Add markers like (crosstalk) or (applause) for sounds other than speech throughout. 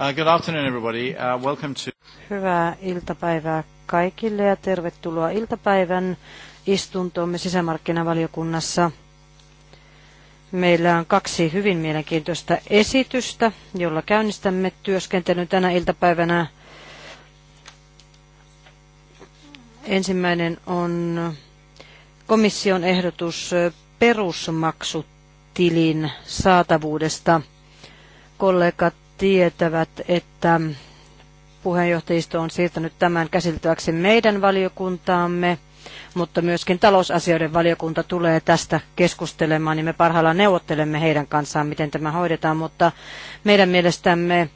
Uh, good afternoon everybody. Uh, welcome to... Hyvää iltapäivää kaikille ja tervetuloa iltapäivän istuntoomme sisämarkkinavaliokunnassa. Meillä on kaksi hyvin mielenkiintoista esitystä, jolla käynnistämme työskentelyn tänä iltapäivänä. Ensimmäinen on komission ehdotus perusmaksutilin saatavuudesta. Kollegat tietävät, että puheenjohtajisto on siirtänyt tämän käsiteltäväksi meidän valiokuntaamme, mutta myöskin talousasioiden valiokunta tulee tästä keskustelemaan, niin me parhaillaan neuvottelemme heidän kanssaan, miten tämä hoidetaan, mutta meidän mielestämme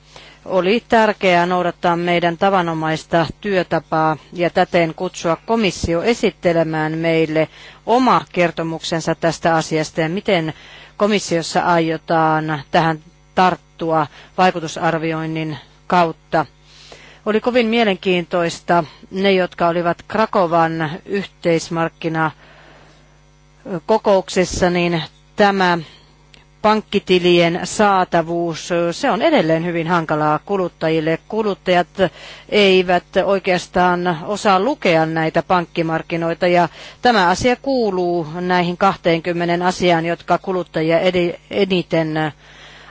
oli tärkeää noudattaa meidän tavanomaista työtapaa ja täten kutsua komissio esittelemään meille oma kertomuksensa tästä asiasta ja miten komissiossa aiotaan tähän tarttua vaikutusarvioinnin kautta. Oli kovin mielenkiintoista ne, jotka olivat Krakovan yhteismarkkina kokouksessa, niin tämä pankkitilien saatavuus, se on edelleen hyvin hankalaa kuluttajille. Kuluttajat eivät oikeastaan osaa lukea näitä pankkimarkkinoita ja tämä asia kuuluu näihin 20 asiaan, jotka kuluttajia eniten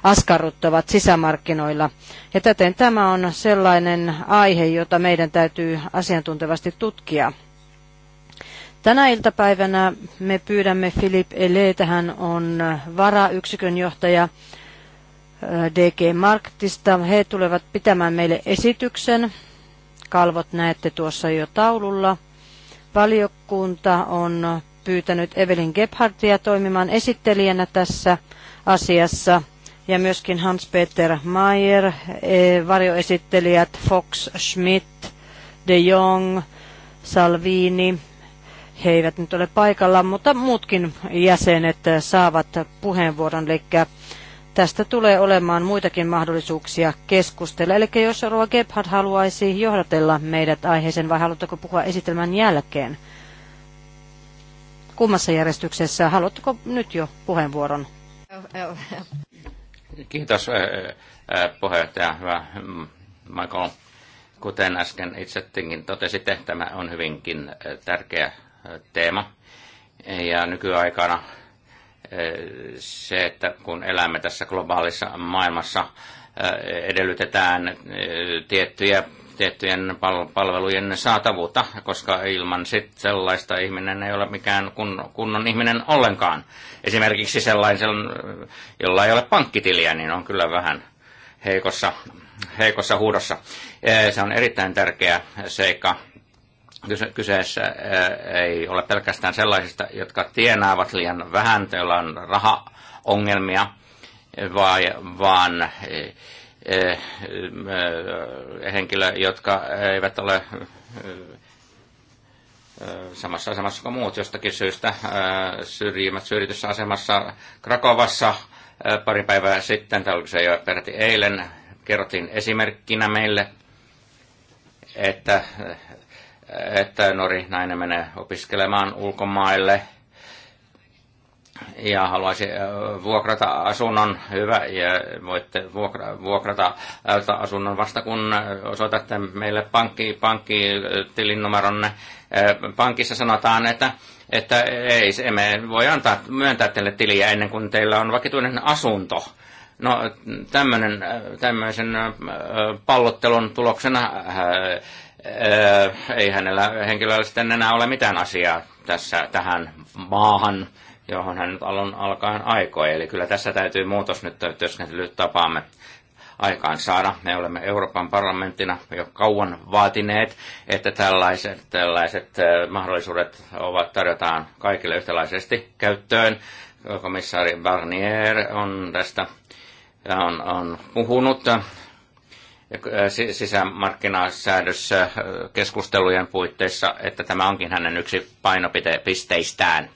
askarruttavat sisämarkkinoilla. Ja täten tämä on sellainen aihe, jota meidän täytyy asiantuntevasti tutkia. Tänä iltapäivänä me pyydämme Filip Eleetä, hän on varayksikön johtaja äh, DG Marktista. He tulevat pitämään meille esityksen. Kalvot näette tuossa jo taululla. Valiokunta on pyytänyt Evelin Gebhardtia toimimaan esittelijänä tässä asiassa ja myöskin Hans-Peter Mayer, e, varjoesittelijät Fox, Schmidt, De Jong, Salvini. He eivät nyt ole paikalla, mutta muutkin jäsenet saavat puheenvuoron. Eli tästä tulee olemaan muitakin mahdollisuuksia keskustella. Eli jos Roa Gebhard haluaisi johdatella meidät aiheeseen vai haluatteko puhua esitelmän jälkeen? Kummassa järjestyksessä? Haluatteko nyt jo puheenvuoron? Oh, oh, oh. Kiitos eh, eh, eh, puheenjohtaja, hyvä mm, Michael. Kuten äsken itsettekin totesi tehtävä on hyvinkin tärkeä teema. Ja nykyaikana se, että kun elämme tässä globaalissa maailmassa, edellytetään tiettyjä, tiettyjen palvelujen saatavuutta, koska ilman sit sellaista ihminen ei ole mikään kunnon ihminen ollenkaan. Esimerkiksi sellaisen, jolla ei ole pankkitiliä, niin on kyllä vähän heikossa, heikossa huudossa. Se on erittäin tärkeä seikka. Kyseessä ei ole pelkästään sellaisista, jotka tienaavat liian vähän, joilla on rahaongelmia, vaan henkilö, jotka eivät ole samassa asemassa kuin muut jostakin syystä syrjimät syrjityssä asemassa Krakovassa pari päivää sitten, tai oliko se jo peräti eilen, kerrottiin esimerkkinä meille, että, että nuori nainen menee opiskelemaan ulkomaille – ja haluaisi äh, vuokrata asunnon, hyvä, ja voitte vuokra, vuokrata äh, asunnon vasta kun äh, osoitatte meille pankki, pankkitilinumeronne. Pankissa sanotaan, että, että ei, emme voi antaa, myöntää teille tiliä ennen kuin teillä on vakituinen asunto. No tämmönen, tämmöisen pallottelun tuloksena ei hänellä henkilöllä sitten enää ole mitään asiaa tässä tähän maahan johon hän nyt alun alkaen aikoi. Eli kyllä tässä täytyy muutos nyt työskentelytapaamme aikaan saada. Me olemme Euroopan parlamenttina jo kauan vaatineet, että tällaiset, tällaiset mahdollisuudet ovat tarjotaan kaikille yhtäläisesti käyttöön. Komissaari Barnier on tästä on, on puhunut sisämarkkinasäädössä keskustelujen puitteissa, että tämä onkin hänen yksi painopisteistään.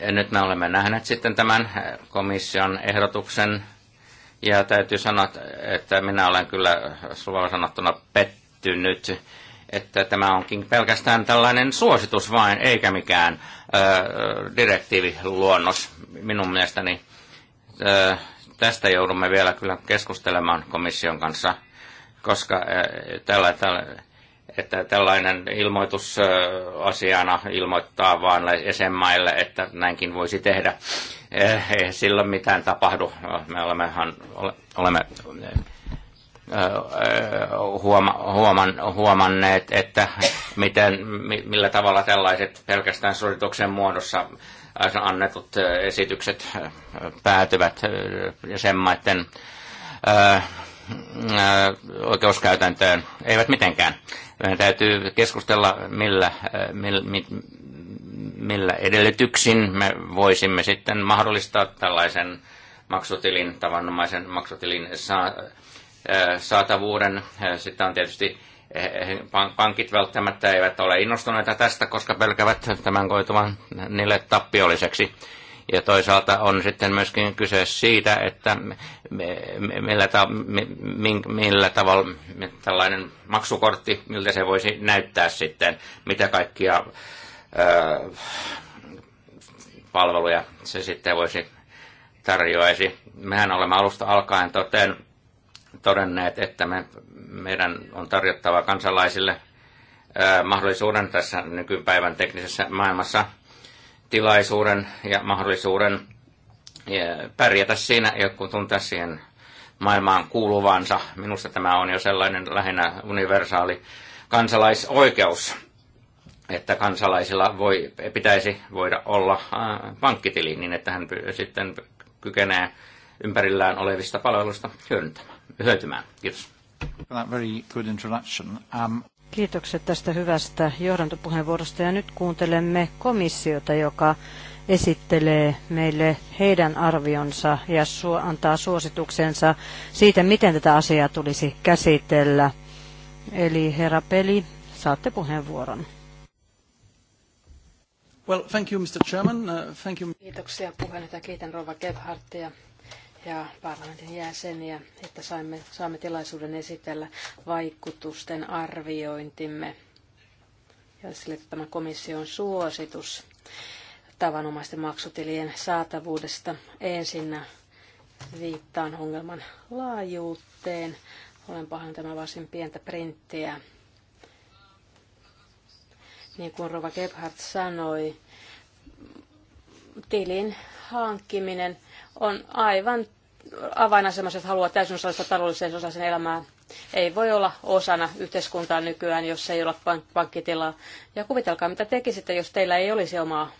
Ja nyt me olemme nähneet sitten tämän eh, komission ehdotuksen ja täytyy sanoa, että minä olen kyllä eh, suoraan sanottuna pettynyt, että tämä onkin pelkästään tällainen suositus vain, eikä mikään ö, eh, direktiiviluonnos minun mielestäni. Ö, tästä joudumme vielä kyllä keskustelemaan komission kanssa, koska ö, tällä, tällä että tällainen ilmoitus asiana ilmoittaa vaan jäsenmaille, että näinkin voisi tehdä. Eh, ei silloin mitään tapahdu. Me olemmehan, olemme huomanneet, että miten, millä tavalla tällaiset pelkästään suorituksen muodossa annetut esitykset päätyvät jäsenmaiden oikeuskäytäntöön, eivät mitenkään. Meidän täytyy keskustella, millä, äh, millä, millä edellytyksin me voisimme sitten mahdollistaa tällaisen maksutilin, tavanomaisen maksutilin äh, saatavuuden. Äh, sitten on tietysti pankit välttämättä eivät ole innostuneita tästä, koska pelkävät tämän koituvan niille tappiolliseksi. Ja toisaalta on sitten myöskin kyse siitä, että millä, ta, millä tavalla tällainen maksukortti, miltä se voisi näyttää sitten, mitä kaikkia öö, palveluja se sitten voisi tarjoaisi. Mehän olemme alusta alkaen toten, todenneet, että me, meidän on tarjottava kansalaisille mahdollisuuden tässä nykypäivän teknisessä maailmassa – tilaisuuden ja mahdollisuuden pärjätä siinä, kun tuntea siihen maailmaan kuuluvansa. Minusta tämä on jo sellainen lähinnä universaali kansalaisoikeus, että kansalaisilla voi, pitäisi voida olla pankkitili niin, että hän sitten kykenee ympärillään olevista palveluista hyödyntämään, hyötymään. Kiitos. For that very good introduction. Um... Kiitokset tästä hyvästä johdantopuheenvuorosta ja nyt kuuntelemme komissiota, joka esittelee meille heidän arvionsa ja antaa suosituksensa siitä, miten tätä asiaa tulisi käsitellä. Eli herra Peli, saatte puheenvuoron. Well, thank you, Mr. Chairman. Uh, thank you. Kiitoksia puheenjohtaja. Kiitän Rova Gebhardtia ja parlamentin jäseniä, että saimme, saamme tilaisuuden esitellä vaikutusten arviointimme ja sille tämä komission suositus tavanomaisten maksutilien saatavuudesta. Ensinnä viittaan ongelman laajuuteen. Olen pahan tämä varsin pientä printtiä. Niin kuin Rova Gebhardt sanoi, tilin hankkiminen on aivan avainasemassa, että haluaa täysin osallistua taloudelliseen osaisen elämää. Ei voi olla osana yhteiskuntaa nykyään, jos ei ole pank- pankkitilaa. Ja kuvitelkaa, mitä tekisitte, jos teillä ei olisi omaa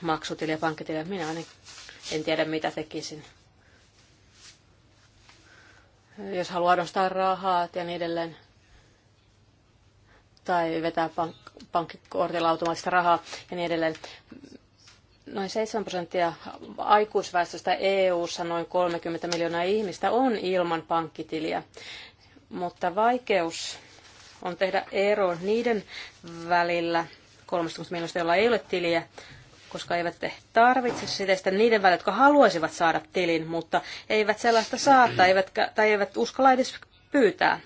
maksutiliä, pankkitiliä. Minä en, en tiedä, mitä tekisin. Jos haluaa nostaa rahaa ja niin edelleen. Tai vetää pank- pankkikortilla automaattista rahaa ja niin edelleen noin 7 prosenttia aikuisväestöstä EU-ssa, noin 30 miljoonaa ihmistä, on ilman pankkitiliä. Mutta vaikeus on tehdä ero niiden välillä 30 miljoonasta, joilla ei ole tiliä, koska eivät tarvitse sitä sitten niiden välillä, jotka haluaisivat saada tilin, mutta eivät sellaista saa tai eivät, tai eivät uskalla edes pyytää.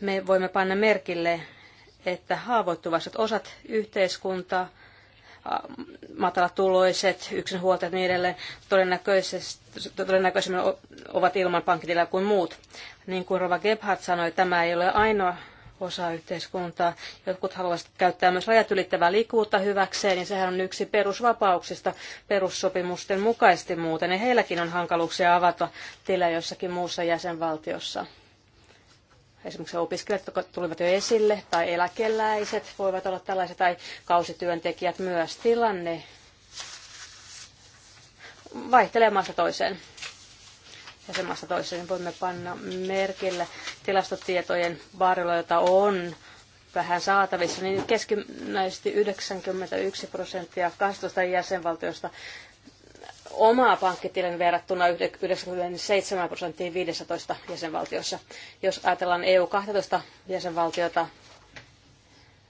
Me voimme panna merkille, että haavoittuvaiset osat yhteiskuntaa – matalatuloiset, yksinhuoltajat ja niin edelleen todennäköisemmin ovat ilman pankkitilaa kuin muut. Niin kuin Rova Gebhardt sanoi, tämä ei ole ainoa osa yhteiskuntaa. Jotkut haluaisivat käyttää myös rajat ylittävää liikkuvuutta hyväkseen, niin sehän on yksi perusvapauksista perussopimusten mukaisesti muuten. Ja heilläkin on hankaluuksia avata tilä jossakin muussa jäsenvaltiossa esimerkiksi opiskelijat, jotka tulivat jo esille, tai eläkeläiset voivat olla tällaisia, tai kausityöntekijät myös. Tilanne vaihtelee maasta toiseen. Jäsenmaasta toiseen voimme panna merkille tilastotietojen varrella, joita on vähän saatavissa, niin keskimääräisesti 91 prosenttia 12 jäsenvaltiosta omaa pankkitilin verrattuna 97 prosenttiin 15 jäsenvaltiossa. Jos ajatellaan EU-12 jäsenvaltiota,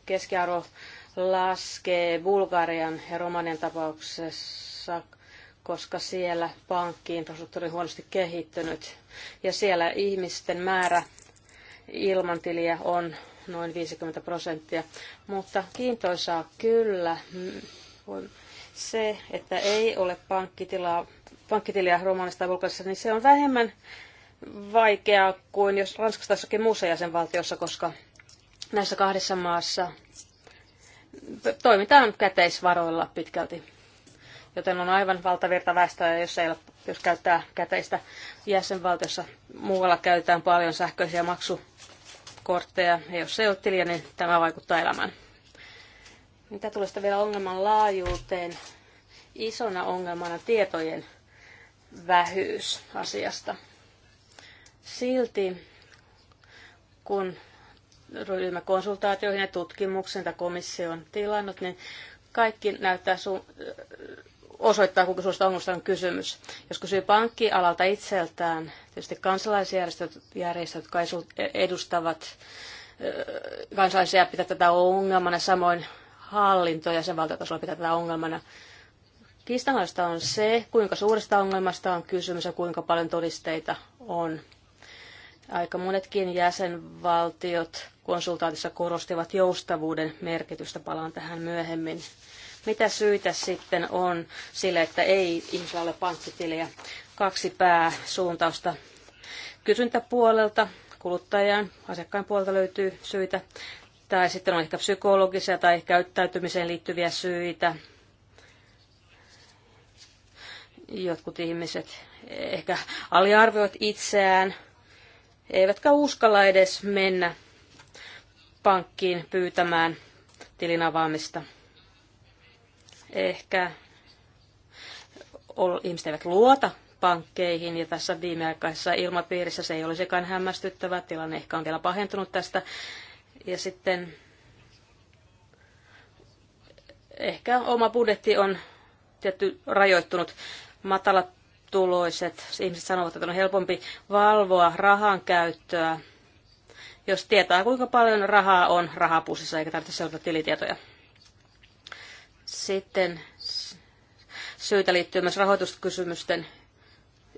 keskiarvo laskee Bulgarian ja Romanian tapauksessa, koska siellä infrastruktuuri on huonosti kehittynyt. Ja siellä ihmisten määrä ilman tiliä on noin 50 prosenttia. Mutta kiintoisaa kyllä. Voin mm, se, että ei ole pankkitilaa, pankkitiliä Romanista tai Bulgarissa, niin se on vähemmän vaikeaa kuin jos Ranskassa jossakin muussa jäsenvaltiossa, koska näissä kahdessa maassa toimitaan käteisvaroilla pitkälti. Joten on aivan valtavirta väestöä, jos, ei ole, jos käyttää käteistä jäsenvaltiossa. Muualla käytetään paljon sähköisiä maksukortteja, ja jos ei ole tiliä, niin tämä vaikuttaa elämään. Mitä tulee sitten vielä ongelman laajuuteen? Isona ongelmana tietojen vähyys asiasta. Silti, kun ryhmä konsultaatioihin ja tutkimuksen tai komissio on tilannut, niin kaikki näyttää su- osoittaa, kuinka suurista ongelmasta on kysymys. Jos kysyy pankkialalta itseltään, tietysti kansalaisjärjestöt, järjestöt, jotka edustavat kansalaisia pitää tätä ongelmana, samoin hallinto ja sen valtiotasolla pitää tätä ongelmana. Kiistanalaista on se, kuinka suuresta ongelmasta on kysymys ja kuinka paljon todisteita on. Aika monetkin jäsenvaltiot konsultaatissa korostivat joustavuuden merkitystä. Palaan tähän myöhemmin. Mitä syitä sitten on sille, että ei ihmisellä ole pankkitiliä? Kaksi pääsuuntausta kysyntäpuolelta, kuluttajan, asiakkaan puolelta löytyy syitä. Tai sitten on ehkä psykologisia tai käyttäytymiseen liittyviä syitä. Jotkut ihmiset ehkä aliarvioivat itseään, eivätkä uskalla edes mennä pankkiin pyytämään tilin avaamista. Ehkä ihmiset eivät luota pankkeihin ja tässä viimeaikaisessa ilmapiirissä se ei olisikaan hämmästyttävä. Tilanne ehkä on vielä pahentunut tästä. Ja sitten ehkä oma budjetti on tietty rajoittunut. Matalat tuloiset ihmiset sanovat, että on helpompi valvoa rahan käyttöä, jos tietää kuinka paljon rahaa on rahapussissa eikä tarvitse seurata tilitietoja. Sitten syytä liittyy myös rahoituskysymysten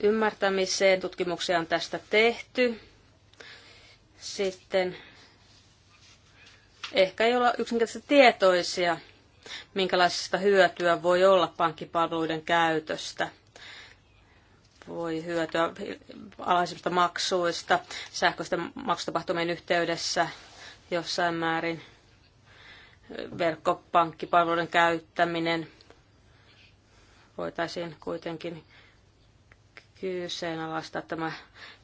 ymmärtämiseen. Tutkimuksia on tästä tehty. Sitten Ehkä ei olla yksinkertaisesti tietoisia, minkälaisista hyötyä voi olla pankkipalveluiden käytöstä. Voi hyötyä alhaisemmista maksuista, sähköisten maksutapahtumien yhteydessä jossain määrin verkkopankkipalveluiden käyttäminen voitaisiin kuitenkin kyseenalaistaa tämä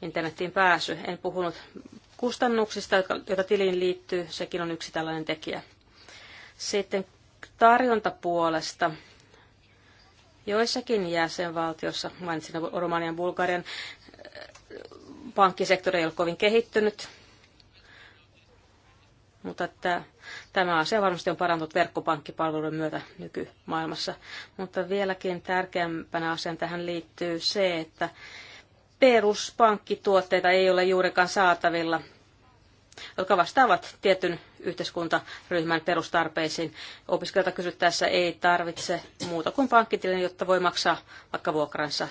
internetin pääsy. En puhunut kustannuksista, joita tiliin liittyy, sekin on yksi tällainen tekijä. Sitten tarjontapuolesta. Joissakin jäsenvaltiossa, mainitsin Romanian ja Bulgarian, pankkisektori ei ole kovin kehittynyt, mutta että tämä asia varmasti on parantunut verkkopankkipalveluiden myötä nykymaailmassa. Mutta vieläkin tärkeämpänä asian tähän liittyy se, että peruspankkituotteita ei ole juurikaan saatavilla, jotka vastaavat tietyn yhteiskuntaryhmän perustarpeisiin. Opiskelijalta kysyttäessä ei tarvitse muuta kuin pankkitilin, jotta voi maksaa vaikka vuokransa.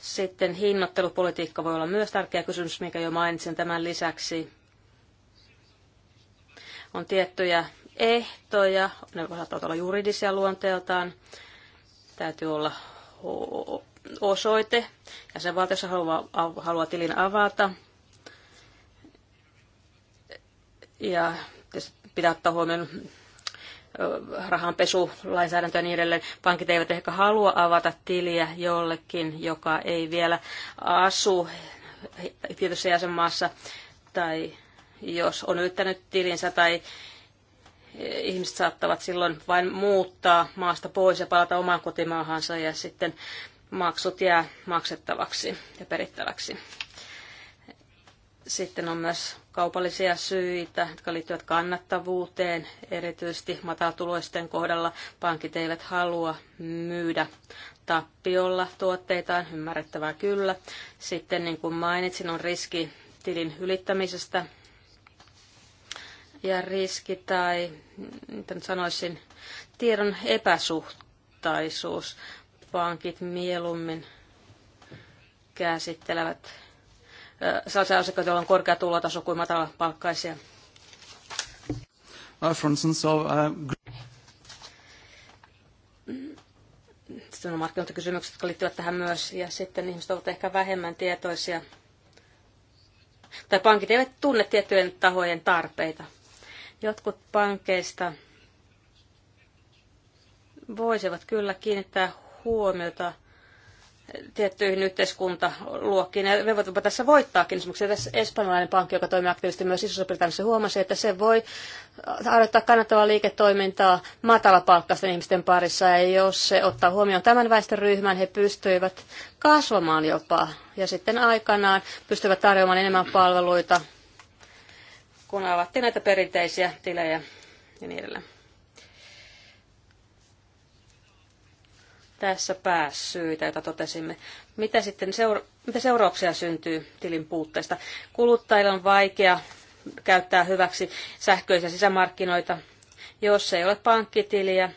Sitten hinnoittelupolitiikka voi olla myös tärkeä kysymys, mikä jo mainitsin tämän lisäksi. On tiettyjä ehtoja, ne saattavat olla juridisia luonteeltaan, täytyy olla osoite, ja se valtiossa haluaa, haluaa tilin avata. Ja pitää ottaa huomioon rahanpesulainsäädäntö ja niin edelleen. Pankit eivät ehkä halua avata tiliä jollekin, joka ei vielä asu tietyssä jäsenmaassa tai jos on yrittänyt tilinsä tai ihmiset saattavat silloin vain muuttaa maasta pois ja palata omaan kotimaahansa ja sitten maksut jää maksettavaksi ja perittäväksi. Sitten on myös kaupallisia syitä, jotka liittyvät kannattavuuteen. Erityisesti matatuloisten kohdalla pankit eivät halua myydä tappiolla tuotteitaan, ymmärrettävää kyllä. Sitten niin kuin mainitsin, on riski tilin ylittämisestä ja riski tai, miten sanoisin, tiedon epäsuhtaisuus pankit mieluummin käsittelevät sellaisia asiakkaita, joilla on korkea tulotaso kuin matala Uh, for instance, so, uh... Sitten on markkinointikysymykset, jotka liittyvät tähän myös, ja sitten ihmiset ovat ehkä vähemmän tietoisia. Tai pankit eivät tunne tiettyjen tahojen tarpeita. Jotkut pankeista voisivat kyllä kiinnittää huomiota tiettyihin yhteiskuntaluokkiin. Ja me voimme tässä voittaakin. Esimerkiksi tässä espanjalainen pankki, joka toimii aktiivisesti myös isossa britanniassa huomasi, että se voi aloittaa kannattavaa liiketoimintaa matalapalkkaisten ihmisten parissa. Ja jos se ottaa huomioon tämän väestöryhmän, he pystyivät kasvamaan jopa. Ja sitten aikanaan pystyvät tarjoamaan enemmän palveluita, kun avattiin näitä perinteisiä tilejä ja niin edelleen. tässä pääsyitä, joita totesimme. Mitä sitten seura- mitä seurauksia syntyy tilin puutteesta? Kuluttajilla on vaikea käyttää hyväksi sähköisiä sisämarkkinoita, jos ei ole pankkitiliä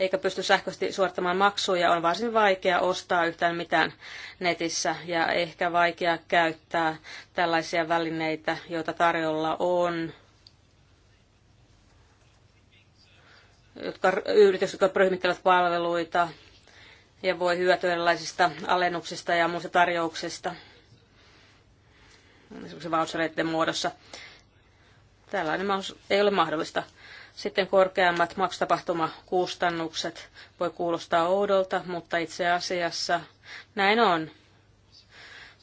eikä pysty sähköisesti suorittamaan maksuja, on varsin vaikea ostaa yhtään mitään netissä ja ehkä vaikea käyttää tällaisia välineitä, joita tarjolla on. Jotka, yritykset, jotka ryhmittelevät palveluita, ja voi hyötyä erilaisista alennuksista ja muista tarjouksista esimerkiksi vouchereiden muodossa. Tällainen ei ole mahdollista. Sitten korkeammat maksutapahtumakustannukset voi kuulostaa oudolta, mutta itse asiassa näin on.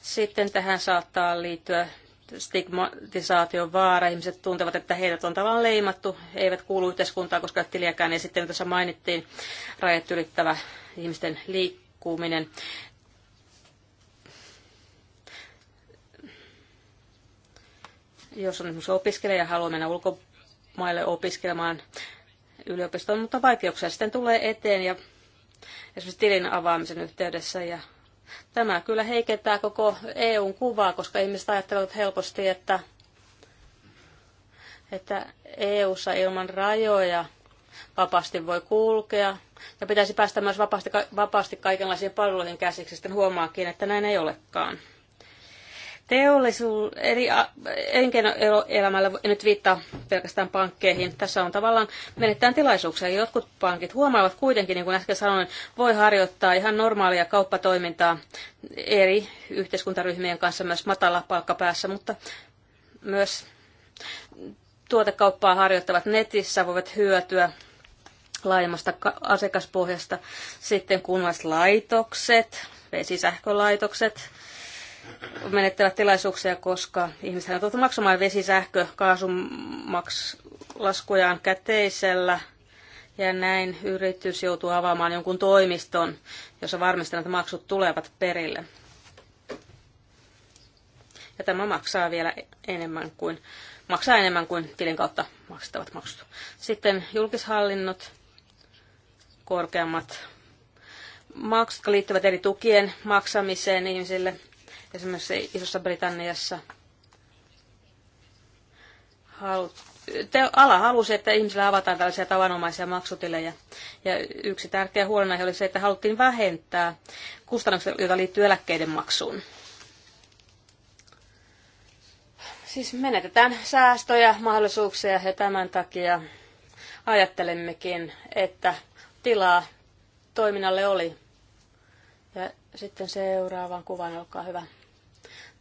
Sitten tähän saattaa liittyä stigmatisaation vaara. Ihmiset tuntevat, että heidät on tavallaan leimattu, he eivät kuulu yhteiskuntaan, koska tiliäkään. Ja sitten tässä mainittiin rajat ylittävä ihmisten liikkuminen. Jos on esimerkiksi opiskelija ja haluaa mennä ulkomaille opiskelemaan yliopistoon, mutta vaikeuksia sitten tulee eteen ja esimerkiksi tilin avaamisen yhteydessä ja Tämä kyllä heikentää koko EUn kuvaa, koska ihmiset ajattelevat helposti, että, että EUssa ilman rajoja vapaasti voi kulkea ja pitäisi päästä myös vapaasti, vapaasti kaikenlaisiin palveluihin käsiksi. Sitten huomaakin, että näin ei olekaan teollisuus, eri elinkeinoelämällä, en nyt viittaa pelkästään pankkeihin, tässä on tavallaan menettään tilaisuuksia. Jotkut pankit huomaavat kuitenkin, niin kuin äsken sanoin, voi harjoittaa ihan normaalia kauppatoimintaa eri yhteiskuntaryhmien kanssa myös matala palkka päässä, mutta myös tuotekauppaa harjoittavat netissä voivat hyötyä laajemmasta asiakaspohjasta. Sitten kunnalliset laitokset, vesisähkölaitokset, menettävät tilaisuuksia, koska ihmiset ovat tottu maksamaan vesi, sähkö, kaasumaksulaskujaan käteisellä. Ja näin yritys joutuu avaamaan jonkun toimiston, jossa varmistetaan, että maksut tulevat perille. Ja tämä maksaa vielä enemmän kuin, maksaa enemmän kuin tilin kautta maksettavat maksut. Sitten julkishallinnot, korkeammat maksut, jotka liittyvät eri tukien maksamiseen ihmisille. Esimerkiksi Isossa Britanniassa halu te, ala halusi, että ihmisillä avataan tällaisia tavanomaisia maksutilejä. Ja yksi tärkeä huolenaihe oli se, että haluttiin vähentää kustannuksia, joita liittyy eläkkeiden maksuun. Siis menetetään säästöjä, mahdollisuuksia ja tämän takia ajattelemmekin, että tilaa toiminnalle oli. Ja sitten seuraavaan kuvan, olkaa hyvä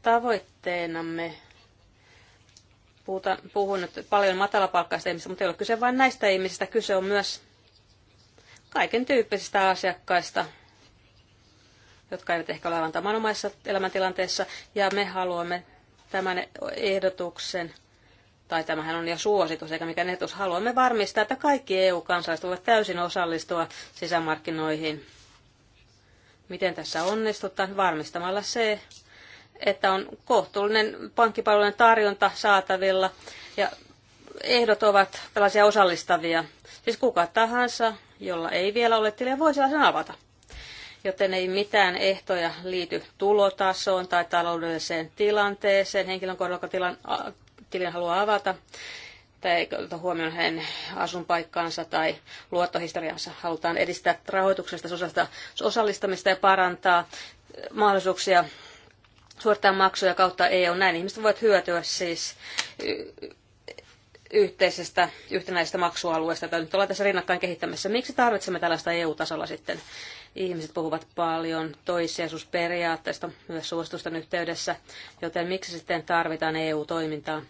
tavoitteenamme puhutaan, puhun nyt paljon matalapalkkaista ihmisistä, mutta ei ole kyse vain näistä ihmisistä, kyse on myös kaiken tyyppisistä asiakkaista, jotka eivät ehkä ole aivan tavanomaisessa elämäntilanteessa, ja me haluamme tämän ehdotuksen, tai tämähän on jo suositus eikä mikä ehdotus, haluamme varmistaa, että kaikki EU-kansalaiset voivat täysin osallistua sisämarkkinoihin. Miten tässä onnistutaan? Varmistamalla se, että on kohtuullinen pankkipalvelujen tarjonta saatavilla ja ehdot ovat tällaisia osallistavia. Siis kuka tahansa, jolla ei vielä ole tilia, voi sellaisen avata. Joten ei mitään ehtoja liity tulotasoon tai taloudelliseen tilanteeseen henkilön kohdalla, joka tilan, tilin haluaa avata tai huomioon hänen asunpaikkaansa tai luottohistoriansa. Halutaan edistää rahoituksesta osallistamista ja parantaa mahdollisuuksia suorittaa maksuja kautta EU. Näin ihmiset voivat hyötyä siis yhteisestä yhtenäisestä maksualueesta, jota nyt ollaan tässä rinnakkain kehittämässä. Miksi tarvitsemme tällaista EU-tasolla sitten? Ihmiset puhuvat paljon toissijaisuusperiaatteesta myös suositusten yhteydessä, joten miksi sitten tarvitaan EU-toimintaa?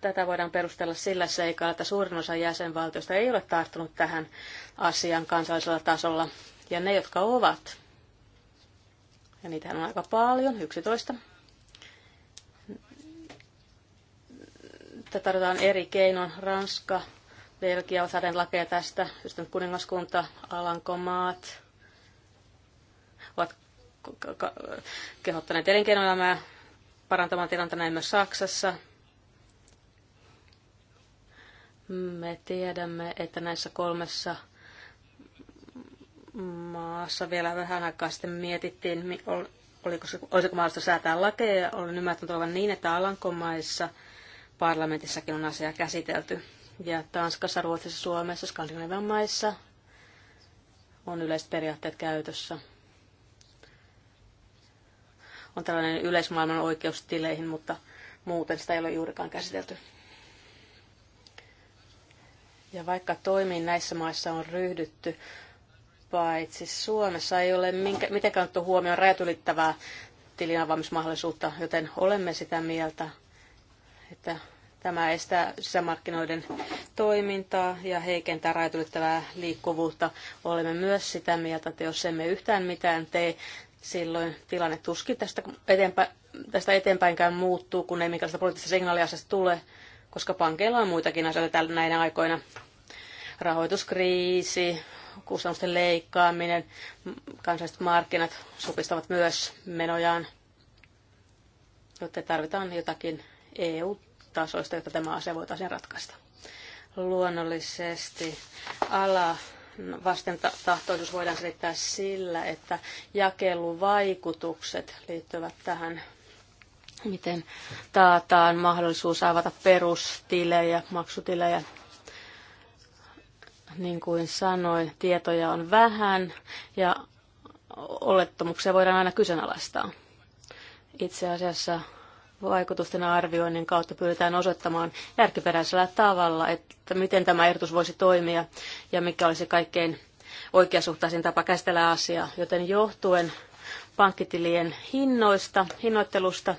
Tätä voidaan perustella sillä seikalla, että suurin osa jäsenvaltioista ei ole tarttunut tähän asiaan kansallisella tasolla ja ne, jotka ovat, ja niitähän on aika paljon, 11, tätä tarjotaan eri keinon. Ranska, Belgia on säädän lakeja tästä, just kuningaskunta, Alankomaat ovat kehottaneet elinkeinoelämää parantamaan tilannetta näin myös Saksassa. Me tiedämme, että näissä kolmessa maassa vielä vähän aikaa sitten mietittiin, oliko, olisiko mahdollista säätää lakeja. Olen ymmärtänyt olevan niin, että Alankomaissa parlamentissakin on asia käsitelty. Ja Tanskassa, Ruotsissa, Suomessa, Skandinavian maissa on yleiset periaatteet käytössä. On tällainen yleismaailman oikeus tileihin, mutta muuten sitä ei ole juurikaan käsitelty. Ja vaikka toimiin näissä maissa on ryhdytty, paitsi Suomessa ei ole minkä, mitenkään otettu huomioon rajat ylittävää tilinavaamismahdollisuutta, joten olemme sitä mieltä, että tämä estää sisämarkkinoiden toimintaa ja heikentää rajat ylittävää liikkuvuutta. Olemme myös sitä mieltä, että jos emme yhtään mitään tee, silloin tilanne tuskin tästä, eteenpäin, tästä eteenpäinkään muuttuu, kun ei minkälaista poliittista signaalia asiasta tule, koska pankeilla on muitakin asioita näinä aikoina. Rahoituskriisi, kustannusten leikkaaminen, kansalliset markkinat supistavat myös menojaan, jotta tarvitaan jotakin EU-tasoista, jotta tämä asia voitaisiin ratkaista. Luonnollisesti ala tahtoisuus voidaan selittää sillä, että jakeluvaikutukset liittyvät tähän miten taataan mahdollisuus avata perustilejä, maksutilejä niin kuin sanoin, tietoja on vähän ja olettamuksia voidaan aina kyseenalaistaa. Itse asiassa vaikutusten arvioinnin kautta pyritään osoittamaan järkiperäisellä tavalla, että miten tämä ehdotus voisi toimia ja mikä olisi kaikkein oikeasuhtaisin tapa käsitellä asiaa. Joten johtuen pankkitilien hinnoista, hinnoittelusta,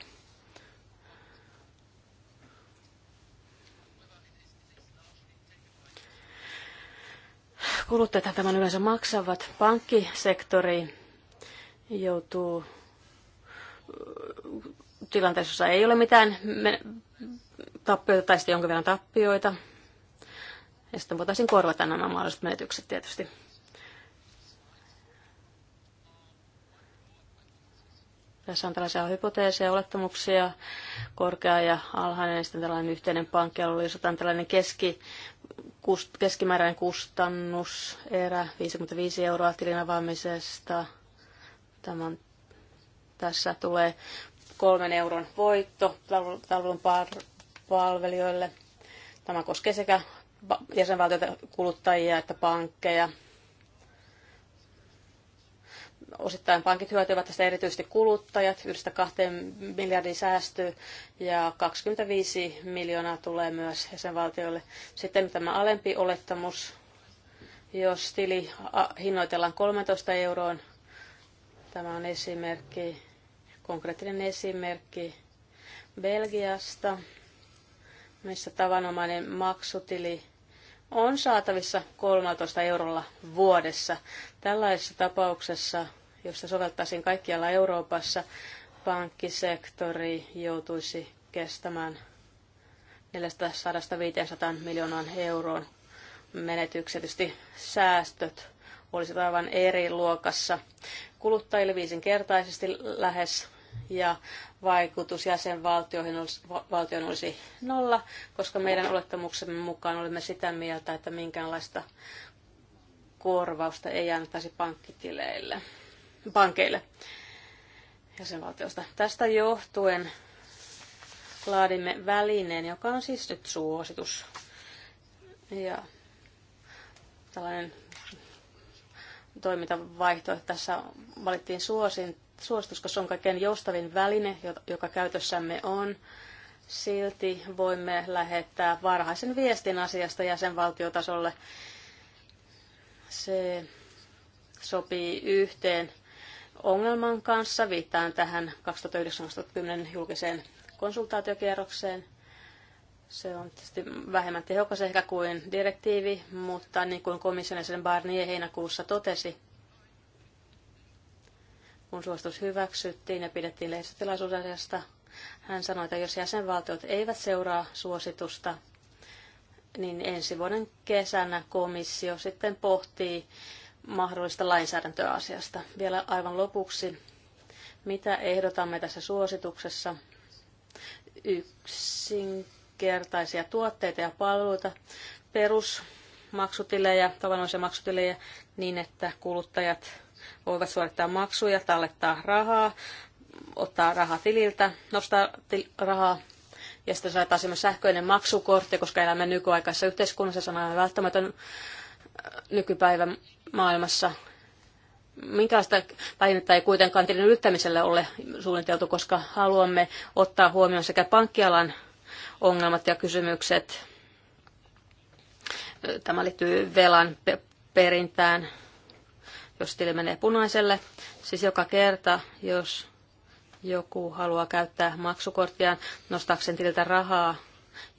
kuluttajat tämän yleensä maksavat. Pankkisektori joutuu tilanteessa, jossa ei ole mitään tappioita tai sitten jonkin verran tappioita. Ja sitten voitaisiin korvata nämä mahdolliset menetykset tietysti. Tässä on tällaisia hypoteeseja, olettamuksia, korkea ja alhainen, ja sitten tällainen yhteinen pankki, oli jotain tällainen keski, kust, keskimääräinen kustannuserä, 55 euroa tilin avaamisesta. Tämän, tässä tulee kolmen euron voitto palvelun palvelijoille. Tämä koskee sekä jäsenvaltioita kuluttajia että pankkeja. Osittain pankit hyötyvät tästä erityisesti kuluttajat, yhdestä kahteen miljardin säästyy ja 25 miljoonaa tulee myös jäsenvaltioille. Sitten tämä alempi olettamus, jos tili hinnoitellaan 13 euroon, tämä on esimerkki, konkreettinen esimerkki Belgiasta, missä tavanomainen maksutili on saatavissa 13 eurolla vuodessa. Tällaisessa tapauksessa, jossa soveltaisiin kaikkialla Euroopassa, pankkisektori joutuisi kestämään 400-500 miljoonan euron menetykset. Tietysti säästöt olisivat aivan eri luokassa. Kuluttajille viisinkertaisesti lähes ja vaikutus jäsenvaltioihin olisi, valtion olisi nolla, koska meidän olettamuksemme mukaan olemme sitä mieltä, että minkäänlaista korvausta ei annettaisi pankkitileille, pankeille jäsenvaltioista. Tästä johtuen laadimme välineen, joka on siis nyt suositus. Ja tällainen toimintavaihtoehto. Tässä valittiin suosin suositus, koska se on kaikkein joustavin väline, joka käytössämme on. Silti voimme lähettää varhaisen viestin asiasta jäsenvaltiotasolle. Se sopii yhteen ongelman kanssa. Viittaan tähän 2019 2010 julkiseen konsultaatiokierrokseen. Se on tietysti vähemmän tehokas ehkä kuin direktiivi, mutta niin kuin komission jäsen Barnier heinäkuussa totesi, kun suositus hyväksyttiin ja pidettiin lehdistötilaisuudesta, hän sanoi, että jos jäsenvaltiot eivät seuraa suositusta, niin ensi vuoden kesänä komissio sitten pohtii mahdollista lainsäädäntöä asiasta. Vielä aivan lopuksi, mitä ehdotamme tässä suosituksessa? Yksinkertaisia tuotteita ja palveluita, perusmaksutilejä, tavallisia maksutilejä niin, että kuluttajat voivat suorittaa maksuja, tallettaa rahaa, ottaa rahaa tililtä, nostaa til- rahaa ja sitten saadaan myös sähköinen maksukortti, koska elämme nykyaikaisessa yhteiskunnassa, se on aivan välttämätön äh, nykypäivän maailmassa. Minkälaista välinettä ei kuitenkaan tilin yrittämiselle ole suunniteltu, koska haluamme ottaa huomioon sekä pankkialan ongelmat ja kysymykset. Tämä liittyy velan perintään jos tili menee punaiselle. Siis joka kerta, jos joku haluaa käyttää maksukorttiaan nostaakseen tililtä rahaa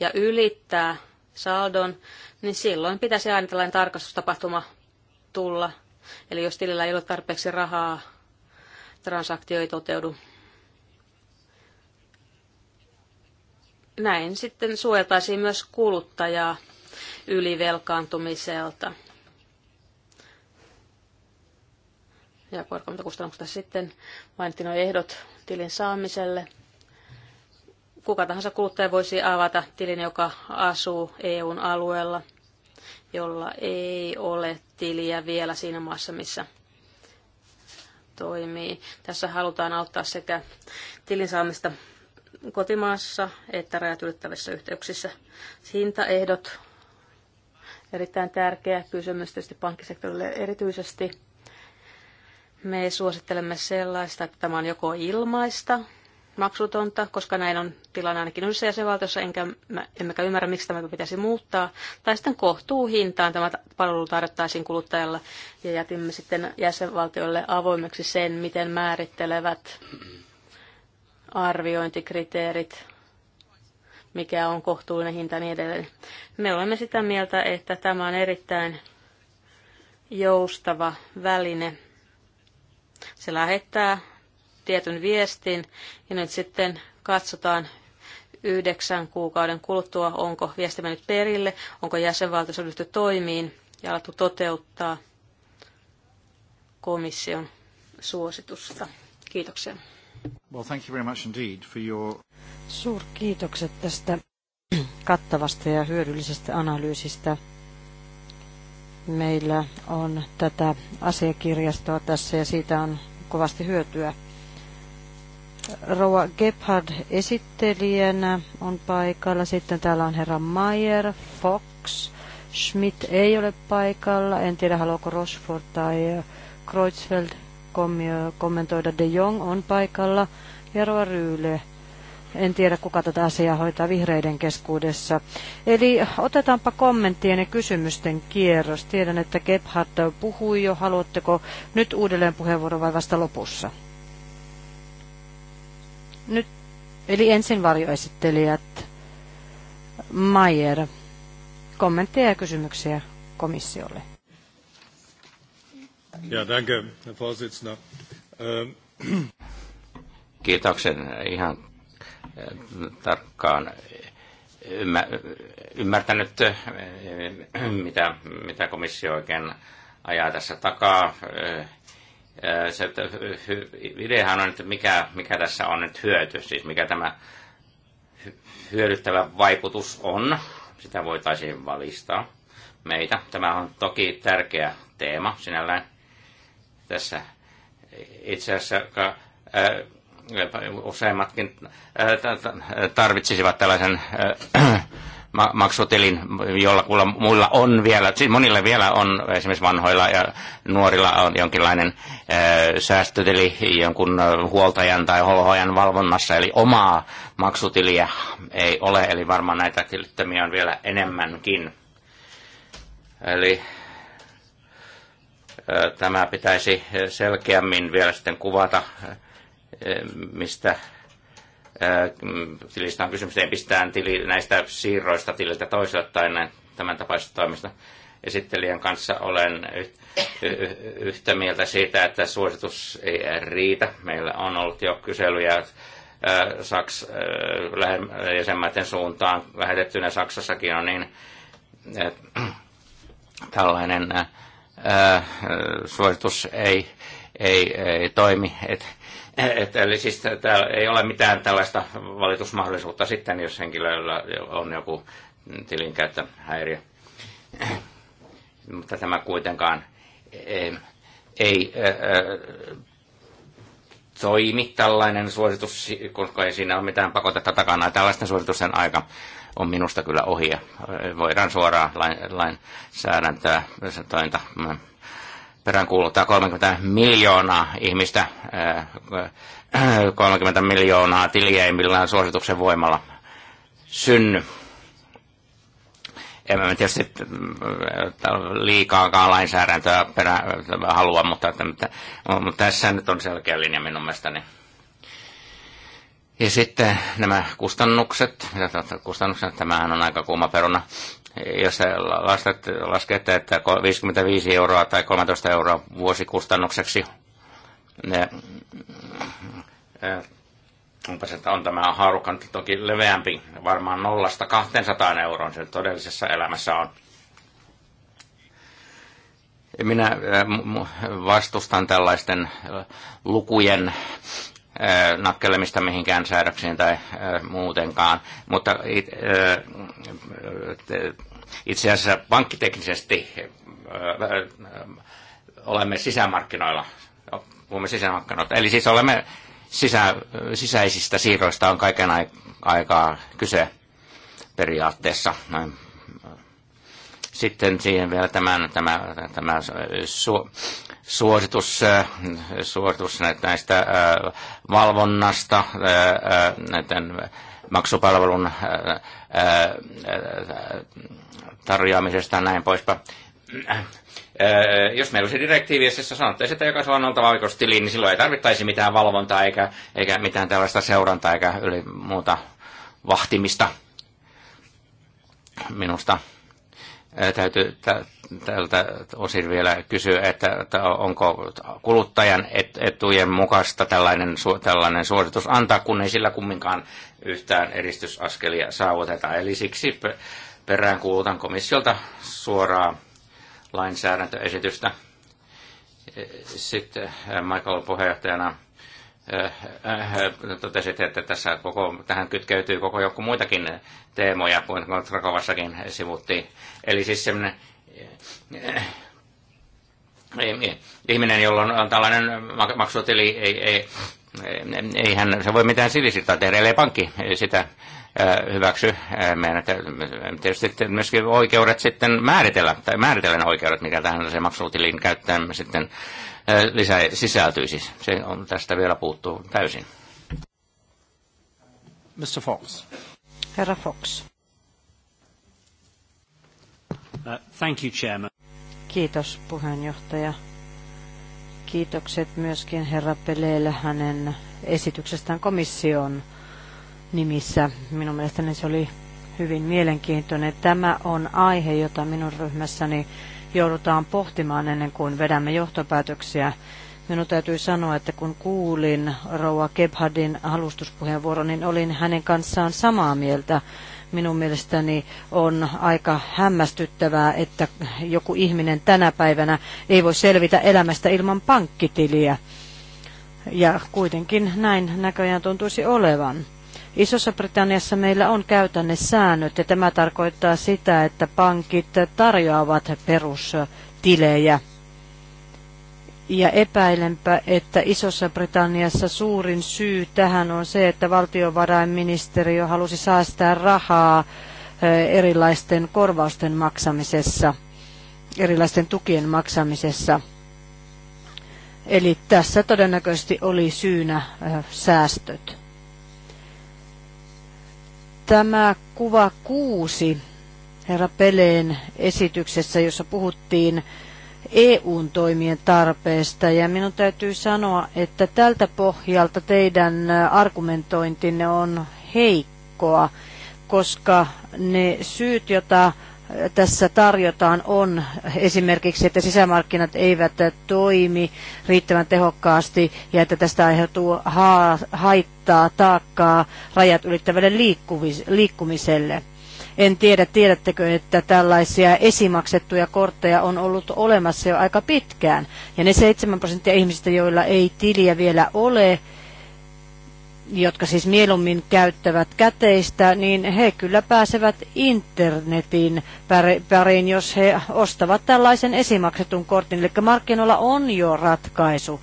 ja ylittää saldon, niin silloin pitäisi aina tällainen tarkastustapahtuma tulla. Eli jos tilillä ei ole tarpeeksi rahaa, transaktio ei toteudu. Näin sitten suojeltaisiin myös kuluttajaa ylivelkaantumiselta. ja korkeammista sitten mainittiin nuo ehdot tilin saamiselle. Kuka tahansa kuluttaja voisi avata tilin, joka asuu EUn alueella, jolla ei ole tiliä vielä siinä maassa, missä toimii. Tässä halutaan auttaa sekä tilin saamista kotimaassa että rajat ylittävissä yhteyksissä. Hintaehdot erittäin tärkeä kysymys tietysti pankkisektorille erityisesti. Me suosittelemme sellaista, että tämä on joko ilmaista, maksutonta, koska näin on tilanne ainakin yhdessä jäsenvaltiossa, enkä, emmekä ymmärrä, miksi tämä pitäisi muuttaa. Tai sitten kohtuuhintaan tämä palvelu tarjottaisiin kuluttajalle ja jätimme sitten jäsenvaltioille avoimeksi sen, miten määrittelevät arviointikriteerit, mikä on kohtuullinen hinta ja niin edelleen. Me olemme sitä mieltä, että tämä on erittäin joustava väline se lähettää tietyn viestin ja nyt sitten katsotaan yhdeksän kuukauden kuluttua, onko viesti mennyt perille, onko jäsenvaltiossa ryhty toimiin ja alettu toteuttaa komission suositusta. Kiitoksia. Well, thank you very much indeed for your... Suurkiitokset tästä kattavasta ja hyödyllisestä analyysistä meillä on tätä asiakirjastoa tässä ja siitä on kovasti hyötyä. Rouva Gebhard esittelijänä on paikalla. Sitten täällä on herra Mayer, Fox, Schmidt ei ole paikalla. En tiedä, haluaako Rochefort tai Kreuzfeld kommentoida. De Jong on paikalla. Ja Roa Ryyle en tiedä, kuka tätä asiaa hoitaa vihreiden keskuudessa. Eli otetaanpa kommenttien ja kysymysten kierros. Tiedän, että Gebhardt puhui jo. Haluatteko nyt uudelleen puheenvuoro vai vasta lopussa? Nyt, eli ensin varjoesittelijät. Mayer, kommentteja ja kysymyksiä komissiolle. Ja, danke, Herr Vorsitzender. Ähm. Kiitoksen. Ihan tarkkaan ymmärtänyt, mitä, mitä komissio oikein ajaa tässä takaa. Se, että ideahan on, että mikä, mikä tässä on nyt hyöty, siis mikä tämä hyödyttävä vaikutus on. Sitä voitaisiin valistaa meitä. Tämä on toki tärkeä teema sinällään tässä itse asiassa useimmatkin tarvitsisivat tällaisen (clears throat) maksutilin, jolla muilla on vielä, siis monille vielä on esimerkiksi vanhoilla ja nuorilla on jonkinlainen säästötili jonkun huoltajan tai holhojan valvonnassa, eli omaa maksutiliä ei ole, eli varmaan näitä tilittömiä on vielä enemmänkin. Eli tämä pitäisi selkeämmin vielä sitten kuvata mistä tilistä on kysymys, ei pistään tili, näistä siirroista tililtä toiselle tai näin, tämän tapaisesta toimista. Esittelijän kanssa olen yhtä mieltä siitä, että suositus ei riitä. Meillä on ollut jo kyselyjä Saks, jäsenmaiden suuntaan lähetettynä Saksassakin on niin, että (clears throat) tällainen suositus ei, ei, ei toimi. Että Eh, et, eli siis täällä ei ole mitään tällaista valitusmahdollisuutta sitten, jos henkilöllä on joku tilinkäyttöhäiriö. Mutta tämä kuitenkaan eh, ei, ei äh, eh, toimi tällainen suositus, koska ei siinä ole mitään pakotetta takana. Tällaisten suositusten aika on minusta kyllä ohi ja voidaan suoraan lain, lainsäädäntöä tointa mm peräänkuuluttaa 30 miljoonaa ihmistä, 30 äh, äh, miljoonaa tiliä ei millään suosituksen voimalla synny. Emme tietysti äh, liikaakaan lainsäädäntöä perään, halua, mutta, mutta tässä nyt on selkeä linja minun mielestäni. Ja sitten nämä kustannukset, kustannukset, tämähän on aika kuuma peruna jos lasket, laskette, että 55 euroa tai 13 euroa vuosikustannukseksi, ne, eh, onpa se, että on tämä haarukka toki leveämpi, varmaan nollasta 200 euroon se todellisessa elämässä on. Minä eh, vastustan tällaisten eh, lukujen nakkelemista mihinkään säädöksiin tai muutenkaan, mutta itse asiassa pankkiteknisesti olemme sisämarkkinoilla, puhumme sisämarkkinoilla. eli siis olemme sisä, sisäisistä siirroista on kaiken aikaa kyse periaatteessa, noin sitten siihen vielä tämän, tämä, tämä su, suositus, äh, suositus näistä äh, valvonnasta, äh, näiden maksupalvelun tarjoamisesta ja näin poispäin. Jos meillä olisi direktiivi, jossa sanottaisiin, että jokaisella on oltava oikeus tiliin, niin silloin ei tarvittaisi mitään valvontaa eikä, eikä mitään tällaista seurantaa eikä yli muuta vahtimista minusta täytyy tältä osin vielä kysyä, että, että onko kuluttajan et, etujen mukaista tällainen, su, tällainen suositus antaa, kun ei sillä kumminkaan yhtään edistysaskelia saavuteta. Eli siksi peräänkuulutan komissiolta suoraa lainsäädäntöesitystä. Sitten Michael puheenjohtajana Äh, äh, totesit, että tässä koko, tähän kytkeytyy koko joku muitakin teemoja, kuin Trakovassakin sivuttiin. Eli siis semmoinen äh, ihminen, jolla on tällainen maksutili, ei, ei, ei hän, se voi mitään sivisiltä tehdä, ellei pankki sitä hyväksy. Meidän tietysti myöskin oikeudet sitten määritellä, tai määritellä oikeudet, mikä tähän se maksutilin käyttäen sitten lisä, siis. Se on tästä vielä puuttuu täysin. Mr. Fox. Herra Fox. Uh, thank you, Chairman. Kiitos puheenjohtaja. Kiitokset myöskin herra Peleelle hänen esityksestään komission nimissä. Minun mielestäni se oli hyvin mielenkiintoinen. Tämä on aihe, jota minun ryhmässäni joudutaan pohtimaan ennen kuin vedämme johtopäätöksiä. Minun täytyy sanoa, että kun kuulin rauha Gebhardin alustuspuheenvuoron, niin olin hänen kanssaan samaa mieltä. Minun mielestäni on aika hämmästyttävää, että joku ihminen tänä päivänä ei voi selvitä elämästä ilman pankkitiliä. Ja kuitenkin näin näköjään tuntuisi olevan. Isossa Britanniassa meillä on käytännössäännöt ja tämä tarkoittaa sitä, että pankit tarjoavat perustilejä. Ja epäilenpä, että Isossa Britanniassa suurin syy tähän on se, että valtiovarainministeriö halusi säästää rahaa erilaisten korvausten maksamisessa, erilaisten tukien maksamisessa. Eli tässä todennäköisesti oli syynä säästöt. Tämä kuva kuusi herra Peleen esityksessä, jossa puhuttiin EUn toimien tarpeesta. Ja minun täytyy sanoa, että tältä pohjalta teidän argumentointinne on heikkoa, koska ne syyt, joita tässä tarjotaan on esimerkiksi, että sisämarkkinat eivät toimi riittävän tehokkaasti ja että tästä aiheutuu ha- haittaa, taakkaa rajat ylittävälle liikkumiselle. En tiedä, tiedättekö, että tällaisia esimaksettuja kortteja on ollut olemassa jo aika pitkään. Ja ne 7 prosenttia ihmisistä, joilla ei tiliä vielä ole, jotka siis mieluummin käyttävät käteistä, niin he kyllä pääsevät internetin pariin, jos he ostavat tällaisen esimaksetun kortin. Eli markkinoilla on jo ratkaisu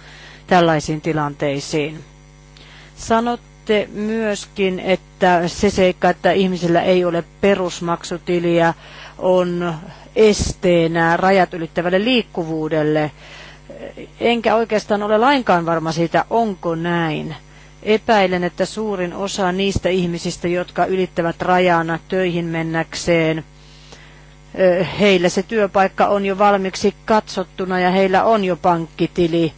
tällaisiin tilanteisiin. Sanotte myöskin, että se seikka, että ihmisillä ei ole perusmaksutiliä, on esteenä rajat ylittävälle liikkuvuudelle. Enkä oikeastaan ole lainkaan varma siitä, onko näin Epäilen, että suurin osa niistä ihmisistä, jotka ylittävät rajana töihin mennäkseen, heillä se työpaikka on jo valmiiksi katsottuna ja heillä on jo pankkitili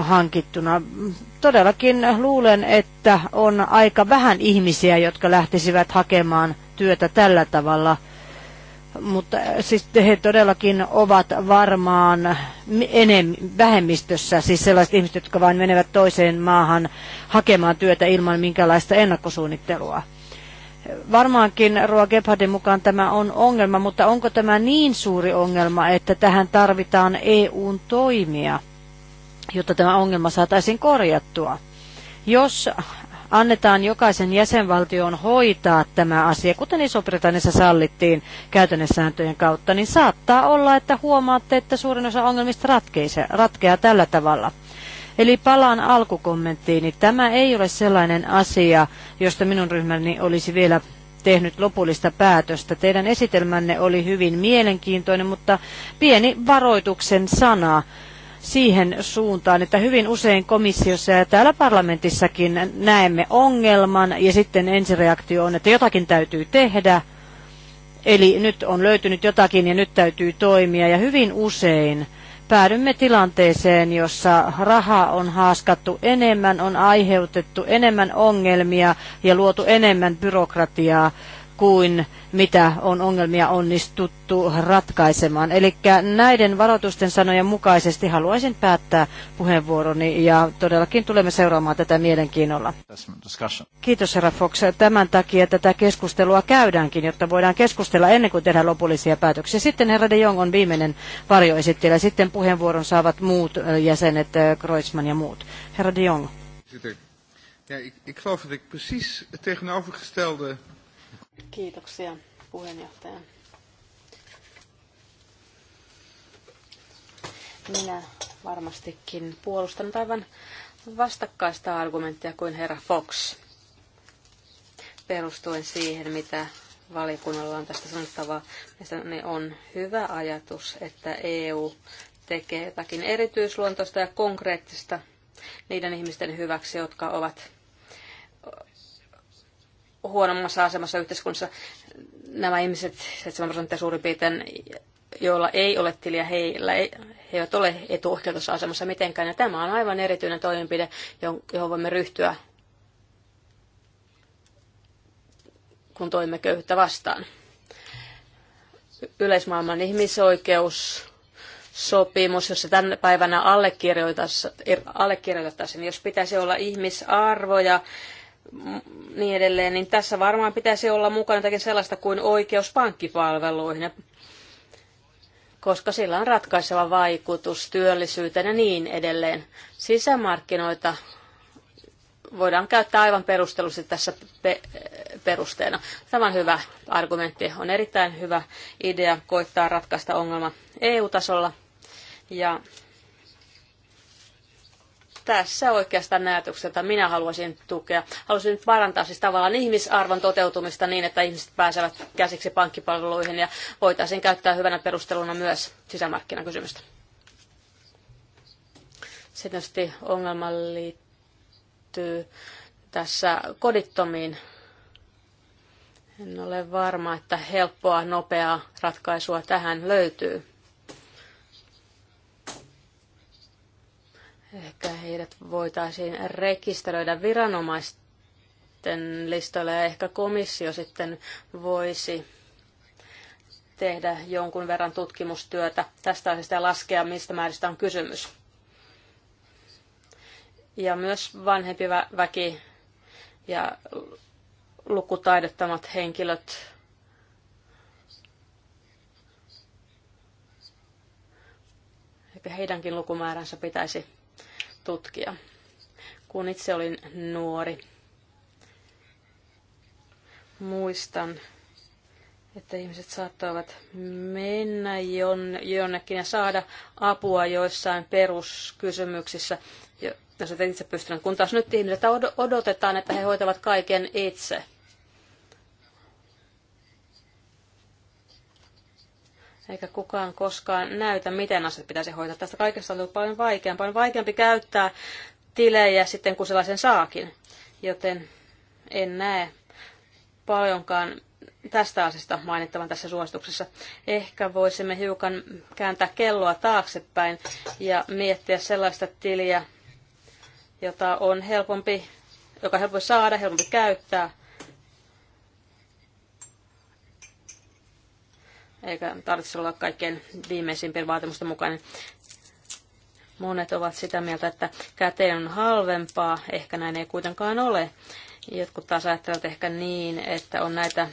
hankittuna. Todellakin luulen, että on aika vähän ihmisiä, jotka lähtisivät hakemaan työtä tällä tavalla – mutta äh, siis he todellakin ovat varmaan enem, vähemmistössä, siis sellaiset ihmiset, jotka vain menevät toiseen maahan hakemaan työtä ilman minkälaista ennakkosuunnittelua. Varmaankin Roa Gebhardin mukaan tämä on ongelma, mutta onko tämä niin suuri ongelma, että tähän tarvitaan EUn toimia, jotta tämä ongelma saataisiin korjattua? Jos annetaan jokaisen jäsenvaltion hoitaa tämä asia, kuten Iso-Britanniassa sallittiin käytännössääntöjen kautta, niin saattaa olla, että huomaatte, että suurin osa ongelmista ratkeise, ratkeaa tällä tavalla. Eli palaan alkukommenttiini. Niin tämä ei ole sellainen asia, josta minun ryhmäni olisi vielä tehnyt lopullista päätöstä. Teidän esitelmänne oli hyvin mielenkiintoinen, mutta pieni varoituksen sana siihen suuntaan, että hyvin usein komissiossa ja täällä parlamentissakin näemme ongelman ja sitten ensireaktio on, että jotakin täytyy tehdä. Eli nyt on löytynyt jotakin ja nyt täytyy toimia ja hyvin usein päädymme tilanteeseen, jossa raha on haaskattu enemmän, on aiheutettu enemmän ongelmia ja luotu enemmän byrokratiaa kuin mitä on ongelmia onnistuttu ratkaisemaan. Eli näiden varoitusten sanojen mukaisesti haluaisin päättää puheenvuoroni ja todellakin tulemme seuraamaan tätä mielenkiinnolla. Kiitos herra Fox. Tämän takia tätä keskustelua käydäänkin, jotta voidaan keskustella ennen kuin tehdään lopullisia päätöksiä. Sitten herra de Jong on viimeinen varjoesittelijä. Sitten puheenvuoron saavat muut jäsenet, Kreutzmann ja muut. Herra de Jong. Ja, ik, ik geloof dat ik precies het tegenovergestelde Kiitoksia puheenjohtaja. Minä varmastikin puolustan aivan vastakkaista argumenttia kuin herra Fox. Perustuen siihen, mitä valiokunnalla on tästä sanottavaa. Niin on hyvä ajatus, että EU tekee jotakin erityisluontoista ja konkreettista niiden ihmisten hyväksi, jotka ovat huonommassa asemassa yhteiskunnassa nämä ihmiset, 7 prosenttia suurin piirtein, joilla ei ole tiliä, heillä ei, he eivät ole etuoikeutussa asemassa mitenkään. Ja tämä on aivan erityinen toimenpide, johon voimme ryhtyä, kun toimme köyhyyttä vastaan. Yleismaailman ihmisoikeus, sopimus, jos se päivänä allekirjoitettaisiin, allekirjoitettaisiin, jos pitäisi olla ihmisarvoja, niin edelleen, niin tässä varmaan pitäisi olla mukana jotakin sellaista kuin oikeus pankkipalveluihin, koska sillä on ratkaiseva vaikutus työllisyyteen ja niin edelleen. Sisämarkkinoita voidaan käyttää aivan perustelusti tässä pe- perusteena. Tämä on hyvä argumentti, on erittäin hyvä idea koittaa ratkaista ongelma EU-tasolla. Ja tässä oikeastaan näytökset, jota minä haluaisin tukea. Haluaisin nyt parantaa siis tavallaan ihmisarvon toteutumista niin, että ihmiset pääsevät käsiksi pankkipalveluihin ja voitaisiin käyttää hyvänä perusteluna myös sisämarkkinakysymystä. Sitten tietysti ongelma liittyy tässä kodittomiin en ole varma, että helppoa, nopeaa ratkaisua tähän löytyy. Ehkä heidät voitaisiin rekisteröidä viranomaisten listoille ja ehkä komissio sitten voisi tehdä jonkun verran tutkimustyötä tästä asiasta ja laskea, mistä määristä on kysymys. Ja myös vanhempi väki ja lukutaidottomat henkilöt heidänkin lukumääränsä pitäisi tutkia. Kun itse olin nuori, muistan, että ihmiset saattoivat mennä jonnekin ja saada apua joissain peruskysymyksissä. jos et itse pystynyt. Kun taas nyt ihmiset odotetaan, että he hoitavat kaiken itse. eikä kukaan koskaan näytä, miten asiat pitäisi hoitaa. Tästä kaikesta on ollut paljon vaikeampaa. On vaikeampi käyttää tilejä sitten, kun sellaisen saakin. Joten en näe paljonkaan tästä asiasta mainittavan tässä suosituksessa. Ehkä voisimme hiukan kääntää kelloa taaksepäin ja miettiä sellaista tiliä, jota on helpompi, joka on helpompi saada, helpompi käyttää – eikä tarvitse olla kaikkein viimeisimpien vaatimusten mukainen. Monet ovat sitä mieltä, että käteen on halvempaa, ehkä näin ei kuitenkaan ole. Jotkut taas ajattelevat ehkä niin, että on näitä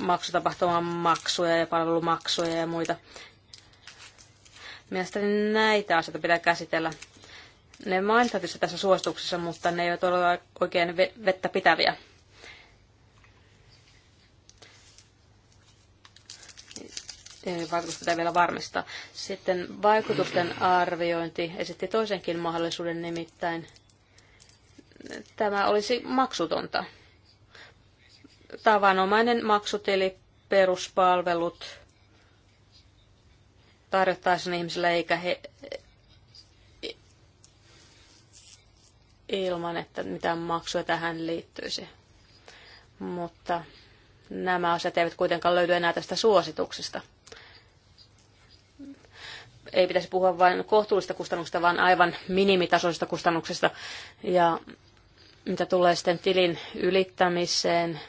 maksutapahtuman maksuja ja palvelumaksuja ja muita. Mielestäni näitä asioita pitää käsitellä. Ne mainitaan tässä suosituksessa, mutta ne eivät ole oikein vettä pitäviä. vaikutus pitää vielä varmistaa. Sitten vaikutusten arviointi esitti toisenkin mahdollisuuden nimittäin. Tämä olisi maksutonta. Tavanomainen maksutili, peruspalvelut tarjottaisiin ihmisille eikä he ilman, että mitään maksuja tähän liittyisi. Mutta nämä asiat eivät kuitenkaan löydy enää tästä suosituksesta ei pitäisi puhua vain kohtuullisista kustannuksista, vaan aivan minimitasoisista kustannuksista. Ja mitä tulee sitten tilin ylittämiseen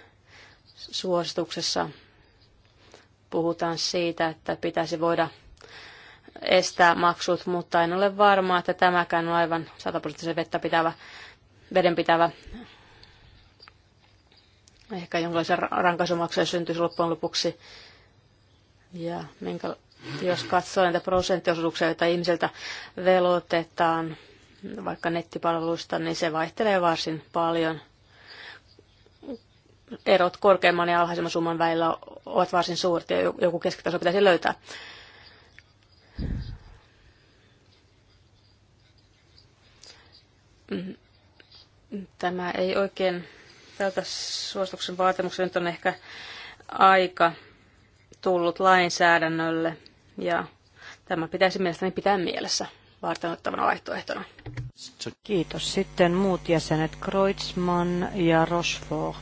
suosituksessa, puhutaan siitä, että pitäisi voida estää maksut, mutta en ole varma, että tämäkään on aivan sataprosenttisen vettä pitävä, vedenpitävä. Ehkä jonkinlaisia rankaisumaksuja syntyisi loppujen lopuksi. Ja minkä, jos katsoo näitä prosenttiosuuksia, joita ihmiseltä velotetaan vaikka nettipalveluista, niin se vaihtelee varsin paljon. Erot korkeimman ja alhaisemman summan välillä ovat varsin suuret ja joku keskitaso pitäisi löytää. Tämä ei oikein tältä suosituksen vaatimuksen nyt on ehkä aika tullut lainsäädännölle – ja tämä pitäisi mielestäni pitää mielessä varteenottavana vaihtoehtona. Kiitos. Sitten muut jäsenet, Kreutzmann ja Rochefort.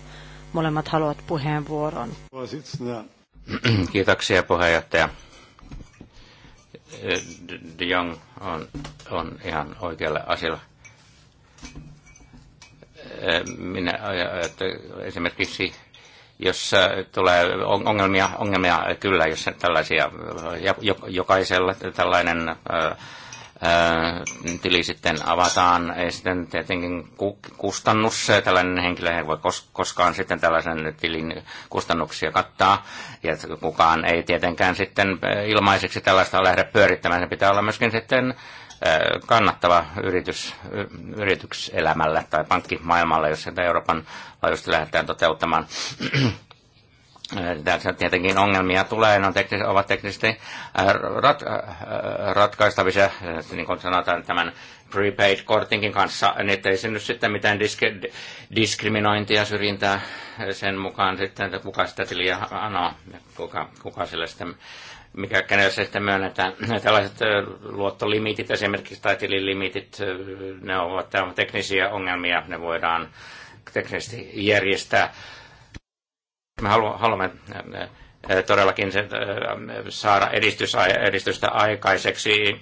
Molemmat haluavat puheenvuoron. Kiitoksia puheenjohtaja. De Jong on, on ihan oikealla asialla. Minä ajattelen esimerkiksi jos äh, tulee ongelmia, ongelmia kyllä, jos tällaisia, äh, jokaisella tällainen äh, tili sitten avataan. Ei sitten tietenkin kustannus, tällainen henkilö ei voi koskaan sitten tällaisen tilin kustannuksia kattaa. Ja kukaan ei tietenkään sitten ilmaiseksi tällaista lähde pyörittämään. Se pitää olla myöskin sitten kannattava yritys, elämällä tai pankkimaailmalle, jos sitä Euroopan laajuisesti lähdetään toteuttamaan. Tässä tietenkin ongelmia tulee, ne on teknis, ovat teknisesti äh, rat, äh, ratkaistavissa, äh, niin kuin sanotaan tämän prepaid-kortinkin kanssa, niin ettei se nyt sitten mitään disk- diskriminointia, syrjintää sen mukaan sitten, että kuka sitä tiliä anoo, kuka, kuka sille sitten mikä kenelle se sitten myönnetään. Tällaiset luottolimitit esimerkiksi tai tililimitit, ne ovat teknisiä ongelmia, ne voidaan teknisesti järjestää me haluamme äh, äh, todellakin äh, saada edistystä, aikaiseksi.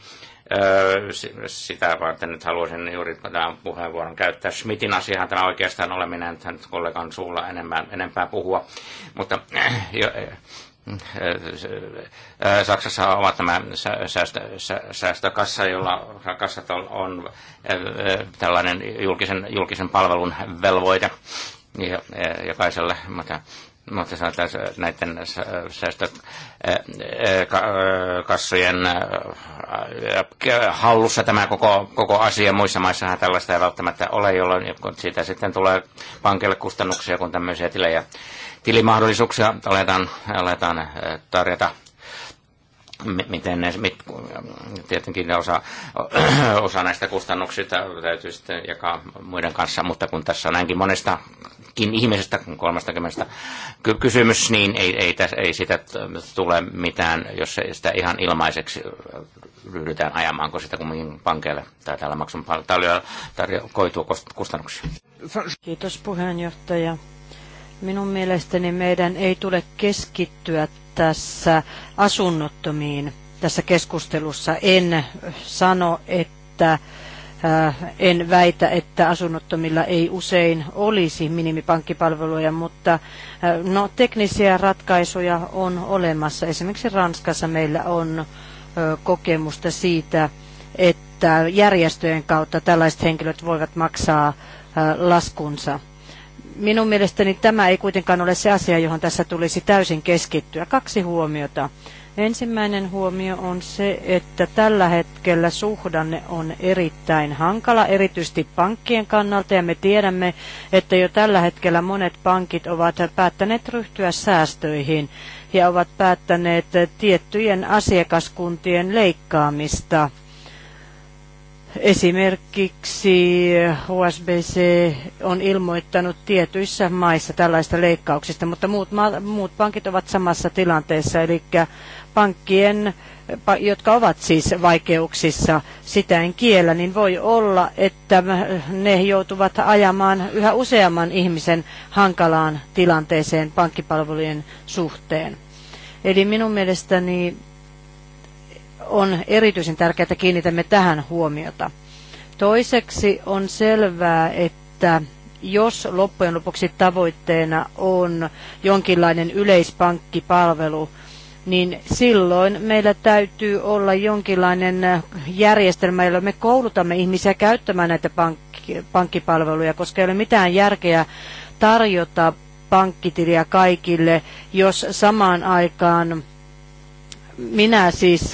Sitä varten nyt haluaisin juuri tämän puheenvuoron käyttää. Schmidtin asiahan tämä oikeastaan ole, minä nyt kollegan suulla enemmän, enempää puhua, mutta jo, Saksassa ovat nämä säästö, säästökassa, jolla kassat on, on tällainen julkisen, julkisen palvelun velvoite jokaiselle, mutta mutta sanotaan äh, näiden äh, säästökassojen äh, hallussa tämä koko, koko asia. Muissa maissahan tällaista ei välttämättä ole, jolloin siitä sitten tulee pankille kustannuksia, kun tämmöisiä tilejä, tilimahdollisuuksia aletaan, aletaan tarjota miten ne, mit, tietenkin osa, (clears throat) osa näistä kustannuksista täytyy sitten jakaa muiden kanssa, mutta kun tässä on näinkin monestakin ihmisestä, 30 kysymys, niin ei, ei, täs, ei sitä tule mitään, jos sitä ihan ilmaiseksi ryhdytään ajamaan, kun sitä kumminkin pankeille tai täällä maksun paljon koituu kustannuksia. Kiitos puheenjohtaja. Minun mielestäni meidän ei tule keskittyä tässä asunnottomiin tässä keskustelussa. En sano, että äh, en väitä, että asunnottomilla ei usein olisi minimipankkipalveluja, mutta äh, no, teknisiä ratkaisuja on olemassa. Esimerkiksi Ranskassa meillä on äh, kokemusta siitä, että järjestöjen kautta tällaiset henkilöt voivat maksaa laskunsa minun mielestäni tämä ei kuitenkaan ole se asia, johon tässä tulisi täysin keskittyä. Kaksi huomiota. Ensimmäinen huomio on se, että tällä hetkellä suhdanne on erittäin hankala, erityisesti pankkien kannalta, ja me tiedämme, että jo tällä hetkellä monet pankit ovat päättäneet ryhtyä säästöihin ja ovat päättäneet tiettyjen asiakaskuntien leikkaamista Esimerkiksi U.S.B.C. on ilmoittanut tietyissä maissa tällaista leikkauksista, mutta muut, muut pankit ovat samassa tilanteessa, eli pankkien, jotka ovat siis vaikeuksissa, sitä en kiellä, niin voi olla, että ne joutuvat ajamaan yhä useamman ihmisen hankalaan tilanteeseen pankkipalvelujen suhteen. Eli minun mielestäni on erityisen tärkeää, että kiinnitämme tähän huomiota. Toiseksi on selvää, että jos loppujen lopuksi tavoitteena on jonkinlainen yleispankkipalvelu, niin silloin meillä täytyy olla jonkinlainen järjestelmä, jolla me koulutamme ihmisiä käyttämään näitä pankkipalveluja, koska ei ole mitään järkeä tarjota pankkitiliä kaikille, jos samaan aikaan minä siis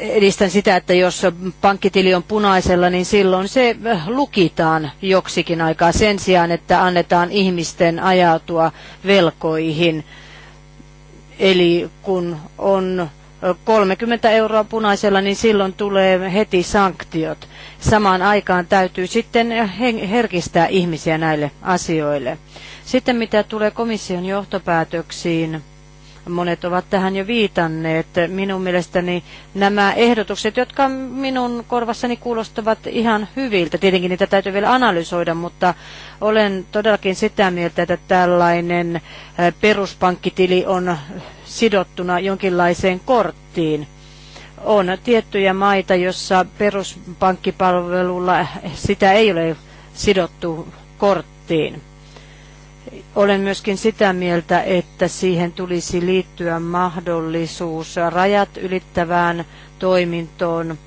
edistän sitä, että jos pankkitili on punaisella, niin silloin se lukitaan joksikin aikaa sen sijaan, että annetaan ihmisten ajautua velkoihin. Eli kun on 30 euroa punaisella, niin silloin tulee heti sanktiot. Samaan aikaan täytyy sitten herkistää ihmisiä näille asioille. Sitten mitä tulee komission johtopäätöksiin, Monet ovat tähän jo viitanneet. Minun mielestäni nämä ehdotukset, jotka minun korvassani kuulostavat ihan hyviltä, tietenkin niitä täytyy vielä analysoida, mutta olen todellakin sitä mieltä, että tällainen äh, peruspankkitili on sidottuna jonkinlaiseen korttiin on tiettyjä maita, jossa peruspankkipalvelulla sitä ei ole sidottu korttiin. Olen myöskin sitä mieltä, että siihen tulisi liittyä mahdollisuus rajat ylittävään toimintoon,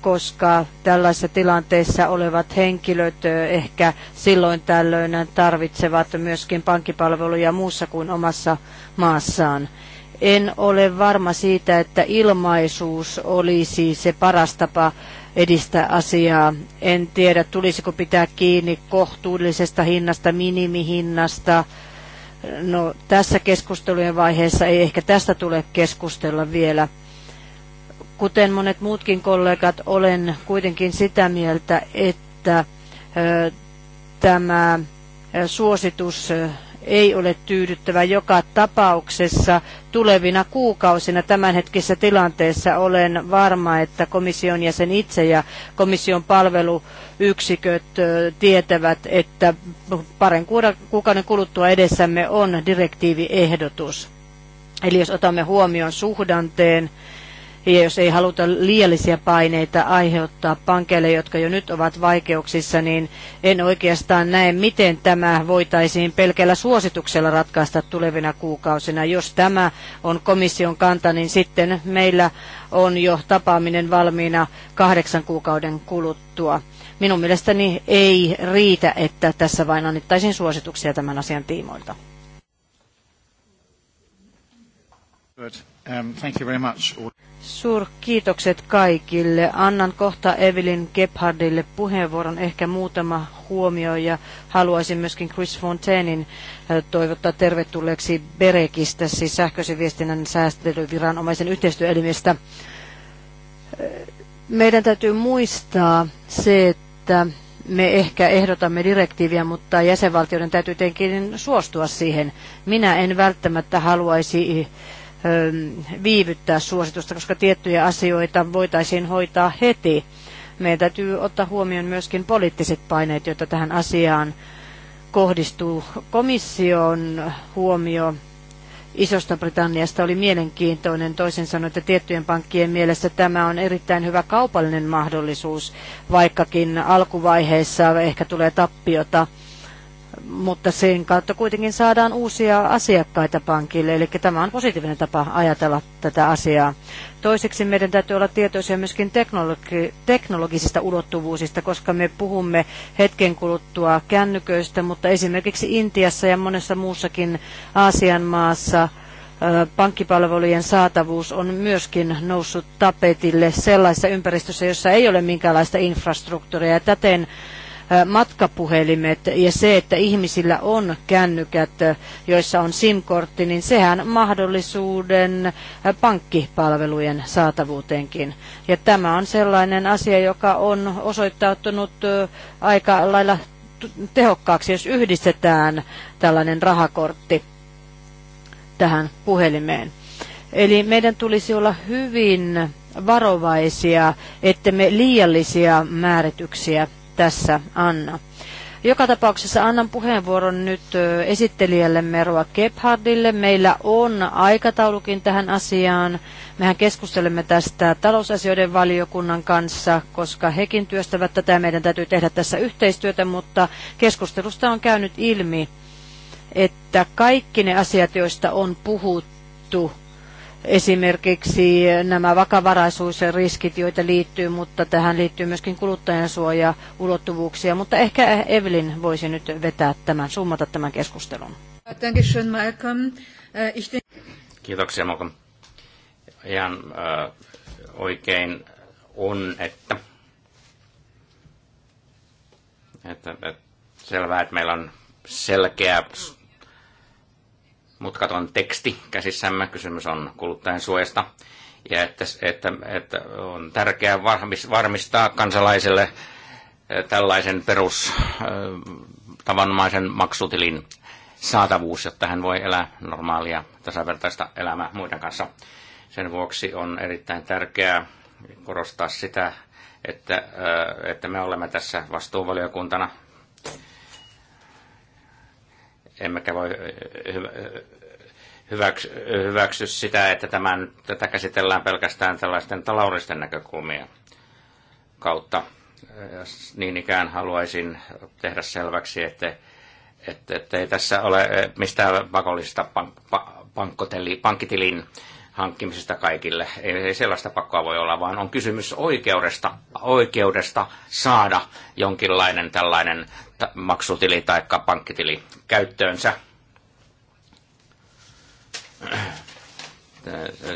koska tällaisessa tilanteessa olevat henkilöt ehkä silloin tällöin tarvitsevat myöskin pankkipalveluja muussa kuin omassa maassaan. En ole varma siitä, että ilmaisuus olisi se paras tapa edistä asiaa. En tiedä, tulisiko pitää kiinni kohtuullisesta hinnasta, minimihinnasta. No, tässä keskustelujen vaiheessa ei ehkä tästä tule keskustella vielä. Kuten monet muutkin kollegat, olen kuitenkin sitä mieltä, että ö, tämä suositus ei ole tyydyttävä joka tapauksessa. Tulevina kuukausina tämänhetkisessä tilanteessa olen varma, että komission jäsen itse ja komission palveluyksiköt tietävät, että paren kuukauden kuluttua edessämme on direktiiviehdotus. Eli jos otamme huomioon suhdanteen, ja jos ei haluta liiallisia paineita aiheuttaa pankeille, jotka jo nyt ovat vaikeuksissa, niin en oikeastaan näe, miten tämä voitaisiin pelkällä suosituksella ratkaista tulevina kuukausina. Jos tämä on komission kanta, niin sitten meillä on jo tapaaminen valmiina kahdeksan kuukauden kuluttua. Minun mielestäni ei riitä, että tässä vain annettaisiin suosituksia tämän asian tiimoilta. Good. Um, thank you very much. Suurkiitokset kaikille. Annan kohta Evelyn Gebhardille puheenvuoron, ehkä muutama huomio ja haluaisin myöskin Chris Fontainein toivottaa tervetulleeksi Berekistä, siis sähköisen viestinnän säästelyviranomaisen yhteistyöelimestä. Meidän täytyy muistaa se, että me ehkä ehdotamme direktiiviä, mutta jäsenvaltioiden täytyy tietenkin suostua siihen. Minä en välttämättä haluaisi Ähm, viivyttää suositusta, koska tiettyjä asioita voitaisiin hoitaa heti. Meidän täytyy ottaa huomioon myöskin poliittiset paineet, joita tähän asiaan kohdistuu. Komission huomio Isosta Britanniasta oli mielenkiintoinen. Toisin sanoen, että tiettyjen pankkien mielestä tämä on erittäin hyvä kaupallinen mahdollisuus, vaikkakin alkuvaiheessa ehkä tulee tappiota mutta sen kautta kuitenkin saadaan uusia asiakkaita pankille, eli tämä on positiivinen tapa ajatella tätä asiaa. Toiseksi meidän täytyy olla tietoisia myöskin teknologi- teknologisista ulottuvuusista, koska me puhumme hetken kuluttua kännyköistä, mutta esimerkiksi Intiassa ja monessa muussakin Aasian maassa pankkipalvelujen saatavuus on myöskin noussut tapetille sellaisessa ympäristössä, jossa ei ole minkäänlaista infrastruktuuria. täten matkapuhelimet ja se, että ihmisillä on kännykät, joissa on SIM-kortti, niin sehän mahdollisuuden pankkipalvelujen saatavuuteenkin. Ja tämä on sellainen asia, joka on osoittautunut aika lailla tehokkaaksi, jos yhdistetään tällainen rahakortti tähän puhelimeen. Eli meidän tulisi olla hyvin varovaisia, että me liiallisia määrityksiä tässä anna. Joka tapauksessa annan puheenvuoron nyt esittelijälle Meroa Gebhardille. Meillä on aikataulukin tähän asiaan. Mehän keskustelemme tästä talousasioiden valiokunnan kanssa, koska hekin työstävät tätä. Meidän täytyy tehdä tässä yhteistyötä, mutta keskustelusta on käynyt ilmi, että kaikki ne asiat, joista on puhuttu, esimerkiksi nämä vakavaraisuusriskit, joita liittyy, mutta tähän liittyy myöskin kuluttajansuoja ulottuvuuksia. Mutta ehkä Evelin voisi nyt vetää tämän, summata tämän keskustelun. Äh, Kiitoksia Malcolm. Ihan äh, oikein on, että, että, että selvää, että meillä on selkeä mutkaton teksti käsissämme. Kysymys on kuluttajan suojasta. Ja että, että, että on tärkeää varmistaa kansalaiselle eh, tällaisen perus eh, tavanomaisen maksutilin saatavuus, jotta hän voi elää normaalia tasavertaista elämää muiden kanssa. Sen vuoksi on erittäin tärkeää korostaa sitä, että, eh, että me olemme tässä vastuuvaliokuntana emmekä voi hyväksy, hyväksy sitä, että tämän, tätä käsitellään pelkästään tällaisten taloudellisten näkökulmien kautta. Ja niin ikään haluaisin tehdä selväksi, että, että, että ei tässä ole mistään pakollisesta pank, pankkitilin hankkimisesta kaikille. Ei, ei sellaista pakkoa voi olla, vaan on kysymys oikeudesta, oikeudesta saada jonkinlainen tällainen maksutili tai pankkitili käyttöönsä.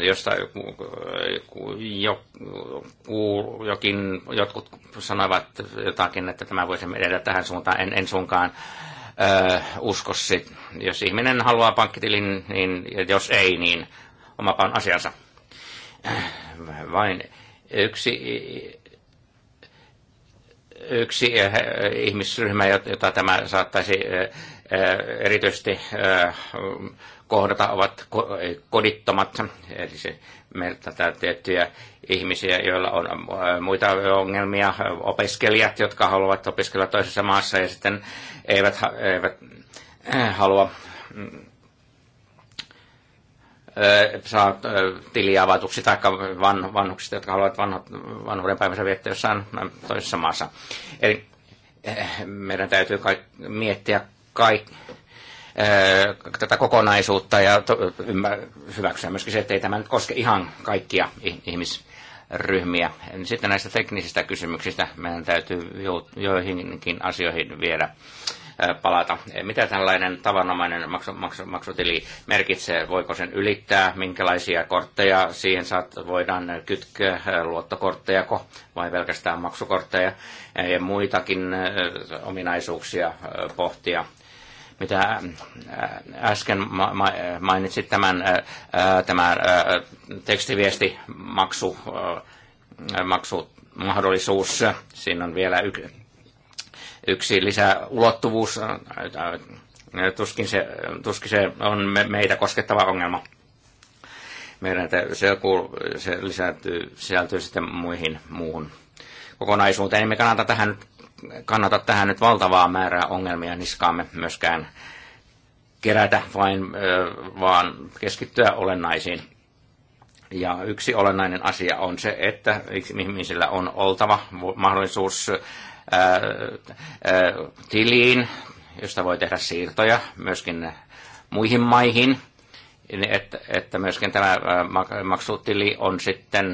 Josta joku, joku, jokin, jotkut sanoivat jotakin, että tämä voisi edetä tähän suuntaan. En, en suinkaan ö, usko sit. Jos ihminen haluaa pankkitilin, niin jos ei, niin omapa on asiansa. Vain yksi yksi eh, ihmisryhmä, jota tämä saattaisi eh, eh, erityisesti kohdata, ovat kodittomat, eli se meiltä tiettyjä ihmisiä, joilla on muita ongelmia, opiskelijat, jotka haluavat opiskella toisessa maassa ja sitten eivät, eivät halua mm, saa tiliä avatuksi tai van, vanhuksista, jotka haluavat vanhat, vanhuuden päivänsä viettää jossain toisessa maassa. Eli eh, meidän täytyy kaik, miettiä ää, tätä kokonaisuutta ja to, ymmär, hyväksyä myöskin se, että ei tämä nyt koske ihan kaikkia ihmisryhmiä. Sitten näistä teknisistä kysymyksistä meidän täytyy joihinkin asioihin vielä palata. Mitä tällainen tavanomainen maksu, maksu, maksutili merkitsee? Voiko sen ylittää? Minkälaisia kortteja siihen saat, voidaan kytkeä? Luottokorttejako vai pelkästään maksukortteja? Ja muitakin ominaisuuksia pohtia mitä äsken mainitsit tämän, tämä tekstiviesti maksu, mahdollisuus. Siinä on vielä yksi yksi lisäulottuvuus, tuskin se, tuskin se on me, meitä koskettava ongelma. Meidän se, se lisääntyy, sisältyy sitten muihin muuhun kokonaisuuteen. Emme kannata tähän nyt, kannata tähän nyt valtavaa määrää ongelmia niskaamme myöskään kerätä, vain, vaan keskittyä olennaisiin. Ja yksi olennainen asia on se, että ihmisillä on oltava mahdollisuus tiliin, josta voi tehdä siirtoja myöskin muihin maihin, niin että, että myöskin tämä maksutili on sitten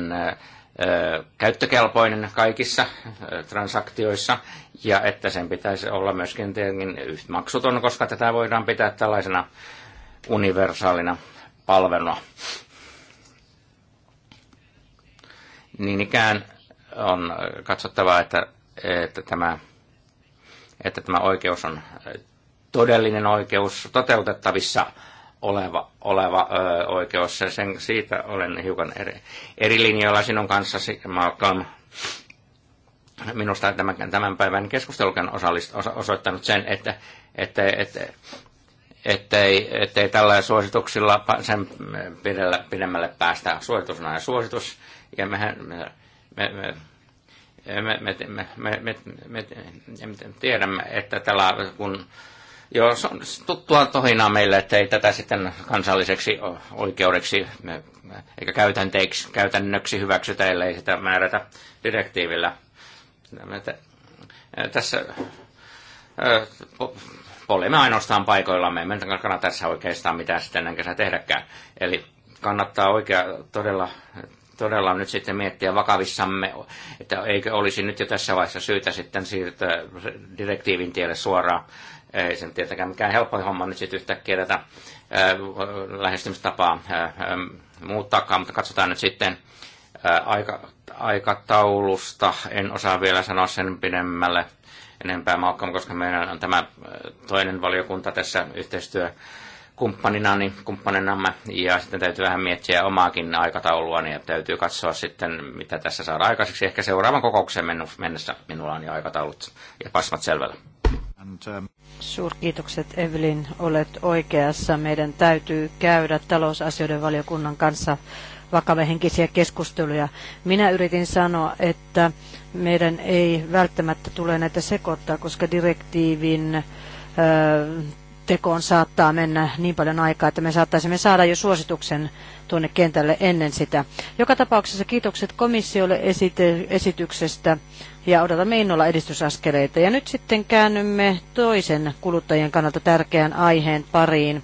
käyttökelpoinen kaikissa transaktioissa ja että sen pitäisi olla myöskin tietenkin maksuton, koska tätä voidaan pitää tällaisena universaalina palveluna. Niin ikään on katsottava, että että tämä, että tämä oikeus on todellinen oikeus, toteutettavissa oleva, oleva ö, oikeus. Ja sen, siitä olen hiukan eri, eri linjoilla sinun kanssa, Malcolm. Minusta tämän, tämän päivän keskustelukin osallist, osa, osoittanut sen, että, että, että ettei, ettei tällä suosituksilla sen pidellä, pidemmälle päästä suositusena ja suositus. Ja mehän, me, me, me me, me, me, me, me, me, me tiedämme, että tällä, kun se on tuttua tohinaa meille, että ei tätä sitten kansalliseksi oikeudeksi eikä käytänteiksi, käytännöksi hyväksytä, ellei sitä määrätä direktiivillä. Tässä olemme ainoastaan paikoilla, me emme kannata tässä oikeastaan mitään sitten enkä tehdäkään. Eli kannattaa oikea todella todella nyt sitten miettiä vakavissamme, että eikö olisi nyt jo tässä vaiheessa syytä sitten siirtyä direktiivin tielle suoraan. Ei sen tietenkään mikään helppo homma nyt sitten yhtäkkiä tätä lähestymistapaa muuttaakaan, mutta katsotaan nyt sitten aika, aikataulusta. En osaa vielä sanoa sen pidemmälle enempää koska meillä on tämä toinen valiokunta tässä yhteistyö kumppanina, niin kumppaninamme. Ja sitten täytyy vähän miettiä omaakin aikataulua, niin täytyy katsoa sitten, mitä tässä saadaan aikaiseksi. Ehkä seuraavan kokoukseen mennessä minulla on jo aikataulut ja pasmat selvällä. Um, Suurkiitokset Evelin, olet oikeassa. Meidän täytyy käydä talousasioiden valiokunnan kanssa vakavehenkisiä keskusteluja. Minä yritin sanoa, että meidän ei välttämättä tule näitä sekoittaa, koska direktiivin tekoon saattaa mennä niin paljon aikaa, että me saattaisimme saada jo suosituksen tuonne kentälle ennen sitä. Joka tapauksessa kiitokset komissiolle esite- esityksestä ja odotamme innolla edistysaskeleita. Ja nyt sitten käännymme toisen kuluttajien kannalta tärkeän aiheen pariin.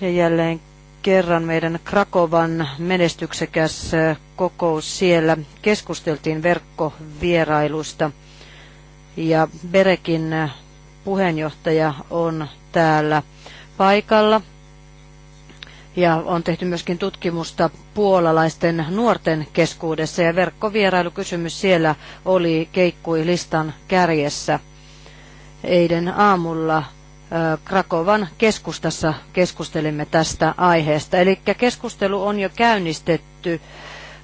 Ja jälleen kerran meidän Krakovan menestyksekäs kokous siellä. Keskusteltiin verkkovierailusta ja Berekin puheenjohtaja on täällä paikalla. Ja on tehty myöskin tutkimusta puolalaisten nuorten keskuudessa ja verkkovierailukysymys siellä oli keikkui listan kärjessä. Eiden aamulla Krakovan keskustassa keskustelimme tästä aiheesta. Eli keskustelu on jo käynnistetty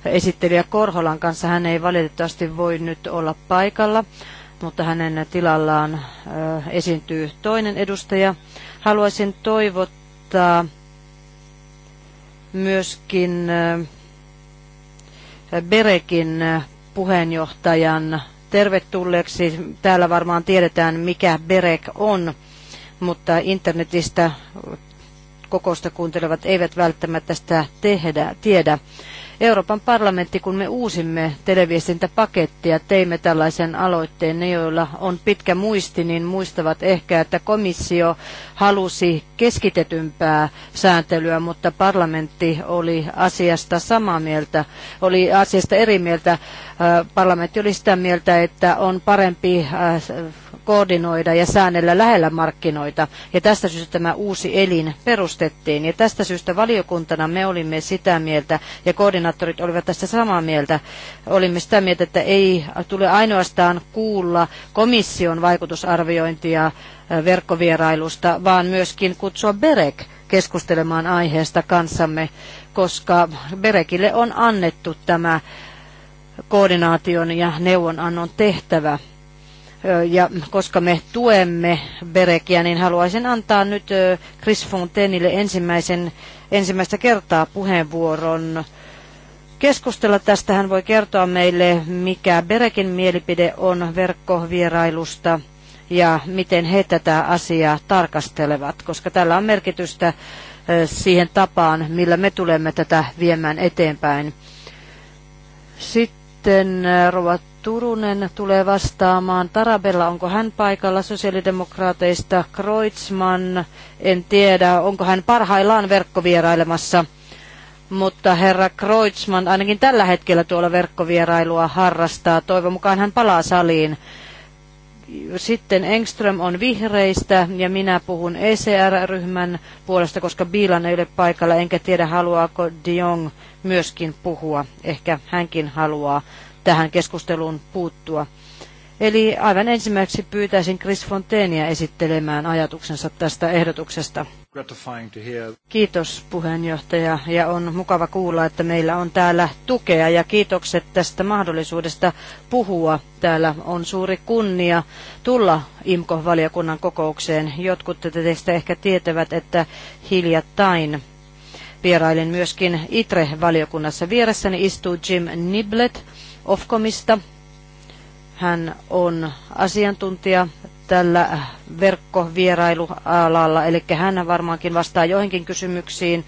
esittelijä Korholan kanssa. Hän ei valitettavasti voi nyt olla paikalla, mutta hänen tilallaan äh, esiintyy toinen edustaja. Haluaisin toivottaa myöskin äh, Berekin äh, puheenjohtajan tervetulleeksi. Täällä varmaan tiedetään, mikä Berek on, mutta internetistä kokousta kuuntelevat eivät välttämättä sitä tehdä, tiedä. Euroopan parlamentti, kun me uusimme televiestintäpakettia, teimme tällaisen aloitteen. Ne, joilla on pitkä muisti, niin muistavat ehkä, että komissio halusi keskitetympää sääntelyä, mutta parlamentti oli asiasta samaa mieltä, oli asiasta eri mieltä. Äh, parlamentti oli sitä mieltä, että on parempi äh, koordinoida ja säännellä lähellä markkinoita. Ja tästä syystä tämä uusi elin perustettiin. Ja tästä syystä valiokuntana me olimme sitä mieltä, ja koordinaattorit olivat tästä samaa mieltä, olimme sitä mieltä, että ei tule ainoastaan kuulla komission vaikutusarviointia äh, verkkovierailusta, vaan myöskin kutsua BEREK keskustelemaan aiheesta kanssamme, koska BEREKille on annettu tämä koordinaation ja neuvonannon tehtävä. Ja koska me tuemme Berekiä, niin haluaisin antaa nyt Chris Fontenille ensimmäisen, ensimmäistä kertaa puheenvuoron keskustella tästä. Hän voi kertoa meille, mikä Berekin mielipide on verkkovierailusta ja miten he tätä asiaa tarkastelevat, koska tällä on merkitystä siihen tapaan, millä me tulemme tätä viemään eteenpäin. Sitten sitten äh, Rova Turunen tulee vastaamaan. Tarabella, onko hän paikalla sosiaalidemokraateista? Kreutzmann, en tiedä, onko hän parhaillaan verkkovierailemassa. Mutta herra Kreutzmann ainakin tällä hetkellä tuolla verkkovierailua harrastaa. Toivon mukaan hän palaa saliin. Sitten Engström on vihreistä ja minä puhun ECR-ryhmän puolesta, koska Biilan ei ole paikalla, enkä tiedä haluaako De Jong myöskin puhua. Ehkä hänkin haluaa tähän keskusteluun puuttua. Eli aivan ensimmäiseksi pyytäisin Chris Fonteenia esittelemään ajatuksensa tästä ehdotuksesta. Kiitos puheenjohtaja ja on mukava kuulla, että meillä on täällä tukea ja kiitokset tästä mahdollisuudesta puhua. Täällä on suuri kunnia tulla IMKO-valiokunnan kokoukseen. Jotkut teistä ehkä tietävät, että hiljattain vierailin myöskin ITRE-valiokunnassa. Vieressäni istuu Jim Niblet Ofkomista, hän on asiantuntija tällä verkkovierailualalla, eli hän varmaankin vastaa joihinkin kysymyksiin.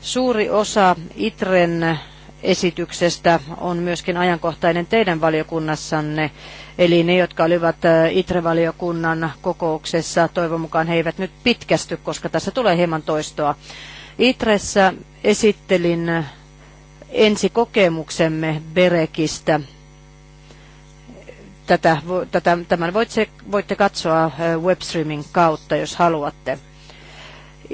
Suuri osa ITREN esityksestä on myöskin ajankohtainen teidän valiokunnassanne. Eli ne, jotka olivat ITRE-valiokunnan kokouksessa, toivon mukaan he eivät nyt pitkästy, koska tässä tulee hieman toistoa. ITREssä esittelin ensi kokemuksemme Berekistä Tätä, tätä, tämän voitte, voitte katsoa webstreamin kautta, jos haluatte.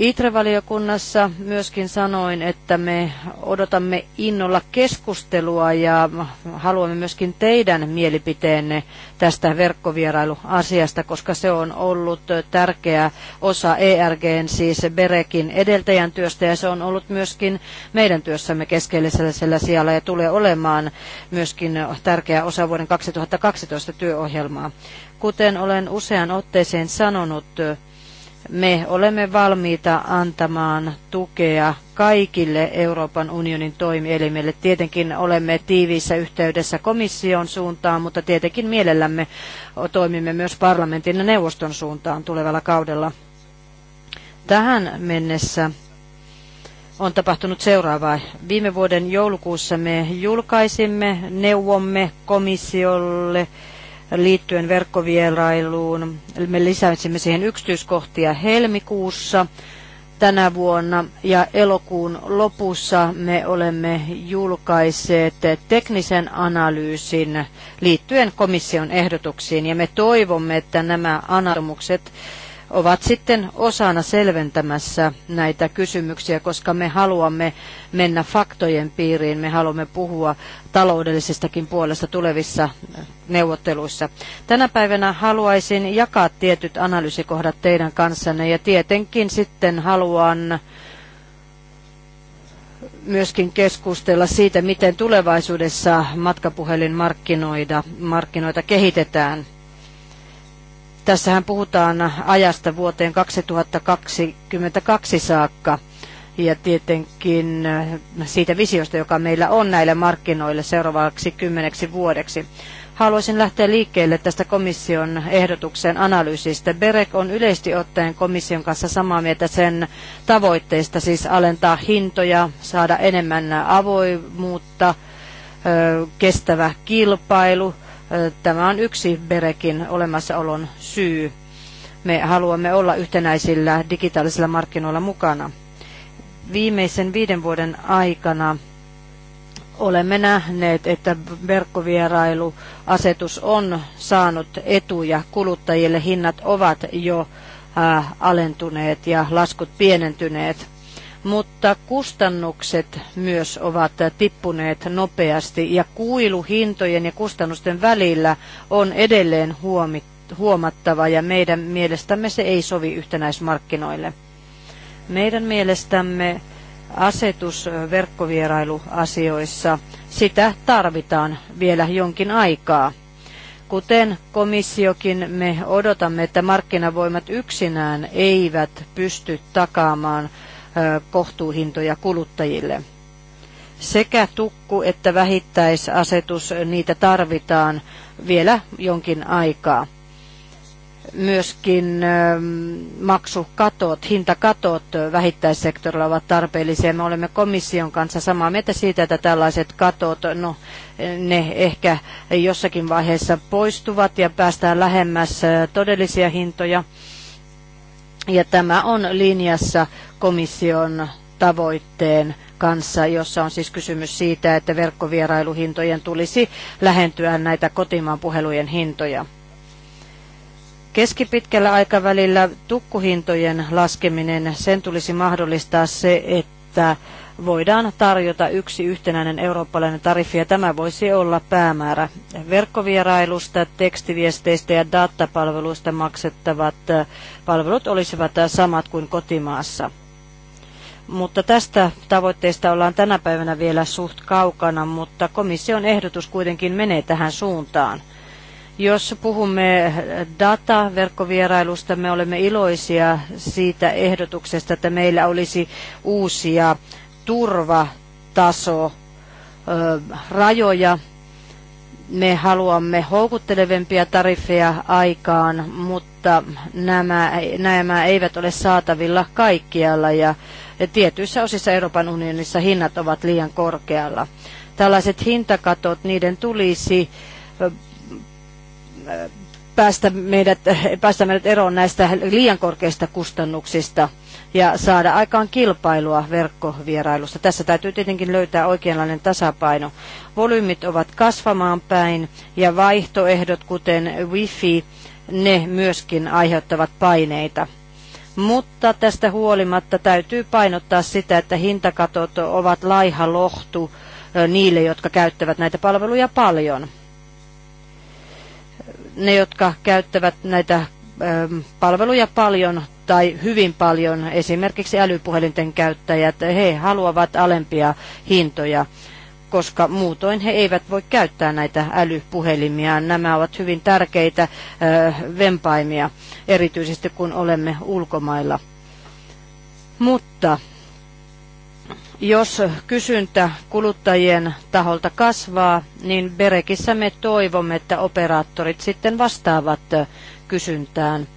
ITRE-valiokunnassa myöskin sanoin, että me odotamme innolla keskustelua ja haluamme myöskin teidän mielipiteenne tästä verkkovierailuasiasta, koska se on ollut tärkeä osa ERGn, siis Berekin edeltäjän työstä ja se on ollut myöskin meidän työssämme keskeisellä sijalla ja tulee olemaan myöskin tärkeä osa vuoden 2012 työohjelmaa. Kuten olen usean otteeseen sanonut, me olemme valmiita antamaan tukea kaikille Euroopan unionin toimielimille. Tietenkin olemme tiiviissä yhteydessä komission suuntaan, mutta tietenkin mielellämme toimimme myös parlamentin ja neuvoston suuntaan tulevalla kaudella. Tähän mennessä on tapahtunut seuraavaa. Viime vuoden joulukuussa me julkaisimme neuvomme komissiolle liittyen verkkovierailuun. Me lisäsimme siihen yksityiskohtia helmikuussa tänä vuonna ja elokuun lopussa me olemme julkaiseet teknisen analyysin liittyen komission ehdotuksiin ja me toivomme, että nämä analyysit ovat sitten osana selventämässä näitä kysymyksiä, koska me haluamme mennä faktojen piiriin, me haluamme puhua taloudellisestakin puolesta tulevissa neuvotteluissa. Tänä päivänä haluaisin jakaa tietyt analyysikohdat teidän kanssanne ja tietenkin sitten haluan myöskin keskustella siitä, miten tulevaisuudessa matkapuhelinmarkkinoita kehitetään. Tässähän puhutaan ajasta vuoteen 2022 saakka ja tietenkin eh, siitä visiosta, joka meillä on näille markkinoille seuraavaksi kymmeneksi vuodeksi. Haluaisin lähteä liikkeelle tästä komission ehdotuksen analyysistä. Berek on yleisesti ottaen komission kanssa samaa mieltä sen tavoitteista, siis alentaa hintoja, saada enemmän avoimuutta, eh, kestävä kilpailu – Tämä on yksi Berekin olemassaolon syy. Me haluamme olla yhtenäisillä digitaalisilla markkinoilla mukana. Viimeisen viiden vuoden aikana olemme nähneet, että verkkovierailuasetus on saanut etuja kuluttajille. Hinnat ovat jo alentuneet ja laskut pienentyneet mutta kustannukset myös ovat tippuneet nopeasti ja kuilu hintojen ja kustannusten välillä on edelleen huomattava ja meidän mielestämme se ei sovi yhtenäismarkkinoille. Meidän mielestämme asetus verkkovierailuasioissa, sitä tarvitaan vielä jonkin aikaa. Kuten komissiokin, me odotamme, että markkinavoimat yksinään eivät pysty takaamaan kohtuuhintoja kuluttajille. Sekä tukku että vähittäisasetus, niitä tarvitaan vielä jonkin aikaa myöskin maksukatot, hintakatot vähittäissektorilla ovat tarpeellisia. Me olemme komission kanssa samaa mieltä siitä, että tällaiset katot, no ne ehkä jossakin vaiheessa poistuvat ja päästään lähemmäs todellisia hintoja. Ja tämä on linjassa komission tavoitteen kanssa, jossa on siis kysymys siitä, että verkkovierailuhintojen tulisi lähentyä näitä kotimaan puhelujen hintoja. Keskipitkällä aikavälillä tukkuhintojen laskeminen, sen tulisi mahdollistaa se, että voidaan tarjota yksi yhtenäinen eurooppalainen tariffi ja tämä voisi olla päämäärä. Verkkovierailusta, tekstiviesteistä ja datapalveluista maksettavat äh, palvelut olisivat äh, samat kuin kotimaassa. Mutta tästä tavoitteesta ollaan tänä päivänä vielä suht kaukana, mutta komission ehdotus kuitenkin menee tähän suuntaan. Jos puhumme dataverkkovierailusta, me olemme iloisia siitä ehdotuksesta, että meillä olisi uusia turvataso rajoja. Me haluamme houkuttelevempia tariffeja aikaan, mutta nämä, nämä eivät ole saatavilla kaikkialla ja tietyissä osissa Euroopan unionissa hinnat ovat liian korkealla. Tällaiset hintakatot, niiden tulisi päästä meidät, päästä meidät eroon näistä liian korkeista kustannuksista – ja saada aikaan kilpailua verkkovierailusta. Tässä täytyy tietenkin löytää oikeanlainen tasapaino. Volyymit ovat kasvamaan päin ja vaihtoehdot, kuten wifi, ne myöskin aiheuttavat paineita mutta tästä huolimatta täytyy painottaa sitä, että hintakatot ovat laiha lohtu niille, jotka käyttävät näitä palveluja paljon. Ne, jotka käyttävät näitä palveluja paljon, tai hyvin paljon esimerkiksi älypuhelinten käyttäjät, he haluavat alempia hintoja koska muutoin he eivät voi käyttää näitä älypuhelimia. Nämä ovat hyvin tärkeitä vempaimia, erityisesti kun olemme ulkomailla. Mutta jos kysyntä kuluttajien taholta kasvaa, niin Berekissä me toivomme, että operaattorit sitten vastaavat kysyntään –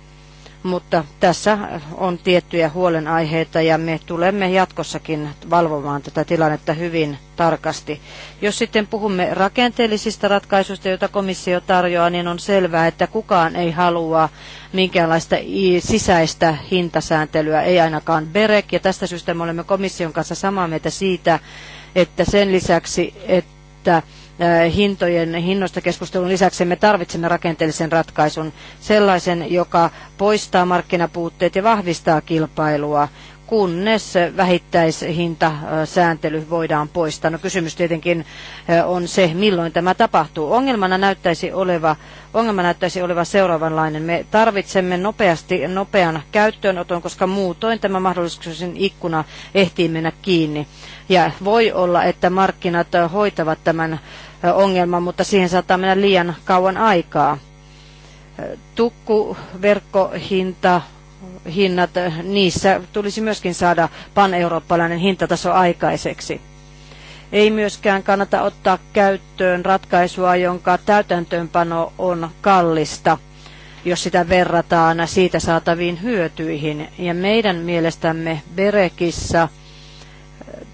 mutta tässä on tiettyjä huolenaiheita ja me tulemme jatkossakin valvomaan tätä tilannetta hyvin tarkasti. Jos sitten puhumme rakenteellisista ratkaisuista, joita komissio tarjoaa, niin on selvää, että kukaan ei halua minkäänlaista sisäistä hintasääntelyä, ei ainakaan BEREK, ja tästä syystä me olemme komission kanssa samaa mieltä siitä, että sen lisäksi, että hintojen hinnoista keskustelun lisäksi me tarvitsemme rakenteellisen ratkaisun, sellaisen, joka poistaa markkinapuutteet ja vahvistaa kilpailua kunnes vähittäishintasääntely voidaan poistaa. No kysymys tietenkin on se, milloin tämä tapahtuu. Ongelmana näyttäisi oleva, ongelma näyttäisi oleva seuraavanlainen. Me tarvitsemme nopeasti nopean käyttöönoton, koska muutoin tämä mahdollisuuksien ikkuna ehtii mennä kiinni. Ja voi olla, että markkinat hoitavat tämän ongelma, mutta siihen saattaa mennä liian kauan aikaa. Tukkuverkkohinta hinnat, niissä tulisi myöskin saada pan-eurooppalainen hintataso aikaiseksi. Ei myöskään kannata ottaa käyttöön ratkaisua, jonka täytäntöönpano on kallista, jos sitä verrataan siitä saataviin hyötyihin. Ja meidän mielestämme Berekissä –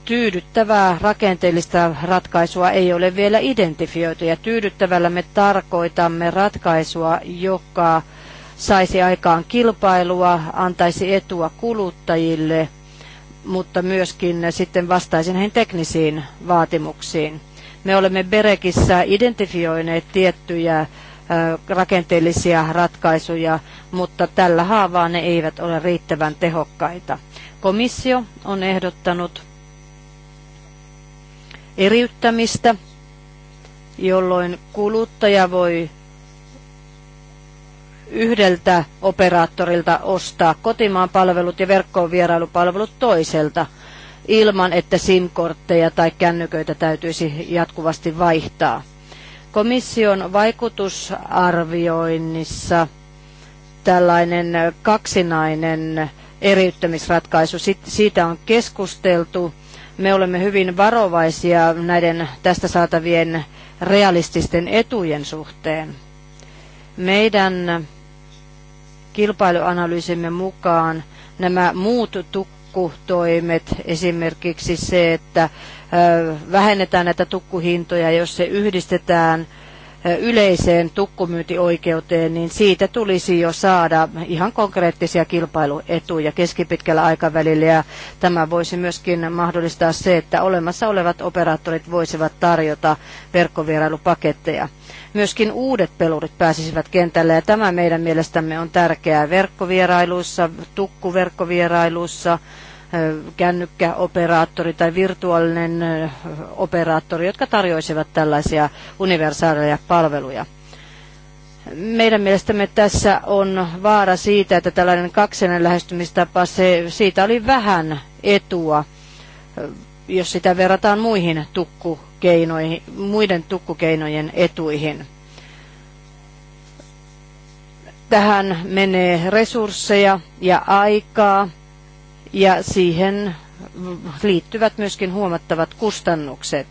tyydyttävää rakenteellista ratkaisua ei ole vielä identifioitu. Ja tyydyttävällä me tarkoitamme ratkaisua, joka saisi aikaan kilpailua, antaisi etua kuluttajille, mutta myöskin sitten vastaisi näihin teknisiin vaatimuksiin. Me olemme Berekissä identifioineet tiettyjä rakenteellisia ratkaisuja, mutta tällä haavaa ne eivät ole riittävän tehokkaita. Komissio on ehdottanut eriyttämistä, jolloin kuluttaja voi yhdeltä operaattorilta ostaa kotimaan palvelut ja verkkoon vierailupalvelut toiselta ilman, että SIM-kortteja tai kännyköitä täytyisi jatkuvasti vaihtaa. Komission vaikutusarvioinnissa tällainen kaksinainen eriyttämisratkaisu, siitä on keskusteltu me olemme hyvin varovaisia näiden tästä saatavien realististen etujen suhteen. Meidän kilpailuanalyysimme mukaan nämä muut tukkutoimet, esimerkiksi se, että vähennetään näitä tukkuhintoja, jos se yhdistetään – yleiseen tukkumyyntioikeuteen, niin siitä tulisi jo saada ihan konkreettisia kilpailuetuja keskipitkällä aikavälillä. Ja tämä voisi myöskin mahdollistaa se, että olemassa olevat operaattorit voisivat tarjota verkkovierailupaketteja. Myöskin uudet pelurit pääsisivät kentälle ja tämä meidän mielestämme on tärkeää verkkovierailuissa, tukkuverkkovierailuissa, kännykkäoperaattori tai virtuaalinen operaattori, jotka tarjoisivat tällaisia universaaleja palveluja. Meidän mielestämme tässä on vaara siitä, että tällainen kaksinen lähestymistapa, se, siitä oli vähän etua, jos sitä verrataan muihin tukkukeinoihin, muiden tukkukeinojen etuihin tähän menee resursseja ja aikaa ja siihen liittyvät myöskin huomattavat kustannukset.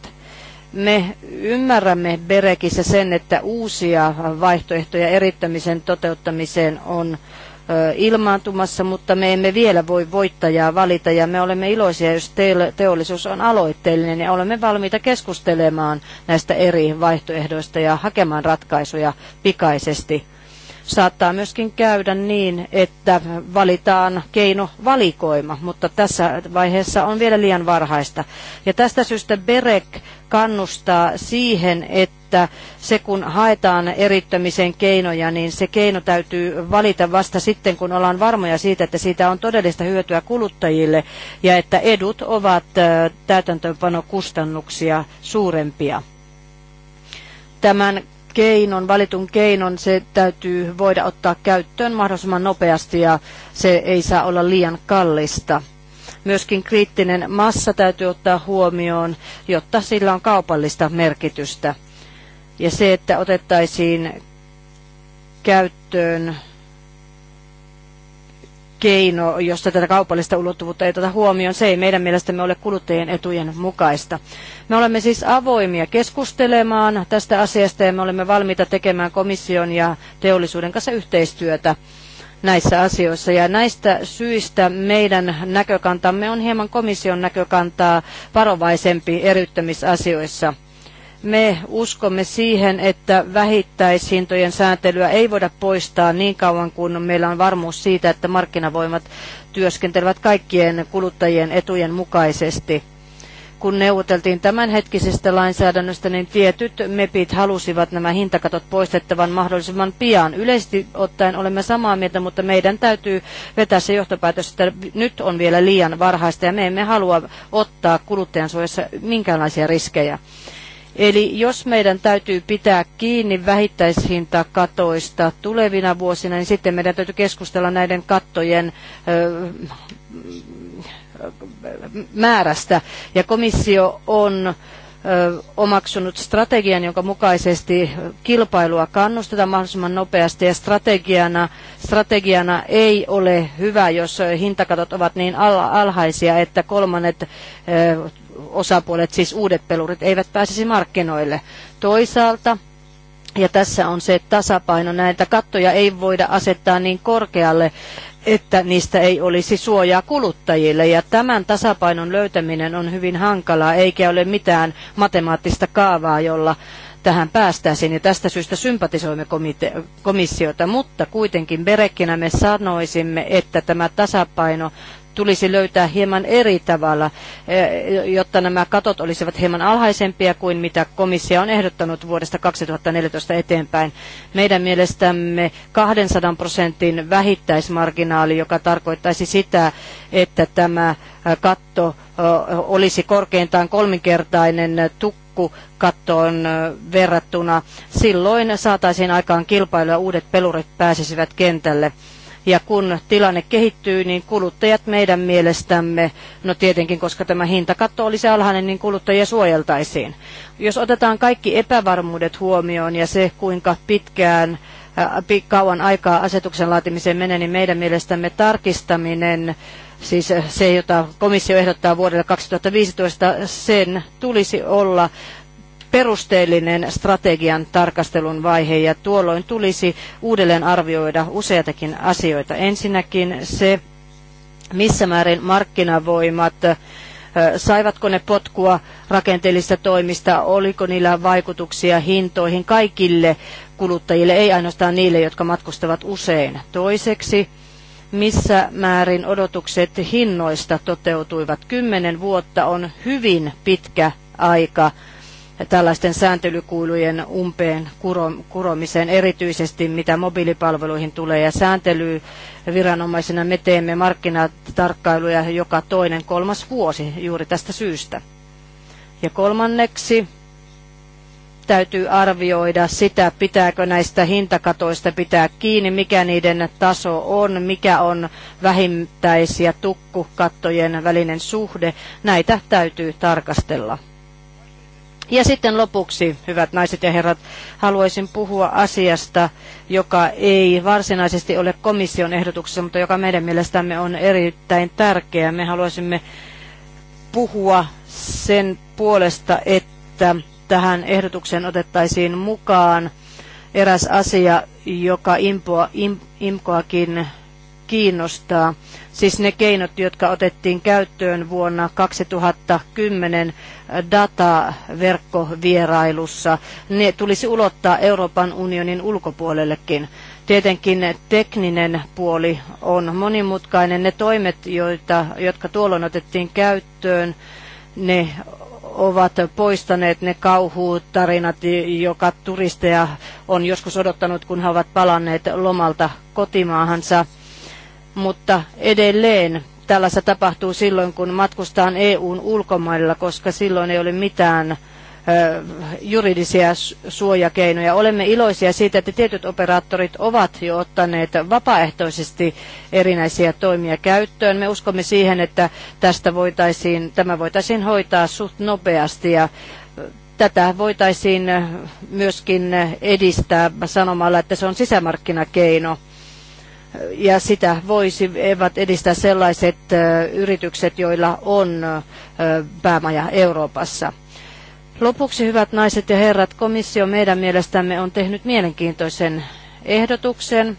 Me ymmärrämme Berekissä sen, että uusia vaihtoehtoja erittämisen toteuttamiseen on ilmaantumassa, mutta me emme vielä voi voittajaa valita ja me olemme iloisia, jos teollisuus on aloitteellinen ja olemme valmiita keskustelemaan näistä eri vaihtoehdoista ja hakemaan ratkaisuja pikaisesti. Saattaa myöskin käydä niin, että valitaan keino valikoima, mutta tässä vaiheessa on vielä liian varhaista. Ja tästä syystä berek kannustaa siihen, että se kun haetaan erittämisen keinoja, niin se keino täytyy valita vasta sitten, kun ollaan varmoja siitä, että siitä on todellista hyötyä kuluttajille ja että edut ovat täytäntöönpanokustannuksia suurempia. Tämän keinon, valitun keinon, se täytyy voida ottaa käyttöön mahdollisimman nopeasti ja se ei saa olla liian kallista. Myöskin kriittinen massa täytyy ottaa huomioon, jotta sillä on kaupallista merkitystä. Ja se, että otettaisiin käyttöön keino, josta tätä kaupallista ulottuvuutta ei tätä huomioon. Se ei meidän mielestämme ole kuluttajien etujen mukaista. Me olemme siis avoimia keskustelemaan tästä asiasta ja me olemme valmiita tekemään komission ja teollisuuden kanssa yhteistyötä näissä asioissa. Ja näistä syistä meidän näkökantamme on hieman komission näkökantaa varovaisempi eriyttämisasioissa – me uskomme siihen, että vähittäishintojen sääntelyä ei voida poistaa niin kauan kuin meillä on varmuus siitä, että markkinavoimat työskentelevät kaikkien kuluttajien etujen mukaisesti kun neuvoteltiin tämänhetkisestä lainsäädännöstä, niin tietyt MEPit halusivat nämä hintakatot poistettavan mahdollisimman pian. Yleisesti ottaen olemme samaa mieltä, mutta meidän täytyy vetää se johtopäätös, että nyt on vielä liian varhaista ja me emme halua ottaa kuluttajansuojassa minkäänlaisia riskejä. Eli jos meidän täytyy pitää kiinni vähittäishintakatoista tulevina vuosina, niin sitten meidän täytyy keskustella näiden kattojen määrästä. Ja komissio on omaksunut strategian, jonka mukaisesti kilpailua kannustetaan mahdollisimman nopeasti ja strategiana, strategiana ei ole hyvä, jos hintakatot ovat niin alhaisia, että kolmannet osapuolet, siis uudet pelurit, eivät pääsisi markkinoille. Toisaalta ja tässä on se tasapaino. Näitä kattoja ei voida asettaa niin korkealle, että niistä ei olisi suojaa kuluttajille. Ja tämän tasapainon löytäminen on hyvin hankalaa, eikä ole mitään matemaattista kaavaa, jolla tähän päästäisiin. Ja tästä syystä sympatisoimme komissiota, mutta kuitenkin Berekkinä me sanoisimme, että tämä tasapaino tulisi löytää hieman eri tavalla, eh, jotta nämä katot olisivat hieman alhaisempia kuin mitä komissio on ehdottanut vuodesta 2014 eteenpäin. Meidän mielestämme 200 prosentin vähittäismarginaali, joka tarkoittaisi sitä, että tämä eh, katto eh, olisi korkeintaan kolminkertainen tukka, kattoon verrattuna. Silloin saataisiin aikaan kilpailu ja uudet pelurit pääsisivät kentälle. Ja kun tilanne kehittyy, niin kuluttajat meidän mielestämme, no tietenkin koska tämä hintakatto olisi alhainen, niin kuluttajia suojeltaisiin. Jos otetaan kaikki epävarmuudet huomioon ja se, kuinka pitkään äh, kauan aikaa asetuksen laatimiseen menee, niin meidän mielestämme tarkistaminen, siis se, jota komissio ehdottaa vuodelle 2015, sen tulisi olla perusteellinen strategian tarkastelun vaihe ja tuolloin tulisi uudelleen arvioida useitakin asioita. Ensinnäkin se, missä määrin markkinavoimat saivatko ne potkua rakenteellisista toimista, oliko niillä vaikutuksia hintoihin kaikille kuluttajille, ei ainoastaan niille, jotka matkustavat usein. Toiseksi, missä määrin odotukset hinnoista toteutuivat. Kymmenen vuotta on hyvin pitkä aika tällaisten sääntelykuilujen umpeen kuromiseen, erityisesti mitä mobiilipalveluihin tulee. Ja sääntely me teemme markkinatarkkailuja joka toinen kolmas vuosi juuri tästä syystä. Ja kolmanneksi täytyy arvioida sitä, pitääkö näistä hintakatoista pitää kiinni, mikä niiden taso on, mikä on vähintäisiä tukkukattojen välinen suhde. Näitä täytyy tarkastella. Ja sitten lopuksi, hyvät naiset ja herrat, haluaisin puhua asiasta, joka ei varsinaisesti ole komission ehdotuksessa, mutta joka meidän mielestämme on erittäin tärkeä. Me haluaisimme puhua sen puolesta, että tähän ehdotukseen otettaisiin mukaan eräs asia, joka impoa, im, IMKOakin kiinnostaa. Siis ne keinot, jotka otettiin käyttöön vuonna 2010 data verkkovierailussa, ne tulisi ulottaa Euroopan unionin ulkopuolellekin. Tietenkin tekninen puoli on monimutkainen. Ne toimet, joita, jotka tuolloin otettiin käyttöön, ne ovat poistaneet ne kauhutarinat, joka turisteja on joskus odottanut, kun he ovat palanneet lomalta kotimaahansa. Mutta edelleen tällaista tapahtuu silloin, kun matkustaan EUn ulkomailla, koska silloin ei ole mitään juridisia suojakeinoja. Olemme iloisia siitä, että tietyt operaattorit ovat jo ottaneet vapaaehtoisesti erinäisiä toimia käyttöön. Me uskomme siihen, että tästä voitaisiin, tämä voitaisiin hoitaa suht nopeasti ja tätä voitaisiin myöskin edistää sanomalla, että se on sisämarkkinakeino ja sitä voisivat edistää sellaiset yritykset, joilla on päämaja Euroopassa. Lopuksi, hyvät naiset ja herrat, komissio meidän mielestämme on tehnyt mielenkiintoisen ehdotuksen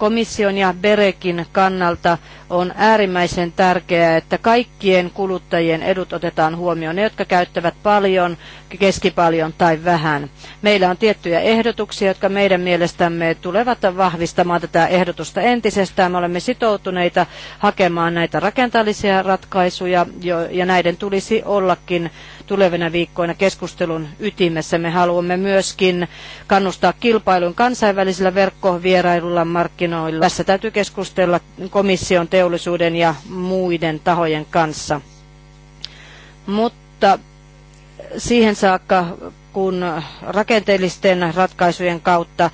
komission ja Berekin kannalta on äärimmäisen tärkeää, että kaikkien kuluttajien edut otetaan huomioon, ne jotka käyttävät paljon, keskipaljon tai vähän. Meillä on tiettyjä ehdotuksia, jotka meidän mielestämme tulevat vahvistamaan tätä ehdotusta entisestään. Me olemme sitoutuneita hakemaan näitä rakenteellisia ratkaisuja ja näiden tulisi ollakin tulevina viikkoina keskustelun ytimessä. Me haluamme myöskin kannustaa kilpailun kansainvälisillä verkkovierailulla markkinoilla. Tässä täytyy keskustella komission, teollisuuden ja muiden tahojen kanssa. Mutta siihen saakka, kun rakenteellisten ratkaisujen kautta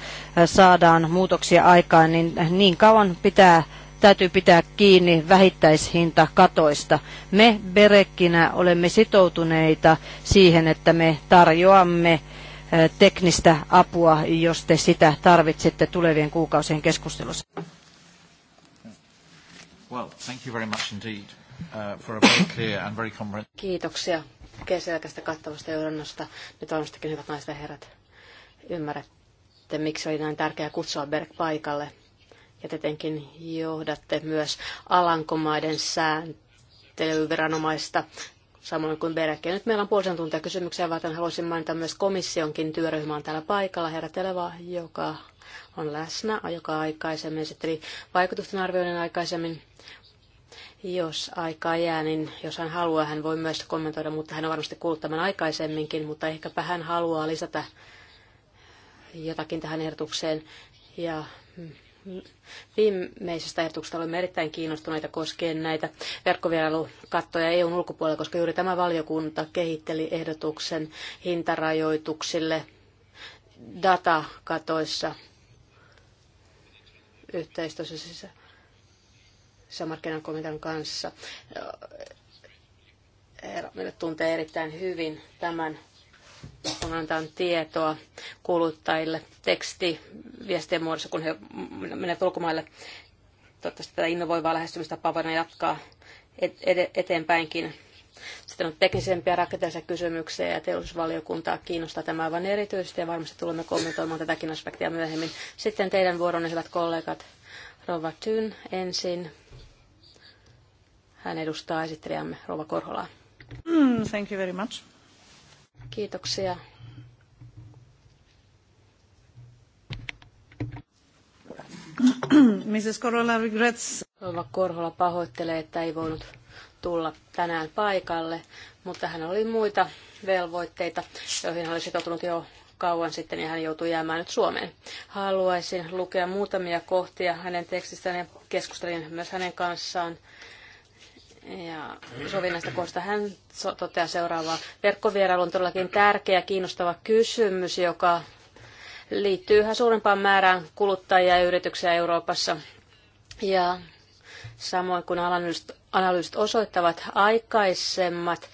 saadaan muutoksia aikaan, niin niin kauan pitää täytyy pitää kiinni vähittäishinta katoista. Me Berekkinä olemme sitoutuneita siihen, että me tarjoamme eh, teknistä apua, jos te sitä tarvitsette tulevien kuukausien keskustelussa. Well, thank you very much indeed, uh, for a very clear and very comprehensive... Kiitoksia keskeisestä kattavasta johdannosta. Nyt varmastikin hyvät naiset ja herrat ymmärrätte, miksi oli näin tärkeää kutsua Berg paikalle ja tietenkin johdatte myös Alankomaiden sääntelyviranomaista samoin kuin Berekki. Nyt meillä on puolisen tuntia kysymyksiä, vaan haluaisin mainita myös komissionkin työryhmä on täällä paikalla, herra Televa, joka on läsnä, joka aikaisemmin esitteli vaikutusten arvioinnin aikaisemmin. Jos aikaa jää, niin jos hän haluaa, hän voi myös kommentoida, mutta hän on varmasti kuullut tämän aikaisemminkin, mutta ehkäpä hän haluaa lisätä jotakin tähän ehdotukseen. Ja viimeisestä ehdotuksesta olemme erittäin kiinnostuneita koskien näitä verkkovierailukattoja EUn ulkopuolella, koska juuri tämä valiokunta kehitteli ehdotuksen hintarajoituksille datakatoissa yhteistyössä siis sisämarkkinan komitean kanssa. Herra, tuntee erittäin hyvin tämän kun antaa tietoa kuluttajille teksti viestien muodossa, kun he menevät ulkomaille. Toivottavasti tätä innovoivaa lähestymistapaa voidaan jatkaa eteenpäinkin. Sitten on teknisempiä rakenteellisia kysymyksiä ja teollisuusvaliokuntaa kiinnostaa tämä aivan erityisesti ja varmasti tulemme kommentoimaan tätäkin aspektia myöhemmin. Sitten teidän vuoronne, hyvät kollegat. Rova Tyn ensin. Hän edustaa esittelijämme Rova Korholaa. Mm, thank you very much. Kiitoksia. Mrs. Korhola regrets. Rova Korhola pahoittelee, että ei voinut tulla tänään paikalle, mutta hän oli muita velvoitteita, joihin hän oli sitoutunut jo kauan sitten ja hän joutui jäämään nyt Suomeen. Haluaisin lukea muutamia kohtia hänen tekstistään ja keskustelin myös hänen kanssaan ja näistä koosta hän toteaa seuraavaa. Verkkovierailu on todellakin tärkeä kiinnostava kysymys, joka liittyy yhä suurempaan määrään kuluttajia ja yrityksiä Euroopassa. Ja samoin kuin analyysit osoittavat, aikaisemmat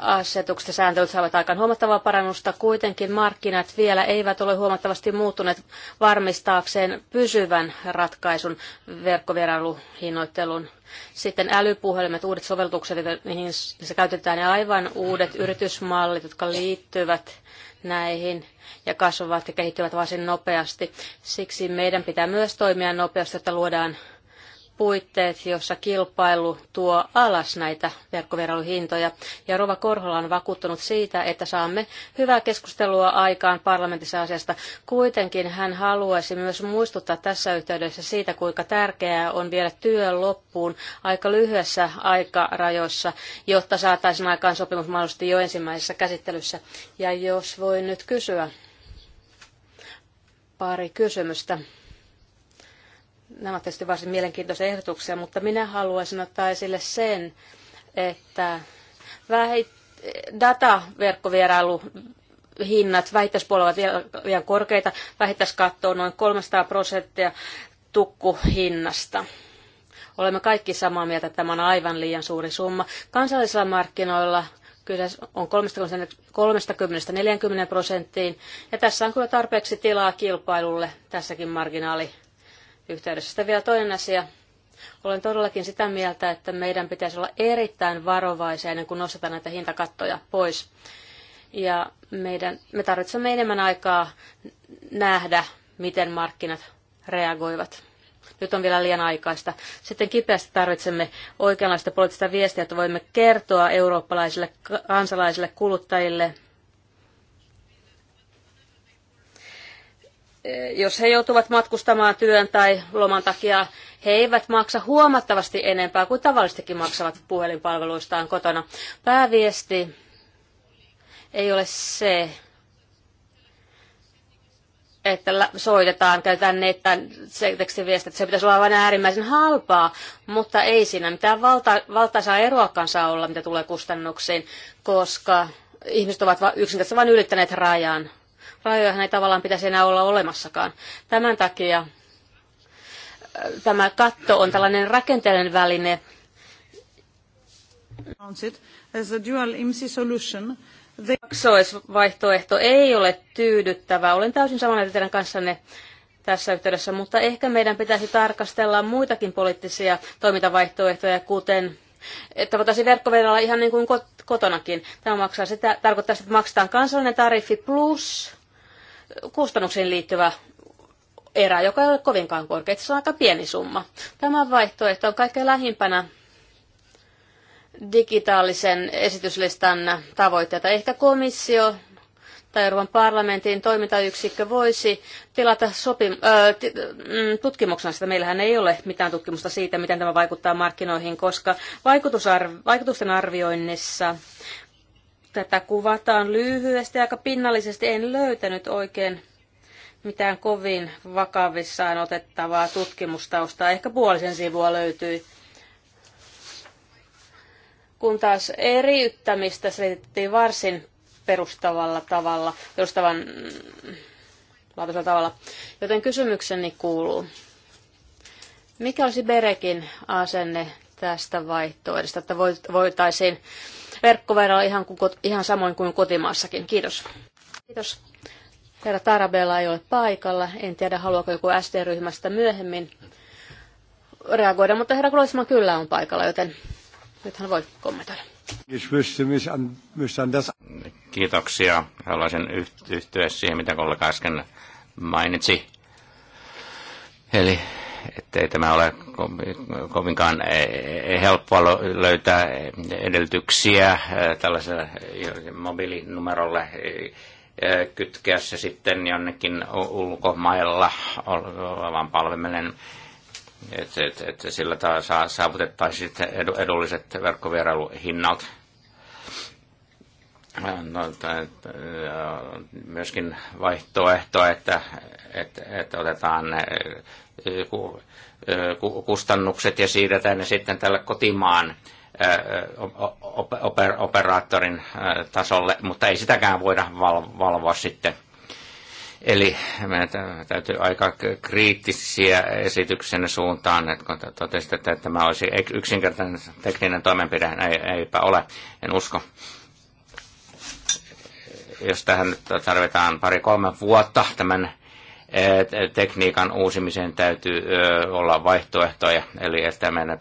asetukset ja sääntelyt saavat aikaan huomattavaa parannusta. Kuitenkin markkinat vielä eivät ole huomattavasti muuttuneet varmistaakseen pysyvän ratkaisun verkkovierailuhinnoittelun. Sitten älypuhelimet, uudet sovellukset, mihin se käytetään, ja aivan uudet yritysmallit, jotka liittyvät näihin ja kasvavat ja kehittyvät varsin nopeasti. Siksi meidän pitää myös toimia nopeasti, että luodaan puitteet, jossa kilpailu tuo alas näitä verkkovierailuhintoja. Ja Rova Korhola on vakuuttunut siitä, että saamme hyvää keskustelua aikaan parlamentissa asiasta. Kuitenkin hän haluaisi myös muistuttaa tässä yhteydessä siitä, kuinka tärkeää on vielä työn loppuun aika lyhyessä aikarajoissa, jotta saataisiin aikaan sopimus mahdollisesti jo ensimmäisessä käsittelyssä. Ja jos voi nyt kysyä pari kysymystä Nämä ovat tietysti varsin mielenkiintoisia ehdotuksia, mutta minä haluaisin ottaa esille sen, että vähit, dataverkkovierailu hinnat vähittäispuolella ovat liian korkeita. Vähittäiskatto on noin 300 prosenttia tukkuhinnasta. Olemme kaikki samaa mieltä, että tämä on aivan liian suuri summa. Kansallisilla markkinoilla kyse on 30-40 prosenttiin, ja tässä on kyllä tarpeeksi tilaa kilpailulle tässäkin marginaali yhteydessä. Sitten vielä toinen asia. Olen todellakin sitä mieltä, että meidän pitäisi olla erittäin varovaisia ennen kuin nostetaan näitä hintakattoja pois. Ja meidän, me tarvitsemme enemmän aikaa nähdä, miten markkinat reagoivat. Nyt on vielä liian aikaista. Sitten kipeästi tarvitsemme oikeanlaista poliittista viestiä, että voimme kertoa eurooppalaisille kansalaisille kuluttajille Eh, jos he joutuvat matkustamaan työn tai loman takia, he eivät maksa huomattavasti enempää kuin tavallistikin maksavat puhelinpalveluistaan kotona. Pääviesti ei ole se, että soitetaan, käytetään netään tekstiviestiä, että se pitäisi olla vain äärimmäisen halpaa, mutta ei siinä mitään valta, valtaisaa eroakaan saa olla, mitä tulee kustannuksiin, koska ihmiset ovat yksinkertaisesti vain ylittäneet rajan rajoja ei tavallaan pitäisi enää olla olemassakaan. Tämän takia äh, tämä katto on tällainen rakenteellinen väline. As a dual solution, Kaksoisvaihtoehto ei ole tyydyttävä. Olen täysin samaa mieltä teidän kanssanne tässä yhteydessä, mutta ehkä meidän pitäisi tarkastella muitakin poliittisia toimintavaihtoehtoja, kuten että voitaisiin verkkovedolla ihan niin kuin kotonakin. Tämä maksaa sitä, tarkoittaa, että maksetaan kansallinen tariffi plus kustannuksiin liittyvä erä, joka ei ole kovinkaan korkea. Se on aika pieni summa. Tämä vaihtoehto on kaikkein lähimpänä digitaalisen esityslistan tavoitteita. Ehkä komissio tai Euroopan parlamentin toimintayksikkö voisi tilata sopim- äh, tutkimuksen, sitä meillähän ei ole mitään tutkimusta siitä, miten tämä vaikuttaa markkinoihin, koska vaikutusar- vaikutusten arvioinnissa Tätä kuvataan lyhyesti aika pinnallisesti. En löytänyt oikein mitään kovin vakavissaan otettavaa tutkimustausta, Ehkä puolisen sivua löytyi. Kun taas eriyttämistä selitettiin varsin perustavalla tavalla, perustavan mm, laatuisella tavalla. Joten kysymykseni kuuluu, mikä olisi Berekin asenne tästä vaihtoehdosta, että voitaisiin verkkoverolla ihan, kuin, ihan samoin kuin kotimaassakin. Kiitos. Kiitos. Herra Tarabella ei ole paikalla. En tiedä, haluaako joku SD-ryhmästä myöhemmin reagoida, mutta herra Kloisman kyllä on paikalla, joten nyt hän voi kommentoida. Kiitoksia. Haluaisin yhtyä siihen, mitä kollega äsken mainitsi. Eli ettei tämä ole kovinkaan e, e, helppoa löytää edellytyksiä e, tällaiselle mobiilinumerolle kytkeä se sitten jonnekin ulkomailla olevan palvelimen, että et, et sillä saa, saavutettaisiin edulliset verkkovierailuhinnat. No, myöskin vaihtoehto, että, että, että otetaan kustannukset ja siirretään ne sitten tälle kotimaan operaattorin tasolle, mutta ei sitäkään voida valvoa sitten. Eli me täytyy aika kriittisiä esityksen suuntaan, että kun totesitte, että tämä olisi yksinkertainen tekninen toimenpide, ei, eipä ole, en usko. Jos tähän nyt tarvitaan pari-kolme vuotta tämän Eh, tekniikan uusimiseen täytyy olla vaihtoehtoja, eli että mennä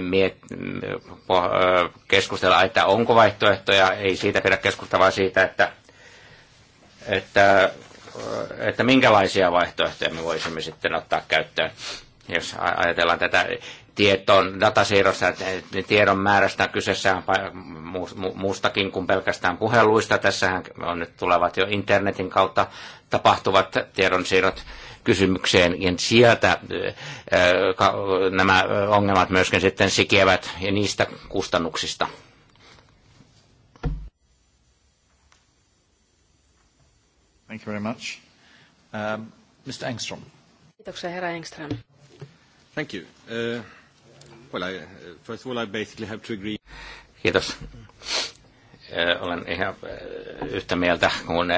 miet, keskustella, että onko vaihtoehtoja, ei siitä pidä keskustella, vaan siitä, että, että, että minkälaisia vaihtoehtoja me voisimme sitten ottaa käyttöön, jos ajatellaan tätä tietoon, datasiirrossa, tiedon määrästä kyseessä on muustakin kuin pelkästään puheluista. Tässähän on nyt tulevat jo internetin kautta tapahtuvat tiedonsiirrot kysymykseen, ja sieltä nämä ongelmat myöskin sitten sikevät ja niistä kustannuksista. Thank you very much. Um, Mr. Engström. Kiitoksia, herra Engström. Thank you. Uh... Well, I, uh, first of all, I basically have to agree. Kiitos. Olen ihan yhtä mieltä kuin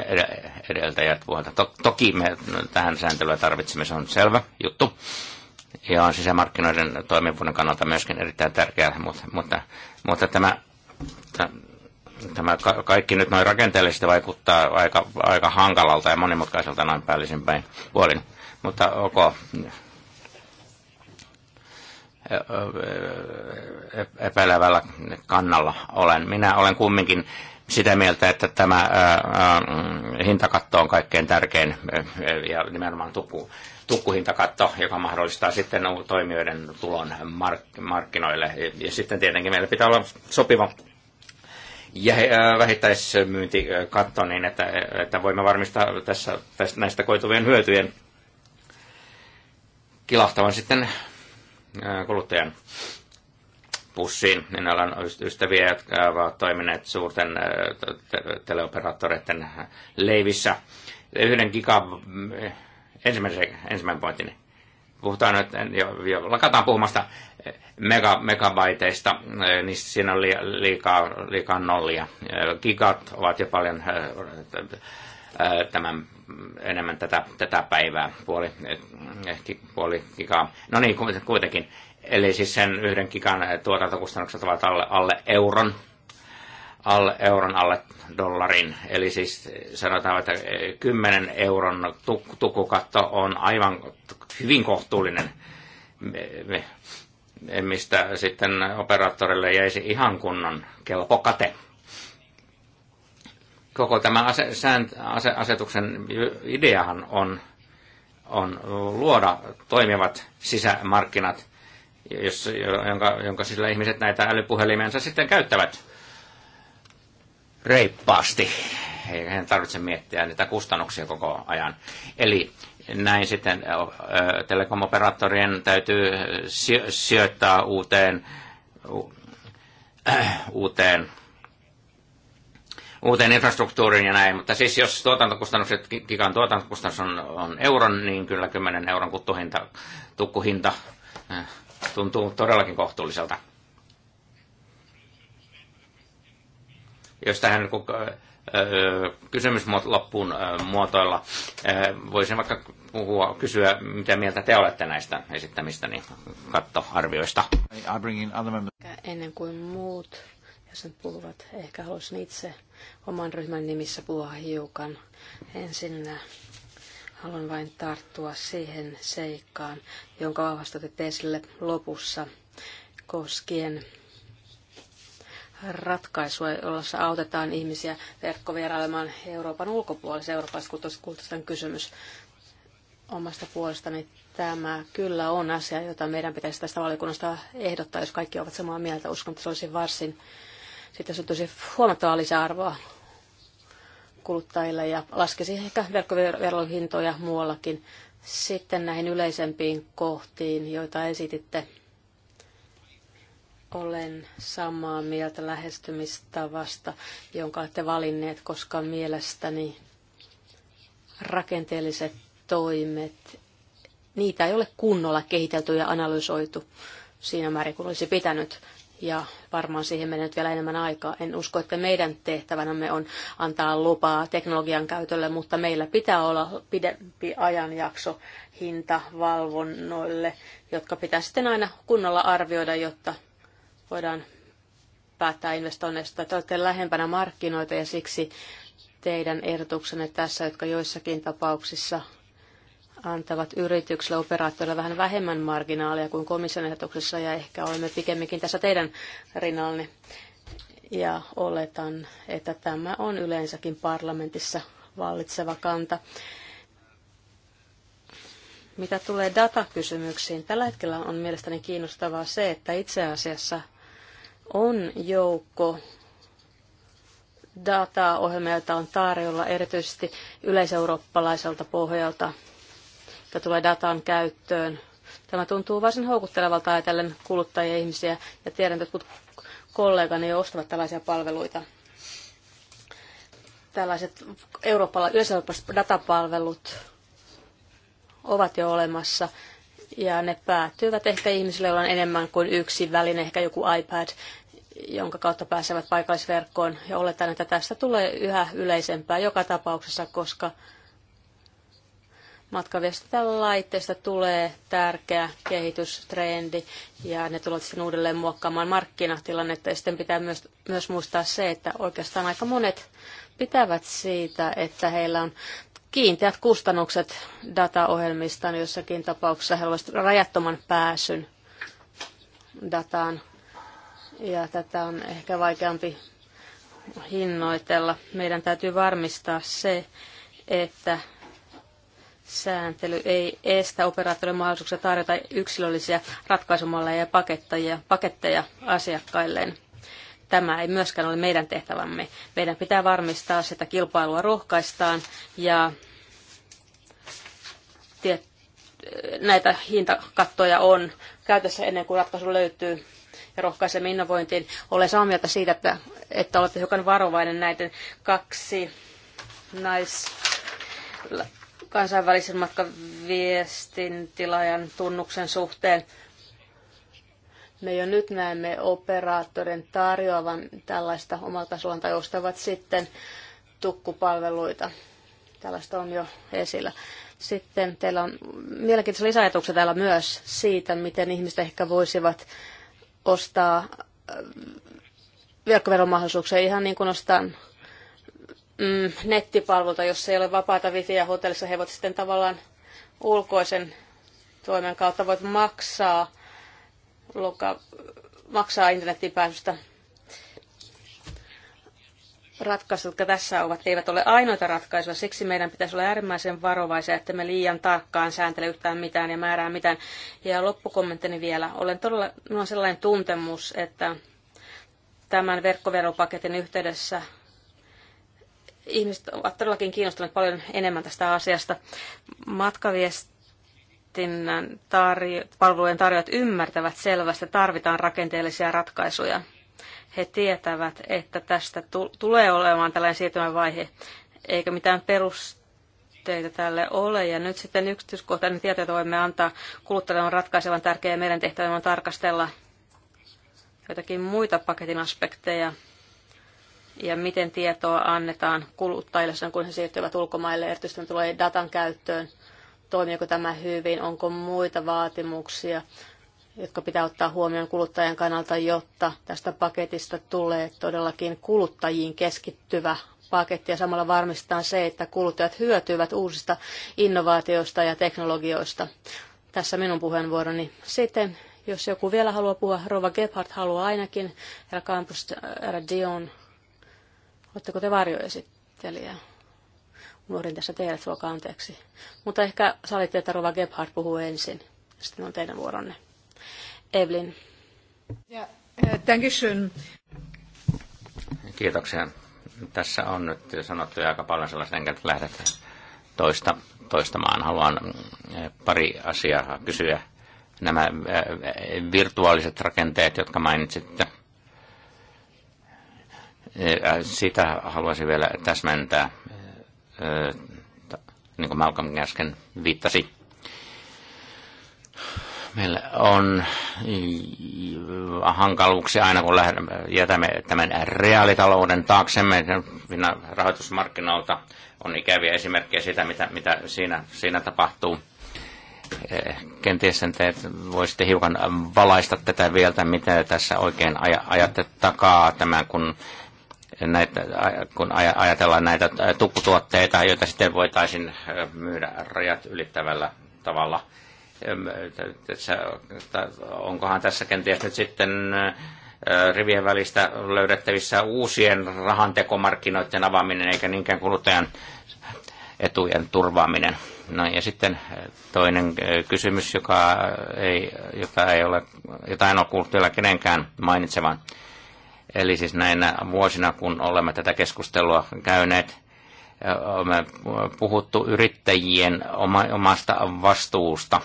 edeltäjät puolta. Toki me tähän sääntelyä tarvitsemme, se on selvä juttu. Ja on sisämarkkinoiden toimivuuden kannalta myöskin erittäin tärkeää, mutta, mutta, mutta tämä, tämä kaikki nyt noin rakenteellisesti vaikuttaa aika, aika hankalalta ja monimutkaiselta noin päällisin puolin. Mutta ok, epäilevällä kannalla olen. Minä olen kumminkin sitä mieltä, että tämä ää, hintakatto on kaikkein tärkein ja nimenomaan tukku, tukkuhintakatto, joka mahdollistaa sitten toimijoiden tulon mark, markkinoille. Ja sitten tietenkin meillä pitää olla sopiva vähittäismyyntikatto niin, että, että voimme varmistaa tässä, tästä, näistä koituvien hyötyjen kilahtavan sitten kuluttajan pussiin. niin on ystäviä, jotka ovat toimineet suurten teleoperaattoreiden leivissä. Yhden giga, ensimmäisen, ensimmäinen pointtini. Puhutaan nyt, jo, jo, lakataan puhumasta mega, megabaiteista, niin siinä on liikaa, liikaa nollia. Gigat ovat jo paljon tämän enemmän tätä, tätä päivää, puoli, ehkä eh, puoli gigaa. No niin, kuitenkin. Eli siis sen yhden gigan eh, tuotantokustannukset ovat alle, alle euron, alle euron, alle dollarin. Eli siis eh, sanotaan, että 10 euron tuk- tukukatto on aivan hyvin kohtuullinen, mistä sitten operaattorille jäisi ihan kunnon kelpokate. kate koko tämä ase, ase, asetuksen ideahan on, on luoda toimivat sisämarkkinat, jos, jonka, jonka sillä ihmiset näitä älypuhelimensa sitten käyttävät reippaasti. Ei hän tarvitse miettiä niitä kustannuksia koko ajan. Eli näin sitten telekomoperaattorien täytyy sijoittaa uuteen, äh, uuteen uuteen infrastruktuuriin ja näin, mutta siis jos tuotantokustannukset, gigan tuotantokustannus on, on euron, niin kyllä 10 euron kuttuhinta, tukkuhinta äh, tuntuu todellakin kohtuulliselta. Jos tähän äh, äh, kysymys loppuun muotoilla, voisin vaikka puhua, kysyä, mitä mieltä te olette näistä esittämistäni niin kattoarvioista. Ennen kuin muut tässä puhuvat. Ehkä haluaisin itse oman ryhmän nimissä puhua hiukan. Ensinnä haluan vain tarttua siihen seikkaan, jonka vahvastatte esille lopussa koskien ratkaisua, jolla autetaan ihmisiä verkkovierailemaan Euroopan ulkopuolisen eurooppalaiskulttuurisen kulttuurisen kysymys omasta puolestani tämä kyllä on asia, jota meidän pitäisi tästä valiokunnasta ehdottaa, jos kaikki ovat samaa mieltä. Uskon, että se olisi varsin sitten se tosi huomattavaa lisäarvoa kuluttajille ja laskisi ehkä verkkoverohintoja muuallakin. Sitten näihin yleisempiin kohtiin, joita esititte. Olen samaa mieltä lähestymistavasta, jonka olette valinneet, koska mielestäni rakenteelliset toimet, niitä ei ole kunnolla kehitelty ja analysoitu siinä määrin, kun olisi pitänyt ja varmaan siihen menee nyt vielä enemmän aikaa. En usko, että meidän tehtävänämme on antaa lupaa teknologian käytölle, mutta meillä pitää olla pidempi ajanjakso hintavalvonnoille, jotka pitää sitten aina kunnolla arvioida, jotta voidaan päättää investoinneista. Te olette lähempänä markkinoita ja siksi teidän ehdotuksenne tässä, jotka joissakin tapauksissa antavat yrityksille operaattoreille vähän vähemmän marginaalia kuin komission ehdotuksessa ja ehkä olemme pikemminkin tässä teidän rinnallanne. Ja oletan, että tämä on yleensäkin parlamentissa vallitseva kanta. Mitä tulee datakysymyksiin, tällä hetkellä on mielestäni kiinnostavaa se, että itse asiassa on joukko dataa joita on tarjolla erityisesti yleiseurooppalaiselta pohjalta – mitä tulee datan käyttöön. Tämä tuntuu varsin houkuttelevalta ajatellen kuluttajia ja ihmisiä, ja tiedän, että kollegani jo ostavat tällaisia palveluita. Tällaiset eurooppala- yleiseurooppalaiset datapalvelut ovat jo olemassa, ja ne päätyvät ehkä ihmisille, joilla on enemmän kuin yksi väline, ehkä joku iPad, jonka kautta pääsevät paikallisverkkoon. Ja oletan, että tästä tulee yhä yleisempää joka tapauksessa, koska matkaviestintälaitteista tulee tärkeä kehitystrendi ja ne tulevat sitten uudelleen muokkaamaan markkinatilannetta. Ja sitten pitää myös, myös muistaa se, että oikeastaan aika monet pitävät siitä, että heillä on kiinteät kustannukset dataohjelmistaan jossakin tapauksessa. He haluaisivat rajattoman pääsyn dataan ja tätä on ehkä vaikeampi hinnoitella. Meidän täytyy varmistaa se, että sääntely ei estä operaattorin mahdollisuuksia tarjota yksilöllisiä ratkaisumalleja ja paketteja, paketteja asiakkailleen. Tämä ei myöskään ole meidän tehtävämme. Meidän pitää varmistaa, että kilpailua rohkaistaan ja näitä hintakattoja on käytössä ennen kuin ratkaisu löytyy ja rohkaisemme innovointiin. Olen samaa mieltä siitä, että, että olette hiukan varovainen näiden kaksi nais kansainvälisen matkaviestintilajan tunnuksen suhteen. Me jo nyt näemme operaattorin tarjoavan tällaista omalta suuntaan, joustavat sitten tukkupalveluita. Tällaista on jo esillä. Sitten teillä on mielenkiintoisia lisäajatuksia täällä myös siitä, miten ihmiset ehkä voisivat ostaa äh, verkkoveron mahdollisuuksia ihan niin kuin ostan mm, nettipalvelta, jos ei ole vapaata wifiä hotellissa, he voivat sitten tavallaan ulkoisen toimen kautta voit maksaa, loka, maksaa internetin pääsystä. Ratkaisut, jotka tässä ovat, eivät ole ainoita ratkaisuja. Siksi meidän pitäisi olla äärimmäisen varovaisia, että me liian tarkkaan sääntele yhtään mitään ja määrää mitään. Ja loppukommenttini vielä. Olen todella, minulla on sellainen tuntemus, että tämän verkkoveropaketin yhteydessä Ihmiset ovat todellakin kiinnostuneet paljon enemmän tästä asiasta. Matkaviestinnän tarjo- palvelujen tarjoajat ymmärtävät selvästi, että tarvitaan rakenteellisia ratkaisuja. He tietävät, että tästä tulee olemaan tällainen siirtymävaihe, eikä mitään perus teitä tälle ole. Ja nyt sitten yksityiskohtainen tieto, jota voimme antaa kuluttajalle, on ratkaisevan tärkeä. Meidän tehtävämme on tarkastella jotakin muita paketin aspekteja, ja miten tietoa annetaan kuluttajille sen, kun he siirtyvät ulkomaille, erityisesti tulee datan käyttöön, toimiiko tämä hyvin, onko muita vaatimuksia, jotka pitää ottaa huomioon kuluttajan kannalta, jotta tästä paketista tulee todellakin kuluttajiin keskittyvä paketti ja samalla varmistetaan se, että kuluttajat hyötyvät uusista innovaatioista ja teknologioista. Tässä minun puheenvuoroni. Sitten, jos joku vielä haluaa puhua, Rova Gebhardt haluaa ainakin, herra Campus, herra Dion, Oletteko te varjoesittelijä? Unohdin tässä teidät, suokaa anteeksi. Mutta ehkä salitte, että Rova Gebhardt puhuu ensin. Sitten on teidän vuoronne. Evelyn. Ja, eh, Kiitoksia. Tässä on nyt sanottu aika paljon sellaista, enkä lähde toista, toistamaan. Haluan eh, pari asiaa kysyä. Nämä eh, virtuaaliset rakenteet, jotka mainitsitte, sitä haluaisin vielä täsmentää, niin kuin Malcolm äsken viittasi. Meillä on hankaluuksia aina, kun jätämme tämän reaalitalouden taaksemme rahoitusmarkkinoilta. On ikäviä esimerkkejä siitä, mitä, mitä siinä, siinä tapahtuu kenties sen voisitte hiukan valaista tätä vielä, mitä tässä oikein ajatte takaa tämän, kun näitä, kun ajatellaan näitä äh, tukkutuotteita, joita sitten voitaisiin äh, myydä rajat ylittävällä tavalla. Äh, onkohan tässä kenties nyt sitten rivien välistä löydettävissä uusien rahantekomarkkinoiden avaaminen eikä niinkään kuluttajan etujen turvaaminen. No ja sitten toinen kysymys, joka ei, joka ei ole, jota en ole kuullut vielä kenenkään mainitsevan Eli siis näinä vuosina, kun olemme tätä keskustelua käyneet, olemme puhuttu yrittäjien omasta vastuusta.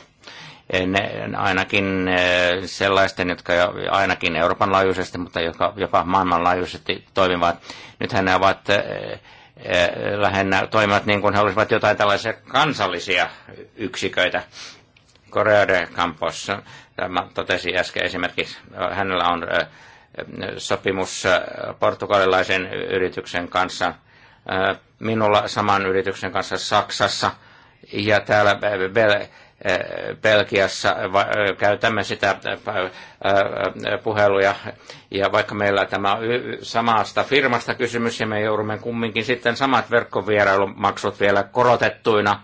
E, ne, ainakin e, sellaisten, jotka ainakin Euroopan laajuisesti, mutta jopa jopa maailmanlaajuisesti toimivat. Nythän ne ovat e, lähinnä toimivat niin kuin he olisivat jotain tällaisia kansallisia yksiköitä. Korea de Campos tämä totesi äsken esimerkiksi, hänellä on sopimus äh, portugalilaisen yrityksen kanssa, äh, minulla saman yrityksen kanssa Saksassa ja täällä äh, Bel- Belgiassa käytämme sitä puheluja, ja vaikka meillä tämä on samasta firmasta kysymys, ja me joudumme kumminkin sitten samat verkkovierailumaksut vielä korotettuina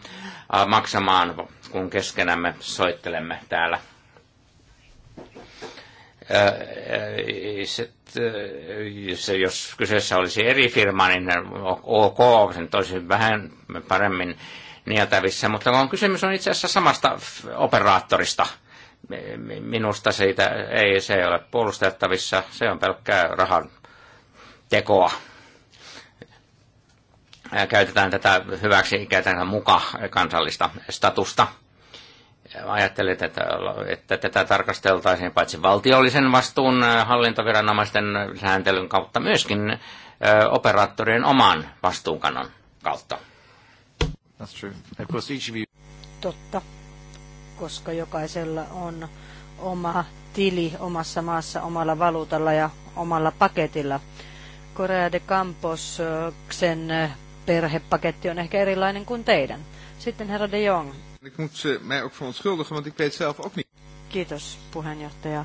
maksamaan, kun keskenämme soittelemme täällä se, jos kyseessä olisi eri firma, niin ok, sen toisi vähän paremmin nieltävissä, mutta kun kysymys on itse asiassa samasta operaattorista, minusta siitä ei, se ei ole puolustettavissa, se on pelkkää rahan tekoa. Käytetään tätä hyväksi, käytetään muka kansallista statusta ajattelet, että, että tätä tarkasteltaisiin paitsi valtiollisen vastuun äh, hallintoviranomaisten sääntelyn kautta, myöskin äh, operaattorien oman vastuunkannon kautta. That's true. each of you... Totta, koska jokaisella on oma tili omassa maassa, omalla valuutalla ja omalla paketilla. Korea de Campos äh, sen perhepaketti on ehkä erilainen kuin teidän. Sitten herra de Jong, Ik moet mij ook verontschuldigen, want ik weet zelf ook niet. Kiitos puheenjohtaja.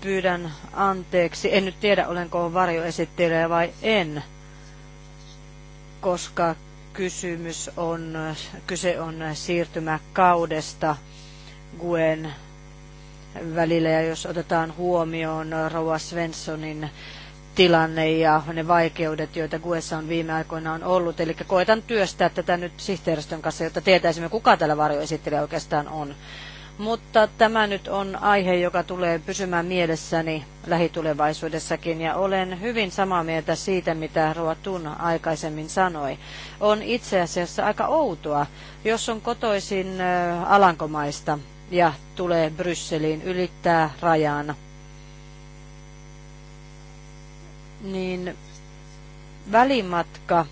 Pyydän anteeksi. En nyt tiedä, olenko varjoesittelijä vai en, koska kysymys on, kyse on siirtymäkaudesta Guen välillä. Ja jos otetaan huomioon Rova Svenssonin tilanne ja ne vaikeudet, joita Guessa on viime aikoina on ollut. Eli koetan työstää tätä nyt sihteeristön kanssa, jotta tietäisimme, kuka täällä varjoesittelijä oikeastaan on. Mutta tämä nyt on aihe, joka tulee pysymään mielessäni lähitulevaisuudessakin ja olen hyvin samaa mieltä siitä, mitä Ruotun aikaisemmin sanoi. On itse asiassa aika outoa, jos on kotoisin Alankomaista ja tulee Brysseliin, ylittää rajan niin välimatka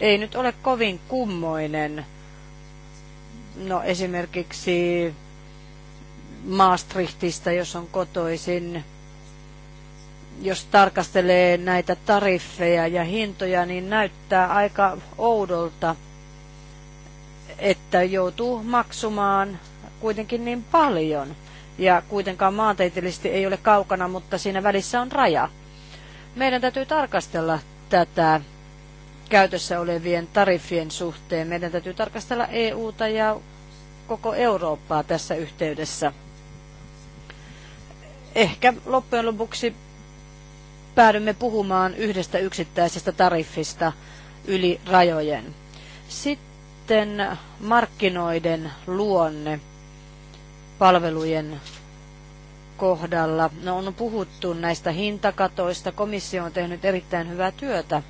ei nyt ole kovin kummoinen. No esimerkiksi Maastrichtista, jos on kotoisin, jos tarkastelee näitä tariffeja ja hintoja, niin näyttää aika oudolta, että joutuu maksumaan kuitenkin niin paljon. Ja kuitenkaan maanteitellisesti ei ole kaukana, mutta siinä välissä on raja. Meidän täytyy tarkastella tätä käytössä olevien tariffien suhteen. Meidän täytyy tarkastella EUta ja koko Eurooppaa tässä yhteydessä. Ehkä loppujen lopuksi päädymme puhumaan yhdestä yksittäisestä tariffista yli rajojen. Sitten markkinoiden luonne palvelujen kohdalla. No, on puhuttu näistä hintakatoista. Komissio on tehnyt erittäin hyvää työtä.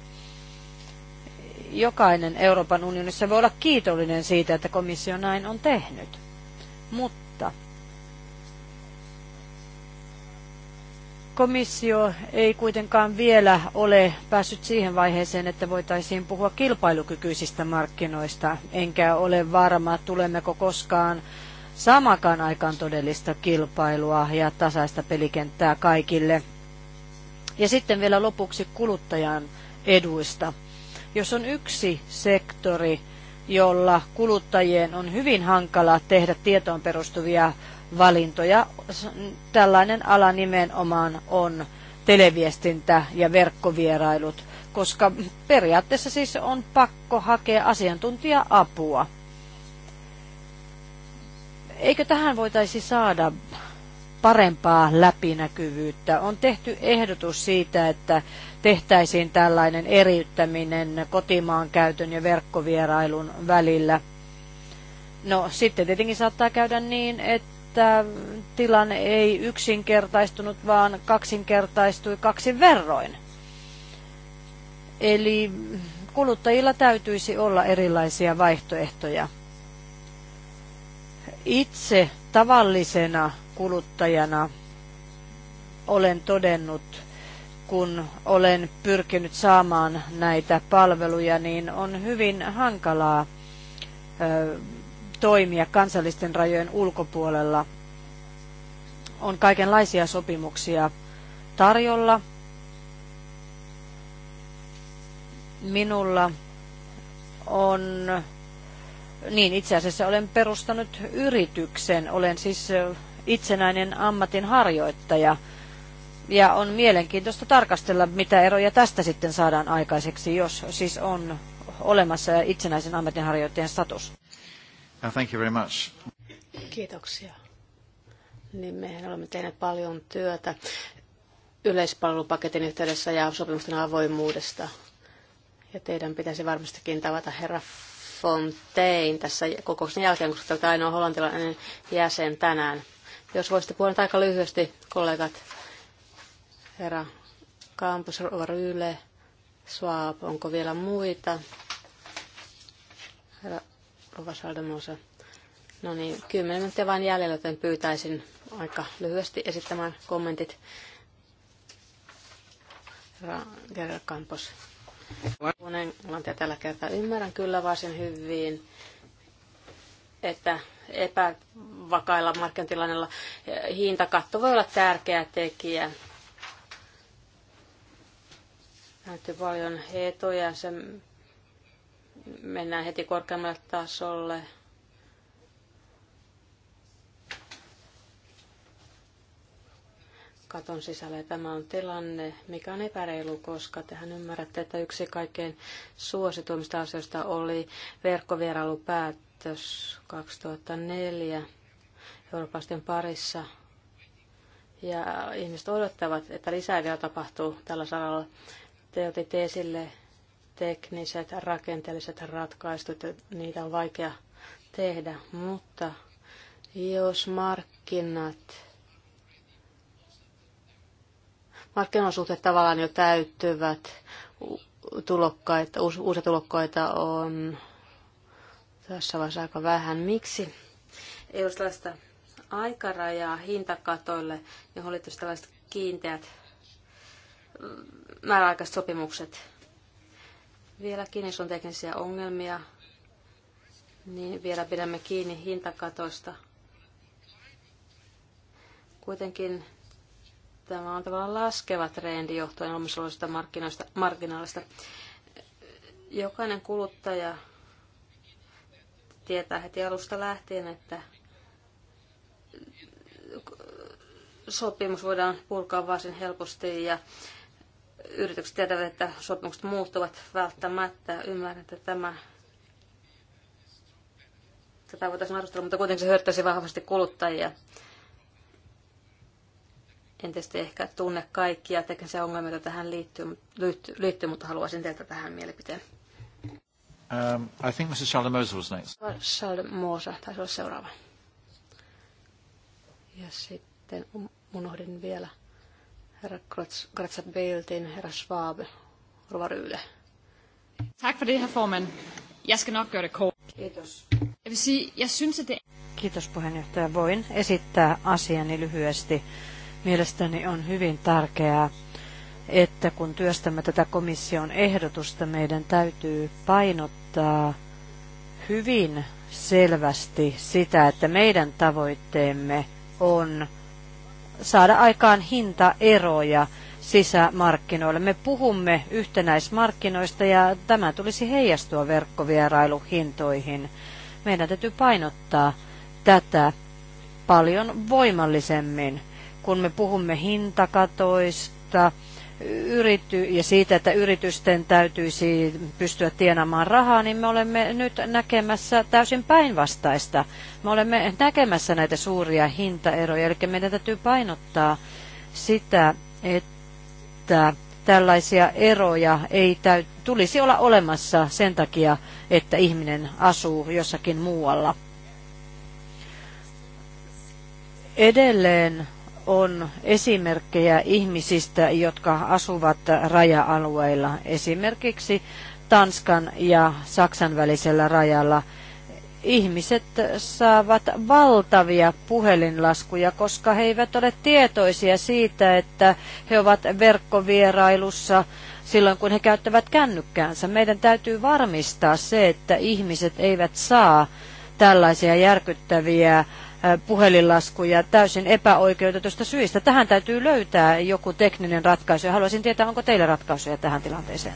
Jokainen Euroopan unionissa voi olla kiitollinen siitä, että komissio näin on tehnyt. Mutta komissio ei kuitenkaan vielä ole päässyt siihen vaiheeseen, että voitaisiin puhua kilpailukykyisistä markkinoista, enkä ole varma, tulemmeko koskaan samakaan aikaan todellista kilpailua ja tasaista pelikenttää kaikille. Ja sitten vielä lopuksi kuluttajan eduista. Jos on yksi sektori, jolla kuluttajien on hyvin hankala tehdä tietoon perustuvia valintoja, tällainen ala nimenomaan on televiestintä ja verkkovierailut, koska periaatteessa siis on pakko hakea asiantuntija-apua. Eikö tähän voitaisi saada parempaa läpinäkyvyyttä? On tehty ehdotus siitä, että tehtäisiin tällainen eriyttäminen kotimaan käytön ja verkkovierailun välillä. No sitten tietenkin saattaa käydä niin, että tilanne ei yksinkertaistunut, vaan kaksinkertaistui kaksin verroin. Eli kuluttajilla täytyisi olla erilaisia vaihtoehtoja itse tavallisena kuluttajana olen todennut, kun olen pyrkinyt saamaan näitä palveluja, niin on hyvin hankalaa toimia kansallisten rajojen ulkopuolella. On kaikenlaisia sopimuksia tarjolla. Minulla on niin, itse asiassa olen perustanut yrityksen. Olen siis itsenäinen ammatinharjoittaja. Ja on mielenkiintoista tarkastella, mitä eroja tästä sitten saadaan aikaiseksi, jos siis on olemassa itsenäisen ammatinharjoittajan status. Thank you very much. Kiitoksia. Niin mehän olemme tehneet paljon työtä yleispalvelupaketin yhteydessä ja sopimusten avoimuudesta. Ja teidän pitäisi varmastikin tavata herra Fontaine tässä kokouksen jälkeen, koska tämä ainoa hollantilainen jäsen tänään. Jos voisitte puhua aika lyhyesti, kollegat, herra Kampus, Ryle, Schwab, onko vielä muita? Herra Rovasaldemosa. No niin, kymmenen minuuttia vain jäljellä, joten pyytäisin aika lyhyesti esittämään kommentit. Herra Kampus. Kun englantia tällä kertaa ymmärrän kyllä varsin hyvin, että epävakailla markkinatilannella eh, hintakatto voi olla tärkeä tekijä. Näytti paljon etuja, se mennään heti korkeammalle tasolle. katon sisällä. Ja tämä on tilanne, mikä on epäreilu, koska tehän ymmärrätte, että yksi kaikkein suosituimmista asioista oli verkkovierailupäätös 2004 Euroopan parissa. Ja ihmiset odottavat, että lisää vielä tapahtuu tällä saralla. Te otitte esille tekniset, rakenteelliset ratkaisut, niitä on vaikea tehdä, mutta jos markkinat markkinaosuudet tavallaan jo täyttyvät. Tulokkaita, uusia tulokkaita on tässä vaiheessa aika vähän. Miksi ei ole sellaista aikarajaa hintakatoille, johon liittyy tällaiset kiinteät mm, määräaikaiset sopimukset? Vieläkin, jos on teknisiä ongelmia, niin vielä pidämme kiinni hintakatoista. Kuitenkin Tämä on tavallaan laskeva trendi johtuen olemassa olevista marginaalista. Jokainen kuluttaja tietää heti alusta lähtien, että sopimus voidaan purkaa varsin helposti ja yritykset tietävät, että sopimukset muuttuvat välttämättä. Ymmärrän, että tämä tätä voitaisiin arvostella, mutta kuitenkin se hyödyttäisi vahvasti kuluttajia. En tietysti ehkä tunne kaikkia teknisiä ongelmia, joita tähän liittyy, liittyy, liittyy mutta haluaisin teiltä tähän mielipiteen. Um, I think Mrs. Schaldemoser was next. Schaldemoser taisi olla seuraava. Ja sitten um, unohdin vielä herra Gratza Beltin, herra Schwab, Rova Ryle. Tack för det, herr Formen. Jag ska nog göra det kort. Kiitos. Jag vill säga, jag syns att det... Kiitos puheenjohtaja. Voin esittää asiani lyhyesti. Mielestäni on hyvin tärkeää, että kun työstämme tätä komission ehdotusta, meidän täytyy painottaa hyvin selvästi sitä, että meidän tavoitteemme on saada aikaan hintaeroja sisämarkkinoille. Me puhumme yhtenäismarkkinoista ja tämä tulisi heijastua verkkovierailuhintoihin. Meidän täytyy painottaa tätä paljon voimallisemmin kun me puhumme hintakatoista yrity, ja siitä, että yritysten täytyisi pystyä tienaamaan rahaa, niin me olemme nyt näkemässä täysin päinvastaista. Me olemme näkemässä näitä suuria hintaeroja, eli meidän täytyy painottaa sitä, että tällaisia eroja ei täy, tulisi olla olemassa sen takia, että ihminen asuu jossakin muualla. Edelleen on esimerkkejä ihmisistä, jotka asuvat raja-alueilla, esimerkiksi Tanskan ja Saksan välisellä rajalla. Ihmiset saavat valtavia puhelinlaskuja, koska he eivät ole tietoisia siitä, että he ovat verkkovierailussa silloin, kun he käyttävät kännykkäänsä. Meidän täytyy varmistaa se, että ihmiset eivät saa tällaisia järkyttäviä puhelinlaskuja täysin epäoikeutetusta syistä. Tähän täytyy löytää joku tekninen ratkaisu ja haluaisin tietää, onko teillä ratkaisuja tähän tilanteeseen.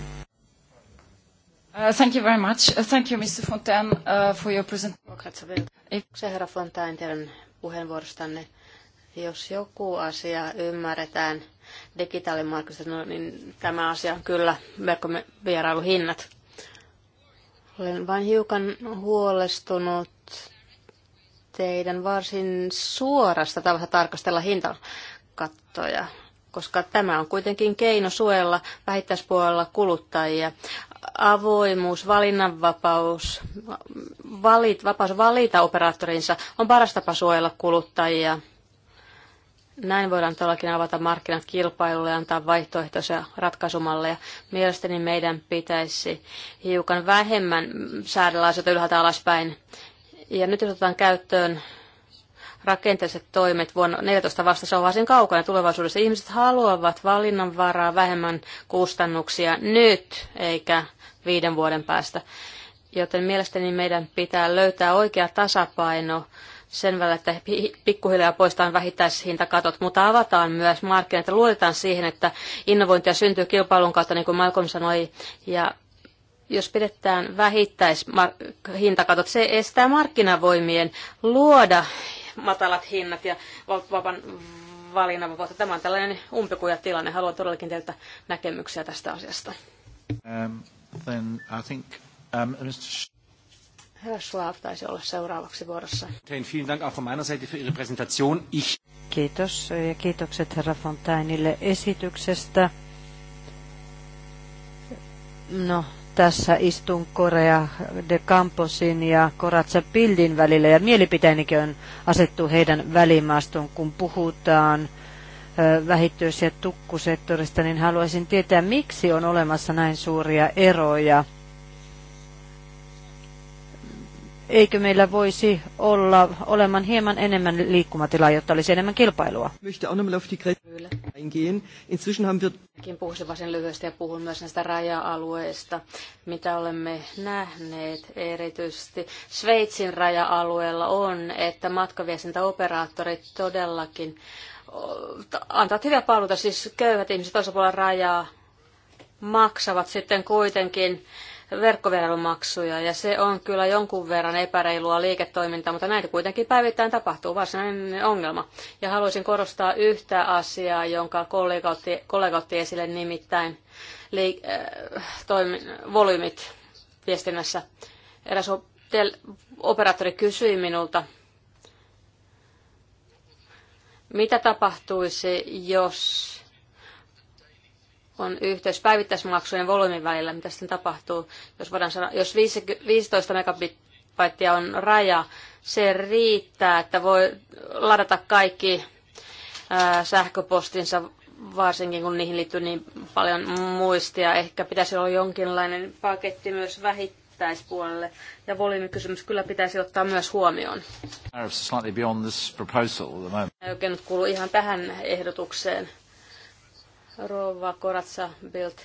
Uh, thank you very much. Uh, thank you, Mr. Fontaine, uh, for your presentation. Se herra Fontaine, teidän puheenvuorostanne, jos joku asia ymmärretään digitaalimarkkinoista, no, niin tämä asia on kyllä verkkovierailuhinnat. Olen vain hiukan huolestunut teidän varsin suorasta tavasta tarkastella hintakattoja, koska tämä on kuitenkin keino suojella vähittäispuolella kuluttajia. Avoimuus, valinnanvapaus, valit, vapaus valita operaattorinsa on paras tapa suojella kuluttajia. Näin voidaan todellakin avata markkinat kilpailulle ja antaa vaihtoehtoisia ratkaisumalleja. Mielestäni meidän pitäisi hiukan vähemmän säädellä asioita ylhäältä alaspäin ja nyt jos otetaan käyttöön rakenteelliset toimet vuonna 14 vasta, se on varsin kaukana tulevaisuudessa. Ihmiset haluavat valinnanvaraa, vähemmän kustannuksia nyt, eikä viiden vuoden päästä. Joten mielestäni meidän pitää löytää oikea tasapaino sen välillä, että pikkuhiljaa poistetaan vähittäishintakatot, mutta avataan myös markkinat ja luotetaan siihen, että innovointia syntyy kilpailun kautta, niin kuin Malcolm sanoi, ja jos pidetään vähittäishintakatot, se estää markkinavoimien luoda matalat hinnat ja vapan valinnanvapautta. Tämä on tällainen umpikuja tilanne. Haluan todellakin teiltä näkemyksiä tästä asiasta. Um, then I think, um, Mr. Herra Schwab taisi olla seuraavaksi vuorossa. Vielen Dank auch von meiner Seite für Ihre Präsentation. Ich... Kiitos ja kiitokset herra Fontainille esityksestä. No, tässä istun Korea de Camposin ja Koratsa Pildin välillä ja mielipiteenikin on asettu heidän välimaastoon, kun puhutaan vähittyys- ja tukkusektorista, niin haluaisin tietää, miksi on olemassa näin suuria eroja eikö meillä voisi olla oleman hieman enemmän liikkumatilaa, jotta olisi enemmän kilpailua? Minäkin puhuisin varsin lyhyesti ja puhun myös näistä raja-alueista, mitä olemme nähneet erityisesti Sveitsin raja-alueella on, että matkaviestintäoperaattorit todellakin antavat hyviä palveluita, siis köyhät ihmiset toisella puolella rajaa maksavat sitten kuitenkin verkkovierailumaksuja, ja se on kyllä jonkun verran epäreilua liiketoimintaa, mutta näitä kuitenkin päivittäin tapahtuu, varsinainen ongelma. Ja haluaisin korostaa yhtä asiaa, jonka kollega otti, kollega otti esille, nimittäin liik- äh, toimi, volyymit viestinnässä. Eräs operaattori kysyi minulta, mitä tapahtuisi, jos on yhteys päivittäismaksujen volyymin välillä, mitä sitten tapahtuu. Jos, voidaan sanoa, jos 15 megabittia on raja, se riittää, että voi ladata kaikki sähköpostinsa, varsinkin kun niihin liittyy niin paljon muistia. Ehkä pitäisi olla jonkinlainen paketti myös vähittäispuolelle, ja volyymikysymys kyllä pitäisi ottaa myös huomioon. Ei oikein nyt kuulu ihan tähän ehdotukseen. Rova Koratsa Bild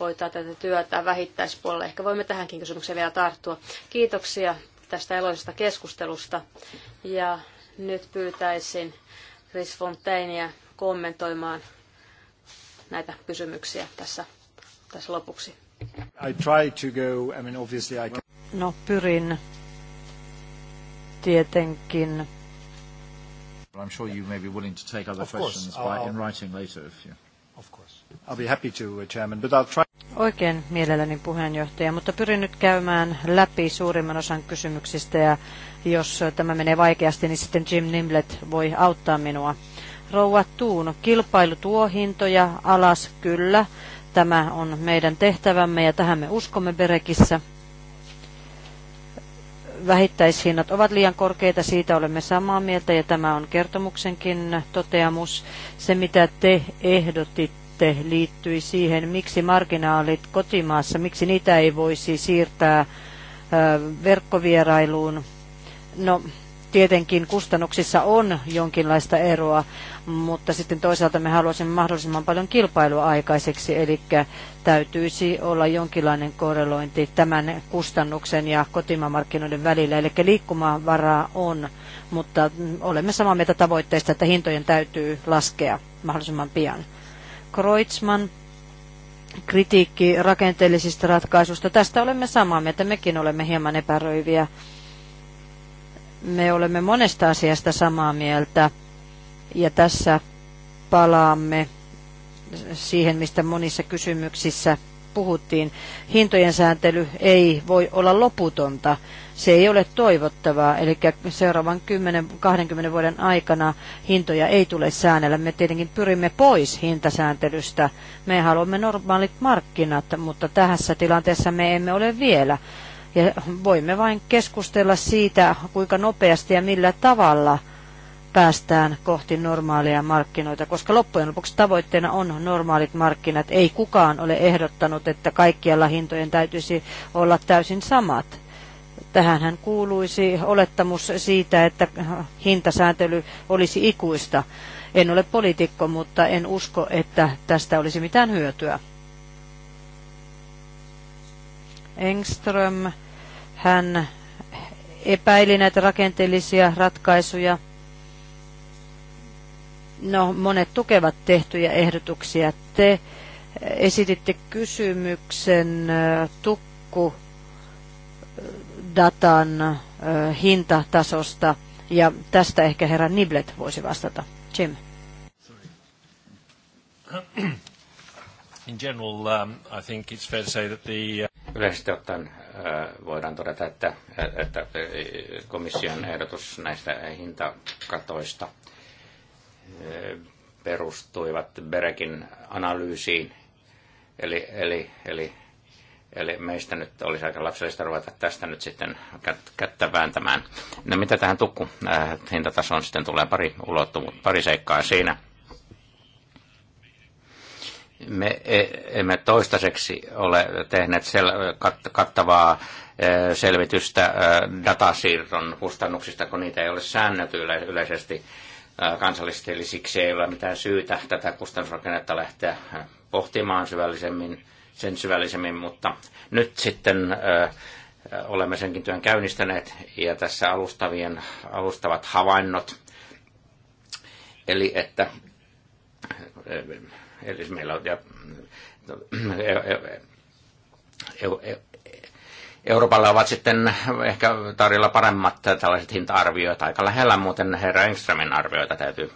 hoitaa tätä työtä vähittäispuolella. Ehkä voimme tähänkin kysymykseen vielä tarttua. Kiitoksia tästä eloisesta keskustelusta. Ja nyt pyytäisin Chris Fontainia kommentoimaan näitä kysymyksiä tässä, tässä lopuksi. I try to go, I mean obviously I can... No pyrin tietenkin. I'm sure you may be willing to take other questions by, in writing later if you... I'll be happy to, uh, Chairman, but I'll try... Oikein mielelläni puheenjohtaja, mutta pyrin nyt käymään läpi suurimman osan kysymyksistä ja jos uh, tämä menee vaikeasti, niin sitten Jim Nimlet voi auttaa minua. Rouva Tuun, kilpailu tuo hintoja alas, kyllä. Tämä on meidän tehtävämme ja tähän me uskomme Berekissä. Vähittäishinnat ovat liian korkeita, siitä olemme samaa mieltä ja tämä on kertomuksenkin toteamus. Se mitä te ehdotitte aloite liittyi siihen, miksi marginaalit kotimaassa, miksi niitä ei voisi siirtää verkkovierailuun. No, tietenkin kustannuksissa on jonkinlaista eroa, mutta sitten toisaalta me haluaisimme mahdollisimman paljon kilpailua aikaiseksi, eli täytyisi olla jonkinlainen korrelointi tämän kustannuksen ja kotimaamarkkinoiden välillä. Eli liikkumavaraa on, mutta olemme samaa mieltä tavoitteista, että hintojen täytyy laskea mahdollisimman pian. Kreutzmann kritiikki rakenteellisista ratkaisuista. Tästä olemme samaa mieltä, mekin olemme hieman epäröiviä. Me olemme monesta asiasta samaa mieltä ja tässä palaamme siihen, mistä monissa kysymyksissä puhuttiin. Hintojen sääntely ei voi olla loputonta. Se ei ole toivottavaa, eli seuraavan 10-20 vuoden aikana hintoja ei tule säännellä. Me tietenkin pyrimme pois hintasääntelystä. Me haluamme normaalit markkinat, mutta tässä tilanteessa me emme ole vielä. Ja voimme vain keskustella siitä, kuinka nopeasti ja millä tavalla päästään kohti normaaleja markkinoita, koska loppujen lopuksi tavoitteena on normaalit markkinat. Ei kukaan ole ehdottanut, että kaikkialla hintojen täytyisi olla täysin samat. Tähänhän kuuluisi olettamus siitä, että hintasääntely olisi ikuista. En ole poliitikko, mutta en usko, että tästä olisi mitään hyötyä. Engström, hän epäili näitä rakenteellisia ratkaisuja. No, monet tukevat tehtyjä ehdotuksia. Te esititte kysymyksen äh, tukku datan hintatasosta. Ja tästä ehkä herra Niblet voisi vastata. Jim. In general, um, I think it's fair to say that the... Uh, Yleisesti ottaen voidaan todeta, että, että komission ehdotus näistä hintakatoista perustuivat Berekin analyysiin, eli, eli, eli Eli meistä nyt olisi aika lapsellista ruveta tästä nyt sitten kättä vääntämään. No mitä tähän tukku äh, hintatasoon sitten tulee pari ulottuvuutta, pari seikkaa siinä. Me e-, emme toistaiseksi ole tehneet sel- kattavaa äh, selvitystä äh, datasiirron kustannuksista, kun niitä ei ole säännöty yleisesti kansallisesti, eli siksi ei ole mitään syytä tätä kustannusrakennetta lähteä pohtimaan syvällisemmin sen syvällisemmin, mutta nyt sitten olemme senkin työn käynnistäneet ja tässä alustavien, alustavat havainnot. Eli että eli meillä on, ja, Euroopalla ovat sitten ehkä tarjolla paremmat tällaiset hinta-arvioita, aika lähellä muuten herra Engströmin arvioita täytyy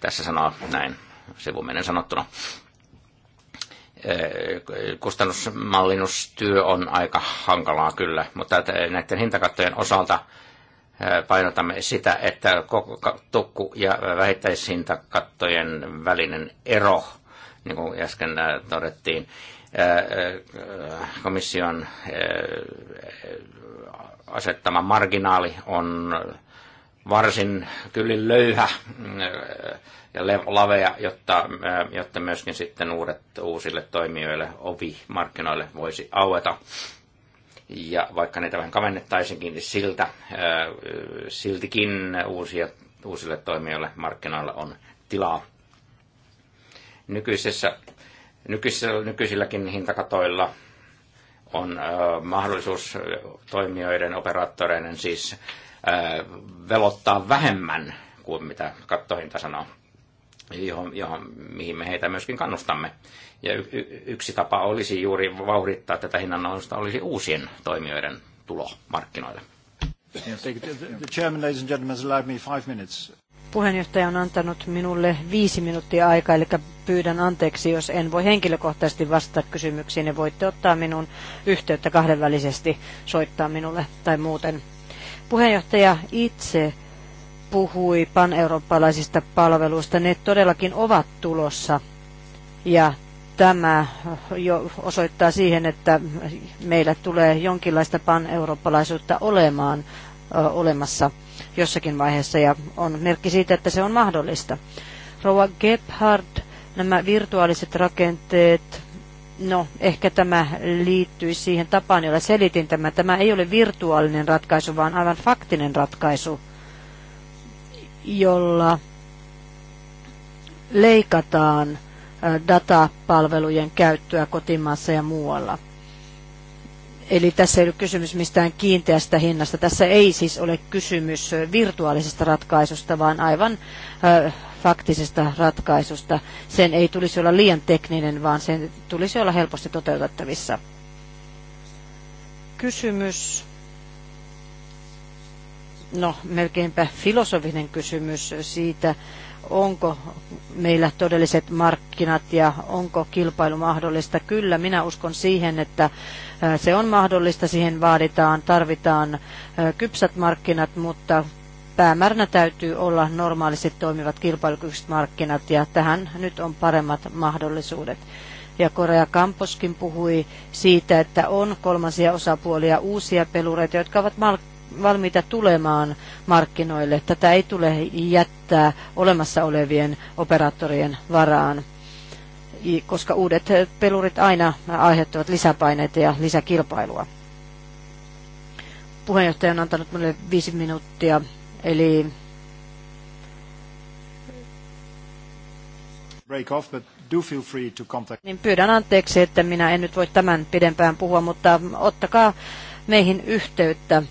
tässä sanoa näin sivuminen sanottuna kustannusmallinnustyö on aika hankalaa kyllä, mutta näiden hintakattojen osalta painotamme sitä, että koko tukku- ja vähittäishintakattojen välinen ero, niin kuin äsken todettiin, komission asettama marginaali on varsin kyllin löyhä mm, ja lavea, jotta, mm, jotta myöskin sitten uudet uusille toimijoille ovi markkinoille voisi aueta. Ja vaikka niitä vähän kavennettaisinkin, niin siltä, äh, siltikin uusia, uusille toimijoille markkinoilla on tilaa. Nykyisessä, nykyisessä, nykyisilläkin hintakatoilla on äh, mahdollisuus toimijoiden, operaattoreiden siis velottaa vähemmän kuin mitä kattohinta sanoo, johon, johon, mihin me heitä myöskin kannustamme. Ja y, y, yksi tapa olisi juuri vauhdittaa tätä hinnannousta olisi uusien toimijoiden tulo markkinoille. Puheenjohtaja on antanut minulle viisi minuuttia aikaa, eli pyydän anteeksi, jos en voi henkilökohtaisesti vastata kysymyksiin, ja voitte ottaa minun yhteyttä kahdenvälisesti, soittaa minulle tai muuten. Puheenjohtaja itse puhui paneurooppalaisista palveluista. Ne todellakin ovat tulossa ja tämä jo osoittaa siihen, että meillä tulee jonkinlaista paneurooppalaisuutta olemaan ö, olemassa jossakin vaiheessa ja on merkki siitä, että se on mahdollista. Rouva Gebhardt, nämä virtuaaliset rakenteet, No, ehkä tämä liittyy siihen tapaan, jolla selitin tämä. Tämä ei ole virtuaalinen ratkaisu, vaan aivan faktinen ratkaisu, jolla leikataan datapalvelujen käyttöä kotimaassa ja muualla. Eli tässä ei ole kysymys mistään kiinteästä hinnasta. Tässä ei siis ole kysymys virtuaalisesta ratkaisusta, vaan aivan äh, faktisesta ratkaisusta. Sen ei tulisi olla liian tekninen, vaan sen tulisi olla helposti toteutettavissa. Kysymys no melkeinpä filosofinen kysymys siitä, onko meillä todelliset markkinat ja onko kilpailu mahdollista. Kyllä, minä uskon siihen, että äh, se on mahdollista, siihen vaaditaan, tarvitaan äh, kypsät markkinat, mutta päämääränä täytyy olla normaalisti toimivat kilpailukykyiset markkinat ja tähän nyt on paremmat mahdollisuudet. Ja Korea Kamposkin puhui siitä, että on kolmansia osapuolia uusia pelureita, jotka ovat valmiita tulemaan markkinoille. Tätä ei tule jättää olemassa olevien operaattorien varaan, koska uudet pelurit aina aiheuttavat lisäpaineita ja lisäkilpailua. Puheenjohtaja on antanut minulle viisi minuuttia Eli break off, but do feel free to contact. Niin pyydän anteeksi, että minä en nyt voi tämän pidempään puhua, mutta ottakaa meihin yhteyttä.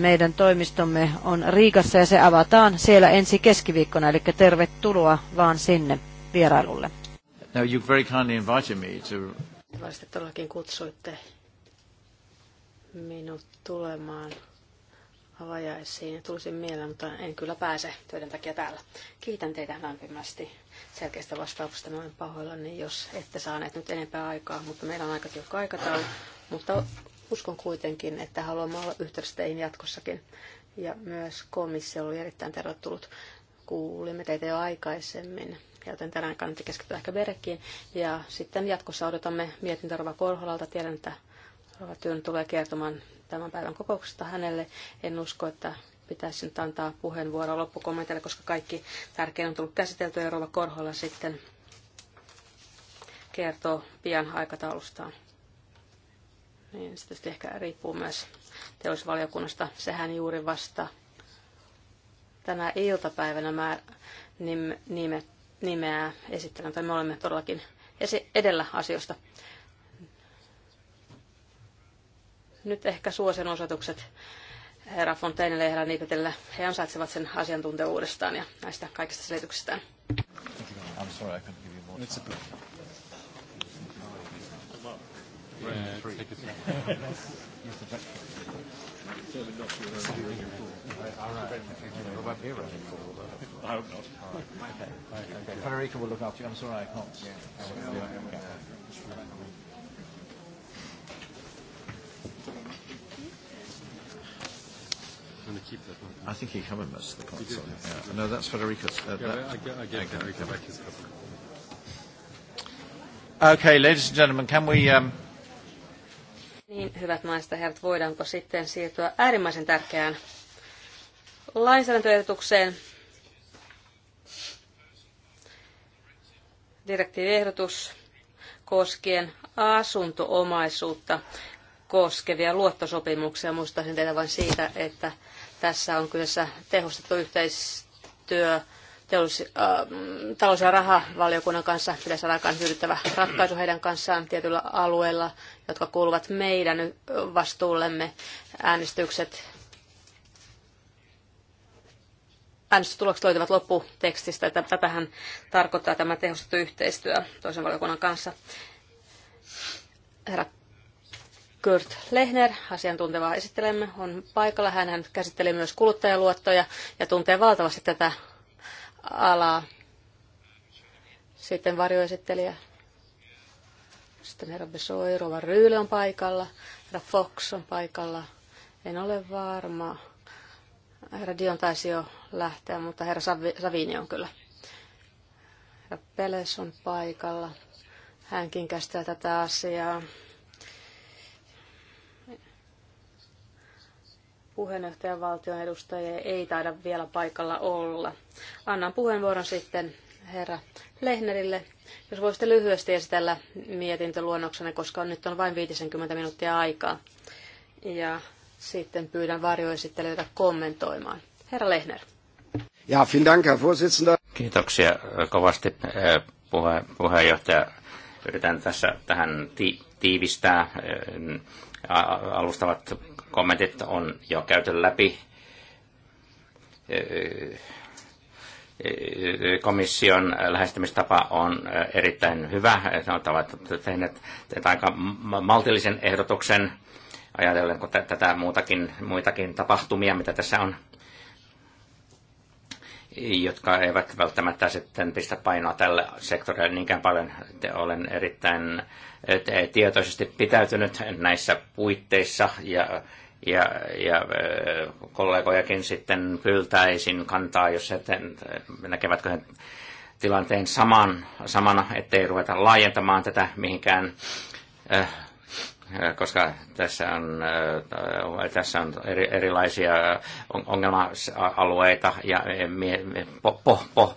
Meidän toimistomme on Riikassa ja se avataan siellä ensi keskiviikkona, eli tervetuloa vaan sinne vierailulle. Now you very kindly invited me to... Todellakin kutsuitte minut tulemaan avajaisiin. Tulisin mieleen, mutta en kyllä pääse töiden takia täällä. Kiitän teitä lämpimästi selkeistä vastauksista. Mä olen pahoillani, jos ette saaneet nyt enempää aikaa, mutta meillä on aika tiukka aikataulu. Mutta uskon kuitenkin, että haluamme olla yhteydessä teihin jatkossakin. Ja myös komissio oli erittäin tervetullut. Kuulimme teitä jo aikaisemmin, joten tänään kannatti keskittyä ehkä Berekkiin. Ja sitten jatkossa odotamme mietintä Rova Korholalta. Tiedän, että Rova Työn tulee kertomaan tämän päivän kokouksesta hänelle. En usko, että pitäisi nyt antaa puheenvuoroa loppukommenteille, koska kaikki tärkein on tullut käsitelty ja Rova Korholla sitten kertoo pian aikataulustaan. Niin se tietysti ehkä riippuu myös teollisuusvaliokunnasta. Sehän juuri vasta tänä iltapäivänä mä nim, nime, nimeää esittelen, tai me olemme todellakin esi- edellä asioista. Nyt ehkä suosion osoitukset herra Fonteinelle ja herra Niipetelle. He ansaitsevat sen asiantuntevuudestaan ja näistä kaikista selityksistään. Federica will look after you. I'm sorry I can't. Yeah. going to keep that one. I think he covered most of the points. On, yeah. No, that's Federica's. Uh, yeah, that, I, I gave okay, back his cover. Okay, ladies and gentlemen, can we... Um... Niin, hyvät naiset ja herrat, voidaanko sitten siirtyä äärimmäisen tärkeään lainsäädäntöehdotukseen. Direktiiviehdotus koskien asuntoomaisuutta koskevia luottosopimuksia. Muistaisin teitä vain siitä, että tässä on kyseessä tehostettu yhteistyö teollis- äh, talous- ja rahavaliokunnan kanssa pitäisi saada aikaan hyödyttävä ratkaisu heidän kanssaan tietyillä alueilla, jotka kuuluvat meidän vastuullemme. Äänestykset äänestystulokset löytyvät lopputekstistä. Tätähän tarkoittaa tämä tehostettu yhteistyö toisen valiokunnan kanssa. Herra Kurt Lehner, asiantunteva esittelemme, on paikalla. Hän käsittelee myös kuluttajaluottoja ja tuntee valtavasti tätä alaa. Sitten varjoesittelijä. Sitten herra Besoi, Rova Ryyle on paikalla, herra Fox on paikalla. En ole varma. Herra Dion taisi jo lähteä, mutta herra Savini on kyllä. Herra Peles on paikalla. Hänkin käsittää tätä asiaa. Puheenjohtajavaltion edustajia ei taida vielä paikalla olla. Annan puheenvuoron sitten herra Lehnerille. Jos voisitte lyhyesti esitellä mietintöluonnoksenne, koska nyt on vain 50 minuuttia aikaa. Ja sitten pyydän varjoesittelijöitä kommentoimaan. Herra Lehner. Ja, vielen Dank, Herr Vorsitzender. Kiitoksia äh, kovasti äh, puhe, puheenjohtaja. Yritän tässä tähän ti, tiivistää äh, alustavat kommentit on jo käyty läpi. Komission lähestymistapa on erittäin hyvä. Ovat tehneet aika maltillisen ehdotuksen ajatellen tätä muutakin, muitakin tapahtumia, mitä tässä on jotka eivät välttämättä sitten pistä painoa tälle sektorille niinkään paljon. Olen erittäin tietoisesti pitäytynyt näissä puitteissa ja, ja, ja äh, kollegojakin sitten pyytäisin kantaa, jos he näkevätkö he tilanteen saman, samana, ettei ruveta laajentamaan tätä mihinkään äh, koska tässä on, tässä on eri, erilaisia ongelma-alueita ja po, po, po,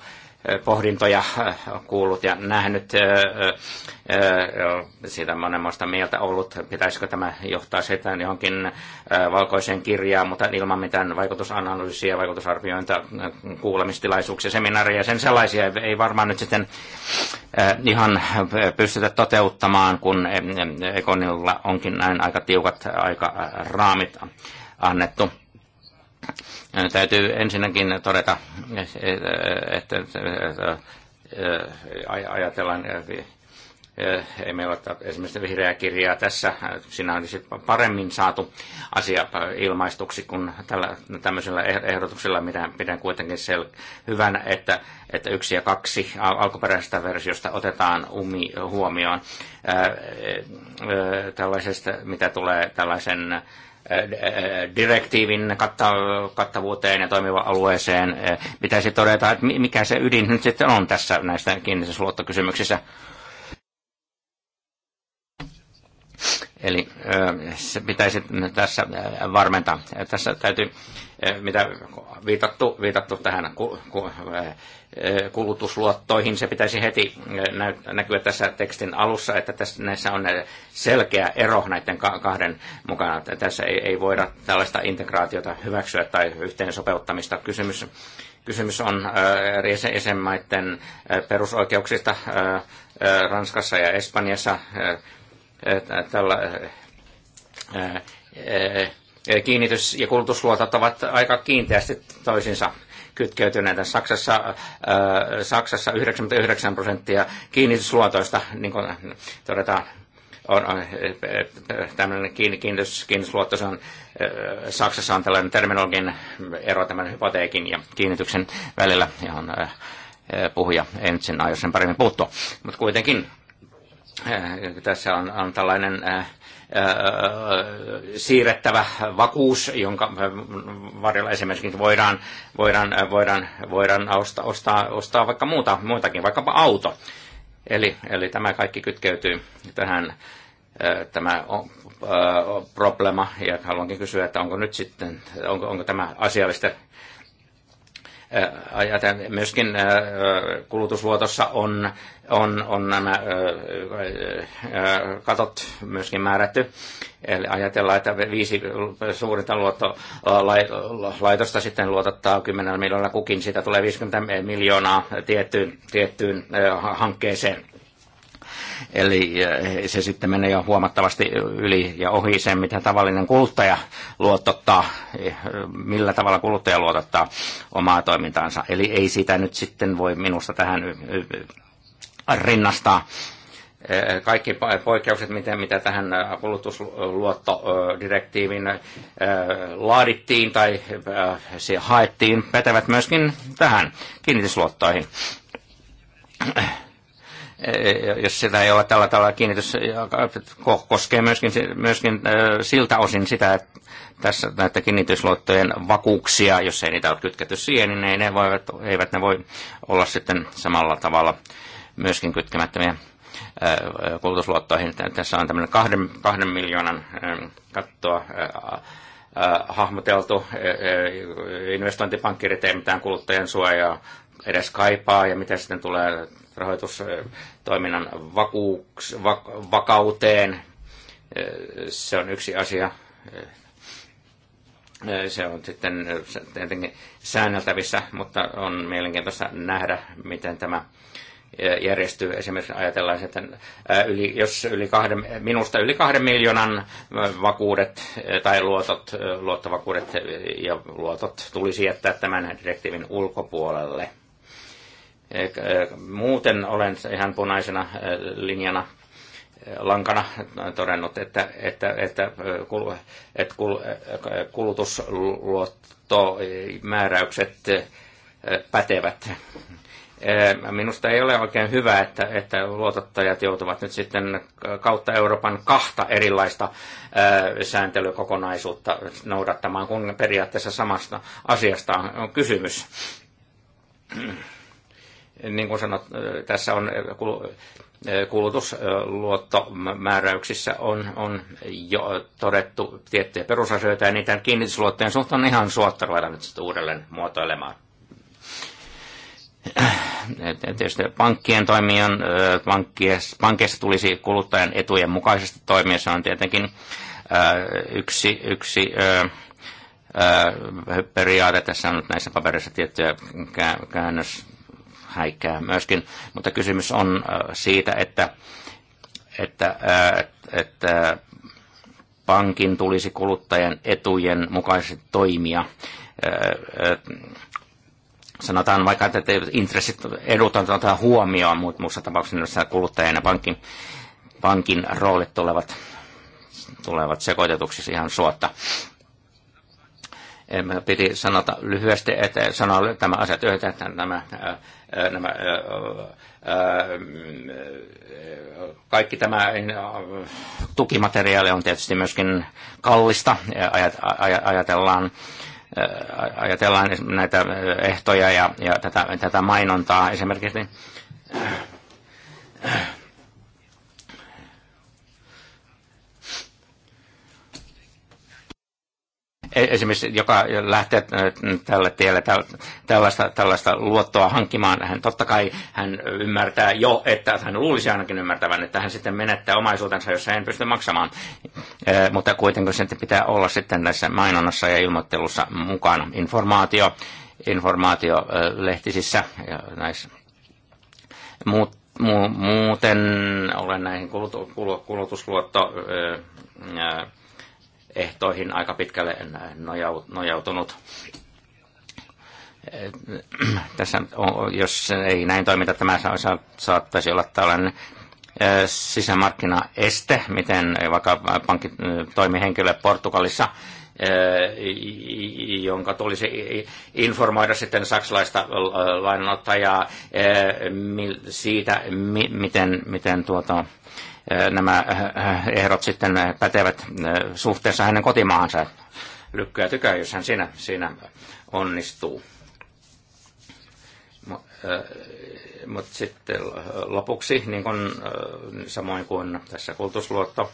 pohdintoja äh, kuullut ja nähnyt, äh, äh, siitä monenmoista mieltä ollut, pitäisikö tämä johtaa sitä johonkin valkoiseen kirjaan, mutta ilman mitään vaikutusanalyysiä, vaikutusarviointa, kuulemistilaisuuksia, seminaareja, sen sellaisia ei varmaan nyt sitten ihan pystytä toteuttamaan, kun Ekonilla onkin näin aika tiukat aika raamit annettu Täytyy ensinnäkin todeta, että ajatellaan, ei meillä ole esimerkiksi vihreää kirjaa tässä. Siinä olisi paremmin saatu asia ilmaistuksi kuin tällä, tämmöisellä ehdotuksella, mitä pidän kuitenkin sel- hyvänä, että, että yksi ja kaksi alkuperäisestä versiosta otetaan umi huomioon. Ää, ää, tällaisesta, mitä tulee tällaisen direktiivin kattavuuteen ja toimiva alueeseen. Pitäisi todeta, että mikä se ydin nyt sitten on tässä näistä kiinnitysluottokysymyksissä. Eli se pitäisi tässä varmentaa. Tässä täytyy, mitä viitattu, viitattu tähän kulutusluottoihin, se pitäisi heti näkyä tässä tekstin alussa, että tässä, näissä on selkeä ero näiden kahden mukana. Tässä ei, ei voida tällaista integraatiota hyväksyä tai yhteen sopeuttamista. Kysymys, kysymys on jäsenmaiden perusoikeuksista Ranskassa ja Espanjassa tällä eh, eh, kiinnitys- ja kulutusluotot ovat aika kiinteästi toisinsa kytkeytyneitä. Saksassa, äh, Saksassa 99 prosenttia kiinnitysluotoista, niin kuin todetaan, on, on tämmöinen kiinnitys, kiinnitysluotto, se on, Saksassa on tällainen terminologin ero tämän hypoteekin ja kiinnityksen välillä, johon puhuja en sen aio sen paremmin puuttua. Mutta kuitenkin Äh, tässä on, on tällainen äh, äh, siirrettävä vakuus, jonka varrella esimerkiksi voidaan, voidaan, äh, voidaan, voidaan ostaa, ostaa, ostaa vaikka muuta, muutakin vaikkapa auto. Eli, eli tämä kaikki kytkeytyy tähän tämä on, problema, ja haluankin kysyä, että onko nyt sitten, onko, onko tämä asiallista myöskin kulutusluotossa on, on, on nämä katot myöskin määrätty. Eli ajatellaan, että viisi suurinta luottolaitosta sitten luotottaa 10 miljoonaa kukin, siitä tulee 50 miljoonaa tiettyyn, tiettyyn hankkeeseen Eli eh, se sitten menee jo huomattavasti yli ja ohi sen, mitä tavallinen kuluttaja luotottaa, eh, millä tavalla kuluttaja luotottaa omaa toimintaansa. Eli ei sitä nyt sitten voi minusta tähän eh, rinnastaa kaikki poikkeukset, mitä, mitä tähän kulutusluottodirektiiviin laadittiin tai haettiin, pätevät myöskin tähän kiinnitysluottoihin jos sitä ei olla tällä tavalla kiinnitys, koskee myöskin, myöskin siltä osin sitä, että tässä näitä kiinnitysluottojen vakuuksia, jos ei niitä ole kytketty siihen, niin ei ne voivat, eivät ne voi olla sitten samalla tavalla myöskin kytkemättömiä kulutusluottoihin. Tässä on tämmöinen kahden, kahden miljoonan kattoa hahmoteltu. Investointipankkirit ei mitään kuluttajan suojaa edes kaipaa ja mitä sitten tulee rahoitustoiminnan vakuuks, vak, vakauteen. Eh, se on yksi asia. Eh, se on sitten tietenkin säänneltävissä, mutta on mielenkiintoista nähdä, miten tämä eh, järjestyy. Esimerkiksi ajatellaan, että yli, jos yli kahden, minusta yli kahden miljoonan vakuudet tai luotot, luottovakuudet ja luotot tulisi jättää tämän direktiivin ulkopuolelle – Eh, muuten olen ihan punaisena eh, linjana eh, lankana todennut, että, että, että, että kulutusluottomääräykset pätevät. Minusta ei ole oikein hyvä, että, että luotottajat joutuvat nyt sitten kautta Euroopan kahta erilaista sääntelykokonaisuutta noudattamaan, kun periaatteessa samasta asiasta on kysymys niin kuin sanot, tässä on kulutusluottomääräyksissä on, on jo todettu tiettyjä perusasioita, ja niitä kiinnitysluottojen suhteen on ihan suotta ruveta nyt sitten uudelleen muotoilemaan. Tietysti pankkien toimijan, pankkeissa tulisi kuluttajan etujen mukaisesti toimia, se on tietenkin yksi, yksi periaate. Tässä on nyt näissä paperissa tiettyjä käännös, häikkää myöskin. Mutta kysymys on äh, siitä, että, että, äh, että äh, pankin tulisi kuluttajan etujen mukaisesti toimia sanotaan vaikka, että intressit, edut on huomioon, mutta muussa tapauksessa kuluttajien ja pankin, pankin roolit tulevat, tulevat sekoitetuksi ihan suotta piti sanota lyhyesti, että sanoa tämä asia työtä, että nämä, nämä kaikki tämä tukimateriaali on tietysti myöskin kallista. Ajatellaan, ajatellaan näitä ehtoja ja, ja tätä, tätä mainontaa esimerkiksi. Niin E- esimerkiksi, joka lähtee äh, tällä tielle tällaista, tällaista luottoa hankkimaan, hän totta kai hän ymmärtää jo, että hän luulisi ainakin ymmärtävän, että hän sitten menettää omaisuutensa, jos hän pysty maksamaan. Äh, mutta kuitenkin sen pitää olla sitten näissä mainonnassa ja ilmoittelussa mukana informaatio, informaatio äh, lehtisissä ja näissä muut muuten olen näihin kulutusluotto ehtoihin aika pitkälle nojautunut. Eh, (clears throat) tässä, jos ei näin toimita, tämä saattaisi olla tällainen eh, sisämarkkinaeste, miten vaikka pankki eh, toimi Portugalissa, jonka tulisi informoida sitten saksalaista lainanottajaa siitä, miten, miten tuota, nämä ehdot sitten pätevät suhteessa hänen kotimaansa Lykkää tykää, jos hän siinä, siinä onnistuu. Mutta sitten lopuksi, niin kun, samoin kuin tässä kultusluotto,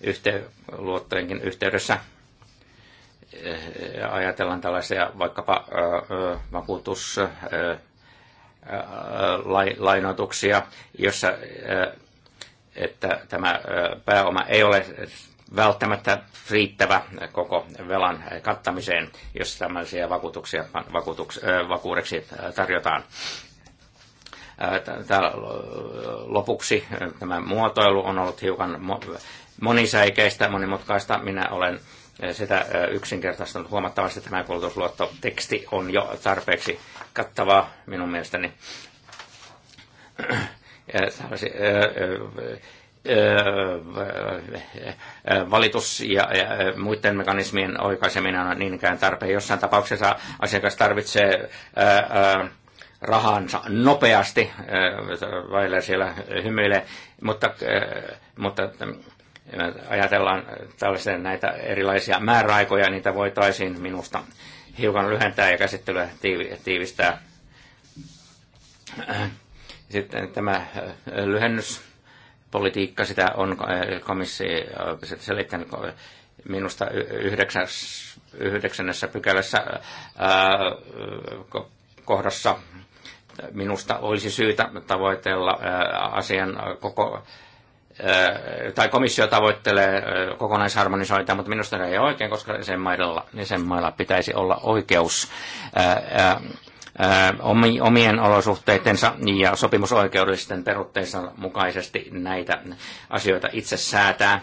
yhte, luottojenkin yhteydessä, ajatellaan tällaisia vaikkapa vakuutuslainoituksia, jossa että tämä pääoma ei ole välttämättä riittävä koko velan kattamiseen, jos tämmöisiä vakuutuksia vakuutuks, vakuudeksi tarjotaan. Täällä lopuksi tämä muotoilu on ollut hiukan monisäikeistä, monimutkaista. Minä olen sitä yksinkertaistanut huomattavasti. Tämä kulutusluottoteksti on jo tarpeeksi kattavaa minun mielestäni valitus ja, muiden mekanismien oikaiseminen on niinkään tarpeen. Jossain tapauksessa asiakas tarvitsee rahansa nopeasti, vaille siellä hymyilee, mutta, mutta ajatellaan tällaisia näitä erilaisia määräaikoja, niitä voitaisiin minusta hiukan lyhentää ja käsittelyä tiivistää sitten tämä äh, lyhennyspolitiikka, sitä on äh, komissio äh, selittänyt minusta yhdeksäs, yhdeksännessä pykälässä ää, kohdassa minusta olisi syytä tavoitella ää, asian koko ää, tai komissio tavoittelee kokonaisharmonisointia, mutta minusta se ei ole oikein, koska sen mailla, sen mailla pitäisi olla oikeus ää, ää, omien olosuhteidensa ja sopimusoikeudellisten perusteensa mukaisesti näitä asioita itse säätää.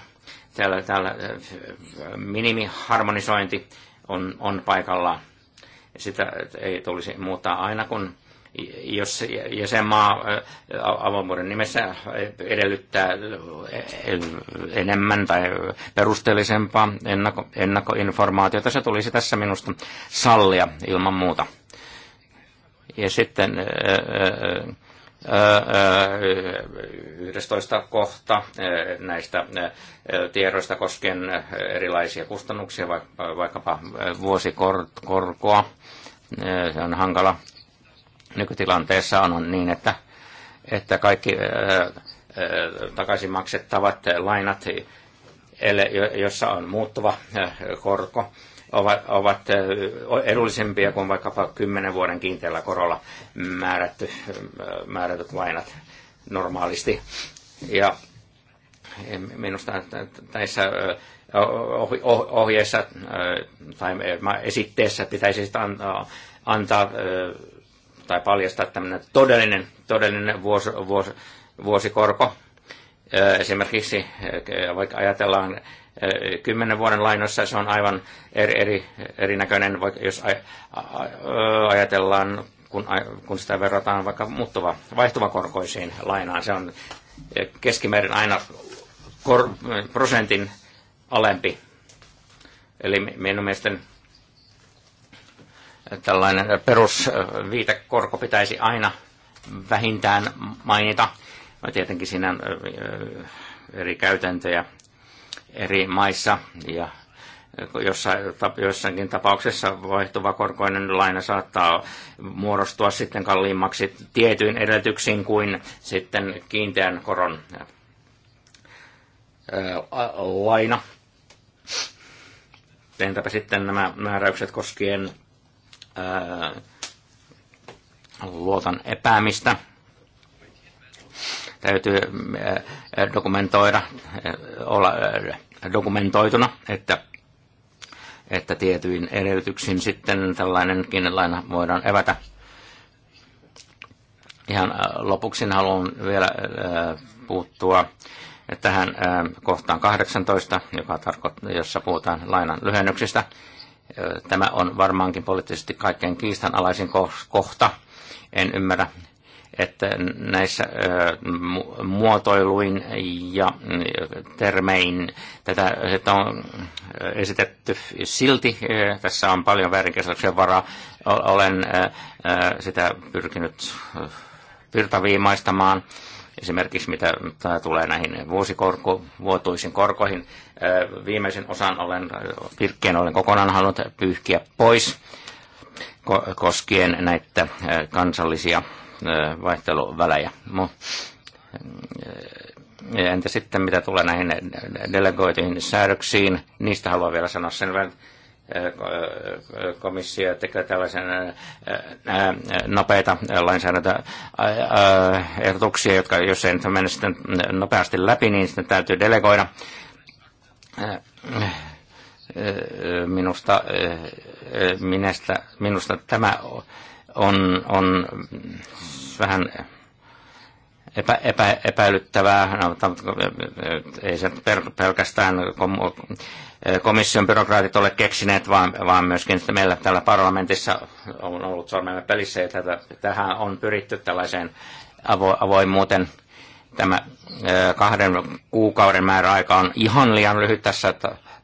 Täällä, täällä minimiharmonisointi on, on paikallaan. Sitä ei tulisi muuttaa aina, kun jos jäsenmaa avoimuuden nimessä edellyttää enemmän tai perusteellisempaa ennakko, ennakkoinformaatiota, se tulisi tässä minusta sallia ilman muuta. Ja sitten 11 kohta näistä tiedoista koskien erilaisia kustannuksia, vaikkapa vuosikorkoa. Se on hankala. Nykytilanteessa on niin, että, että kaikki takaisin maksettavat lainat, jossa on muuttuva korko, ovat, ovat edullisempia kuin vaikkapa 10 vuoden kiinteällä korolla määrätty, määrätyt lainat normaalisti. Ja minusta näissä ohjeissa tai esitteessä pitäisi antaa tai paljastaa tämmöinen todellinen, todellinen vuos, vuos, vuosikorko. Esimerkiksi vaikka ajatellaan Eh, kymmenen vuoden lainoissa se on aivan eri, eri, erinäköinen, jos ajatellaan, kun, kun sitä verrataan vaikka muuttuva, vaihtuvakorkoisiin lainaan. Se on eh, keskimäärin aina kor, prosentin alempi. Eli minun mielestäni eh, tällainen perusviitekorko pitäisi aina vähintään mainita. Tietenkin siinä on eri käytäntöjä eri maissa ja jossakin tapauksessa vaihtuva korkoinen laina saattaa muodostua sitten kalliimmaksi tietyin edellytyksiin kuin sitten kiinteän koron laina. Entäpä sitten nämä määräykset koskien luotan epäämistä täytyy äh, dokumentoida, äh, olla äh, dokumentoituna, että, että tietyin edellytyksin sitten tällainenkin laina voidaan evätä. Ihan lopuksi haluan vielä puuttua tähän kohtaan 18, joka tarkoittaa, jossa puhutaan lainan lyhennyksistä. Tämä on varmaankin poliittisesti kaikkein kiistanalaisin kohta. En ymmärrä, että näissä muotoiluin ja termein tätä että on esitetty silti. Tässä on paljon väärinkäsityksen varaa. Olen sitä pyrkinyt virtaviimaistamaan esimerkiksi mitä tämä tulee näihin vuosikorko, vuotuisiin korkoihin. Viimeisen osan olen, virkkeen olen kokonaan halunnut pyyhkiä pois koskien näitä kansallisia vaihteluvälejä. Entä sitten mitä tulee näihin delegoituihin säädöksiin, niistä haluan vielä sanoa sen verran, komissio tekee tällaisen nopeita lainsäädäntöehdotuksia, jotka jos ei nyt sitten nopeasti läpi, niin sitten täytyy delegoida. Minusta, minusta, minusta tämä on, on vähän epä, epä, epäilyttävää. No, ei se pelkästään komission byrokraatit ole keksineet, vaan, vaan myöskin että meillä täällä parlamentissa on ollut sormemme pelissä, ja tätä, tähän on pyritty tällaiseen avo, avoimuuteen. Tämä kahden kuukauden määräaika on ihan liian lyhyt tässä,